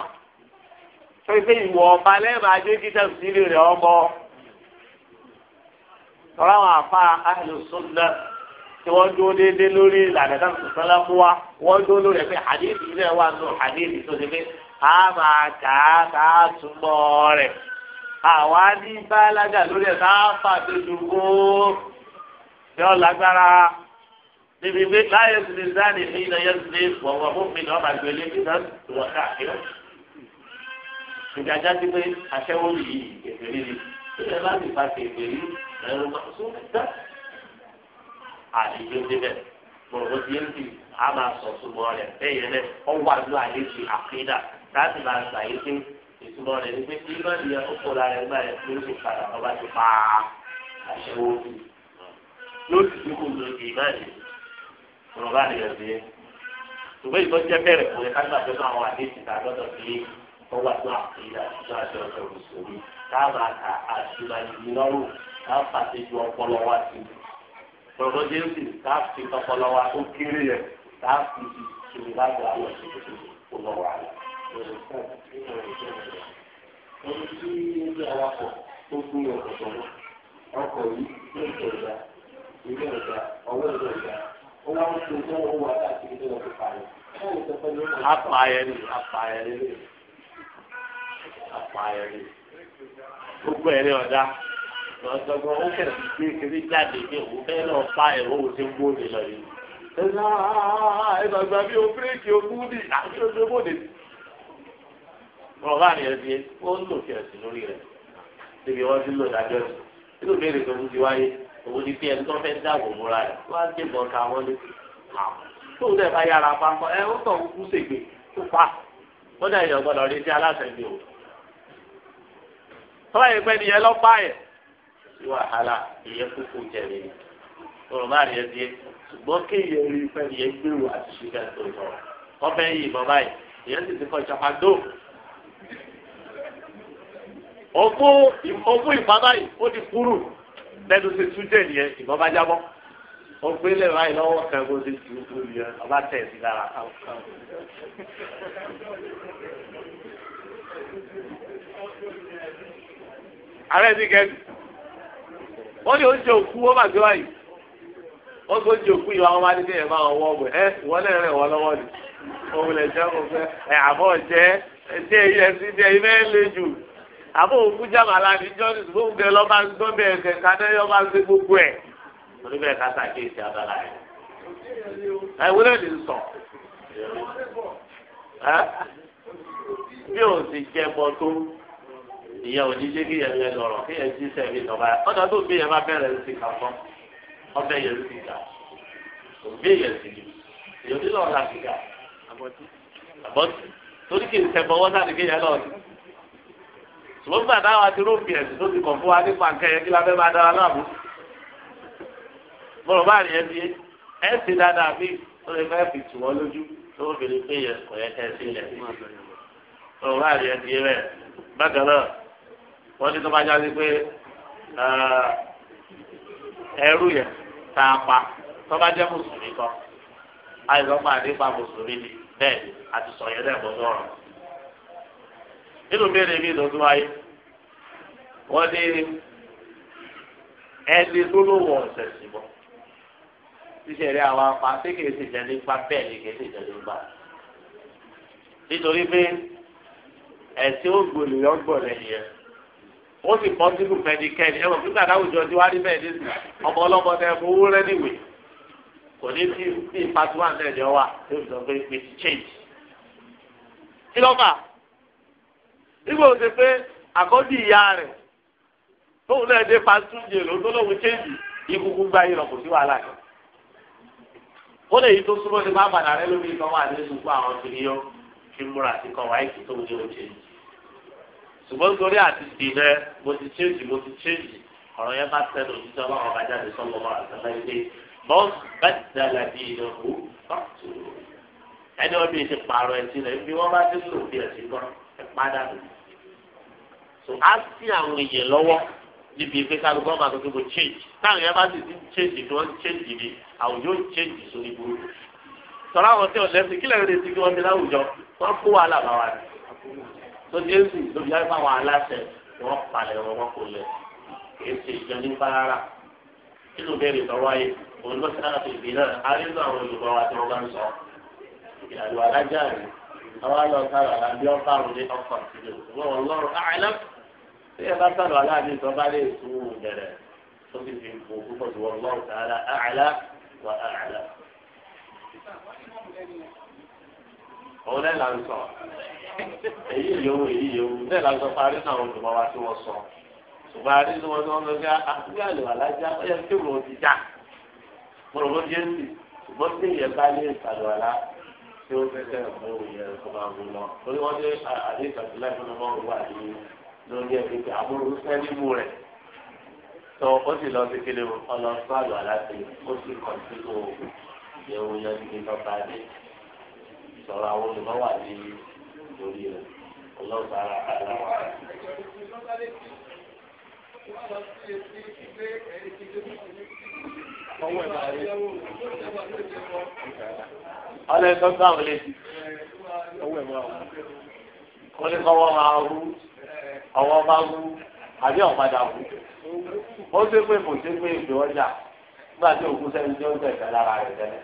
pépé ìwọ ọba lẹ́ẹ̀ma adékítà sílẹ̀ rẹ̀ ọmọ tọ́lá àwọn àfa àlùsùn tí wọ́n dúró déédéé lórí ìlànà tá sọ̀tọ́lá fún wa wọ́n dúró lórí ẹ̀fẹ́ hadithi ilé wa nù hadithi tó ti pé a máa kà á kà rẹ̀ àwa ní bálágà lórí ẹ̀ tá a fà tó kó yọ lágbára níbi pé láyé ṣe sáni ní ilẹ̀ yẹn ṣe wọ̀wọ̀ fún mi lọ́ba gbélé nígbà tó wọ́n káàkiri. ìdájá ti pé aṣẹ́wó yìí kèfèrí ni ilẹ̀ láti fa kèfèrí ẹ̀rọ máa sún mẹ́ta. àlejò débẹ̀ gbọ̀ngàn ti yẹn ti a máa sọ súnmọ́ rẹ̀ bẹ́ẹ̀ yẹn ọ wà ló àlejò àkídà láti máa gbà yín pé ìtumọ̀ rẹ̀ ni pé kí má ní ọkọ̀ lára ẹgbẹ́ rẹ̀ ló ti padà ọba ti pa àṣẹwó yìí ló ti dúkùn lórí ọ̀rọ̀ bá nìyẹn sí i ṣùgbọ́n ìtọ́ jẹ́ bẹ̀rẹ̀ kò lè ká gbà pé máa wà ní ìsìta lọ́dọ̀ sí ọwọ́ àti àkìlá àtúntò àti ọ̀sẹ̀ òṣèlú káàbà kà àṣìlá ìlọ́rù káàbà ti ju ọpọlọ wa sí i ọ̀rọ̀ jẹ́ sì káàfi ọpọlọ wa ó kéré yẹ káàfi ìṣèlú lágbo àwọn ìṣèlú tó lọ wà lọ. Ẹni tí ó gbé awakọ̀ tó gbé ọkọ̀ ọkọ̀ yìí ló ń tẹ̀ ìgbà ìgbà ìgbà ọwọ́ ìgbà ìgbà apayẹri apayẹri apayẹri gbogbo ẹ̀rí ọ̀dá lọ́sọ̀gbọ́n ó kẹ̀lẹ́ ti gbé kiri jáde ní òwú bẹ́ẹ̀ náà pa ẹ̀rọ òwú tí ń gbóni lọ yìí. ẹ̀rọ ìgbàgbà bí o bíríkì ogún ní àti ojú bòde. rọ̀bà ni ẹ̀sìn ó ń lò kí ẹ̀sìn lórí rẹ̀ níbi wọ́n ti lò dájọ́ sí. nínú ìbéèrè tó ń ti wáyé òun ni pé ẹni tó fẹ́ dáàbò múra rẹ̀ wá débọ̀ ká wọ́n lé tó dẹ̀ bá yára pa kọ́ ẹ ó tọ̀ kú ṣègbè tó pa ó dẹ̀ yàn gbọ́dọ̀ rí sí aláṣẹ mi o. tọ́lá yìí pẹ́ nìyẹn lọ́pàá yẹn sí wàhálà ìyẹn kúkú jẹ̀lé ọ̀rọ̀ máa rí ẹ díẹ̀ ṣùgbọ́n kéèyàn rí pẹ́ nìyẹn gbèrò àti ṣìkẹ́ tó tọ̀ wọ́n fẹ́ yí ìbọn báyìí ìyẹn sì ti kọ́ ìṣàpàdó òkú ìpamọ́ yìí ó ti kúrú. lẹ́nu ti tú dé nìyẹn ìbọn bá jábọ́ ó gbé kan kó ti ọba tẹ̀ sí lára káwọn ààrẹ ti kẹ́kẹ́ wọ́n ní oúnjẹ òkú wọ́n bàgbé wáyé wọ́n kó oúnjẹ òkú máa wọ́ ọ̀gbẹ́ ẹ rẹ̀ wọ́n lọ́wọ́ ni òun lè jẹ́ òun fẹ́ ẹ̀ àbọ̀ jẹ́ ẹ̀ tí sí mẹ́rin lè jù àbò òkújàmà láti jọ́ni ṣùgbọ́n bẹ́ẹ̀ lọ́ bá ń gbọ́ bẹ́ẹ̀ kẹ̀ kádẹ́ yọ bá ń gbé gbogbo ẹ̀ torí bẹ́ẹ̀ ká sàkíyèsí abala yẹn. ẹ wúlò ní sọ bí o sì jẹ bọ tó ìyẹn ò ní jẹ́ kí yẹn yẹn lọ̀rọ̀ kí yẹn jí sẹ́ẹ̀mì lọ́ba ọ̀dọ̀ tó bí yẹn bá bẹ̀rẹ̀ sí ká fọ́ ọbẹ̀ yẹn sì ká òbí yẹn sì jù èyí ò ní lọ́ọ̀ọ́ láti ká àbọ̀tí torí kì í sẹ́bọ̀ wọ́n sáré kí yẹn lọ́ọ̀ọ́ ṣùgbọ́n bàbá ti rúbì ẹ̀sìn tó ti kàn fún wa nípa nkẹyẹ kí la fẹ́ máa dára láàbù bọ́lọ̀ bá rìn ẹbí ẹ̀sìn dáadáa bí ó lè fẹ́ fi tù wọ́n lójú tó pé bá rìn ẹbí rẹ̀ bákan náà wọ́n tó bá pé nínú béèrè mi ló tún wáyé wọ́n ní ẹni tó ló wọ ọ̀sẹ̀ sí mọ́ ṣíṣe rẹ̀ àwọn apá tí kìí ṣe ìjẹ́lé gbá bẹ́ẹ̀ ni kìí ṣe ìjẹ́lé gbá nítorí pé ẹ̀sìn ògbòlè ọgbọ̀lẹ̀ yẹn ó sì pọ́ sínú pẹ̀líkẹ́ni ẹ̀wọ̀n fún gbàdá àwùjọ tí wàá rí bẹ́ẹ̀ nísìn ọmọ ọlọ́mọ tẹ fún owó rẹ́díwè kò ní sí bí pàtó wà ní ẹ̀jẹ̀ wà tó fi sọ pé pé change. kí ló fà á? nígbà wo ṣe pé àkọ́dí ìyá rẹ̀ tóun náà dé pàṣúnjẹ lọ́dọ́lọ́wọ́ chéjì ìkúkú gba yìí lọ kò sí wàhálà kan. ó lè yí tó súnmọ́ ní bá padà rẹ lómi ìtọ́wọ́ àdéhùn fún àwọn kìnìyàn kí múra àti kọ̀wá ìkí tó ń jẹ́ oúnjẹ. ṣùgbọ́n nítorí àti dìbẹ́ mo ti chéjì mo ti chéjì ọ̀rọ̀ yẹn bá tẹnu òṣìṣẹ́ ọlọ́run ọba jáde sọ́mọ́ ọmọ àtàlá ilé bọ́ọ̀n bá ti dàgbà bí ìnáwó ẹni wọn bí ti pààrọ̀ ẹtì rẹ̀ bí wọ́n bá ti lò bí ẹtì kan ẹ̀ padà lò so á sí àwọn èèyàn lọ́wọ́ níbi ìpè kálukú ọmọ àti gbogbo change táwọn yẹn bá sì ti change ni wọ́n change ni àwùjọ change sórí burúkú sọ̀rọ̀ àwọn tí wọ́n lẹ́sìn kílẹ̀ rẹ̀ ti kí wọ́n fi láwùjọ wọ́n kó wàhálà bá wa ni tó jésù lóbi láti fún àwọn aláṣẹ ni wọ́n palẹ̀ wọn wọ́n kò lẹ̀ kìí ṣe ìjọ ní bára nínú bẹ́ẹ̀ lè tọ́wọ́ ayé òun ló sára fi ìgbé náà arínú àwọn olùkọ́ wa tí wọ́n bá ń sọ ìyàlú alájà rẹ̀ àwọn alọ́ sára àbí ọ̀fà rẹ̀ ọkọ̀ sílẹ̀ wọ́n lọ́rùn àìlẹ́kọ̀ọ́ tí ẹ bá sọ̀rọ̀ aláàbí tó bá lè tún un bẹ̀rẹ̀ tó fi fi kó púpọ̀ tó wọ́n lọ́wọ́ tààlà àlà wà àlà. òun náà là ń sọ èyí yòówù èyí yòówù náà là ń sọ parí náà wọn tòmọ wá tí wọ́n sọ ṣùgbọ́n àrí tí wọ́n sọ wọn ah, ah, lọ́gbẹ́ àti àlè wà lájà ó yẹ kí òun ti já mọ̀rọ̀ ló dé sí ṣùgbọ́n tí ìyẹn bá lè sàlọ̀ àlá tí ó fẹ́ fẹ́ mú ìyẹn kó máa mú lọ torí wọ́n dé ah, àdéhùn àti láìpẹ́ lọ́mọ́ òwú àdéhùn lórí ẹbí pé àbúrò sẹ́nìmù rẹ̀ tó ó sì lọ sí kílé ọlọ́sọ́ àlọ́ aláṣẹ ó sì kàn sí kó ìyẹ̀wò yẹn ti lọ́ba dé sọ̀rọ̀ àwọn olùkọ́ wà ní lórí rẹ̀ ọlọ́sọ́ ara àlọ́ wà. ọlọ́sọ́ sáwọn lè. wọ́n ní kọ́ wọ́n máa rú ọwọ́ bá wú àbí ọ̀padà wú ó ṣe pé kò ṣe pé èdè ọjà nígbà tí òkú sẹ́ni tí ó jẹ́ ìfẹ́ lára rẹ̀ tẹ́lẹ̀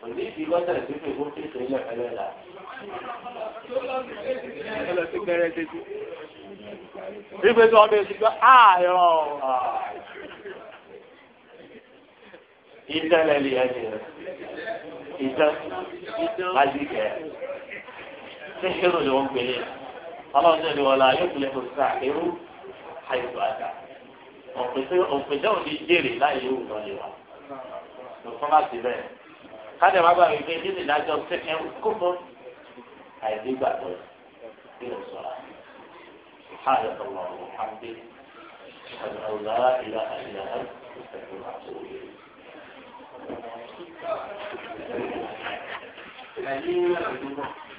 kò ní ìdí lọ́sẹ̀ tí kò kó kéèké ilé ẹ̀fẹ́ lẹ́la. Ibi tí wọ́n bẹ ti gbọ́ ààyò ìtẹ́lẹ̀ lè yẹ ti rẹ̀ ìtẹ́ àdìgẹ́ ṣé hero ni wọ́n gbélé ọlọ́run náà ni wọ́n la yóò fi lè kó sa irú àìsàn àdá òpèjẹ́ òní jèrè láì yóò lọ lè wa lọ́kọ́ má ti bẹ́ẹ̀ káde wàá gbà wípé nínú ìdájọ́ sẹ́kẹ̀ kó fún àìdígbàgbọ́ bí o sọ̀rọ̀ سبحانك اللهم وبحمدك أشهد أن لا إله إلا أنت أستغفرك وأتوب إليك Thank you.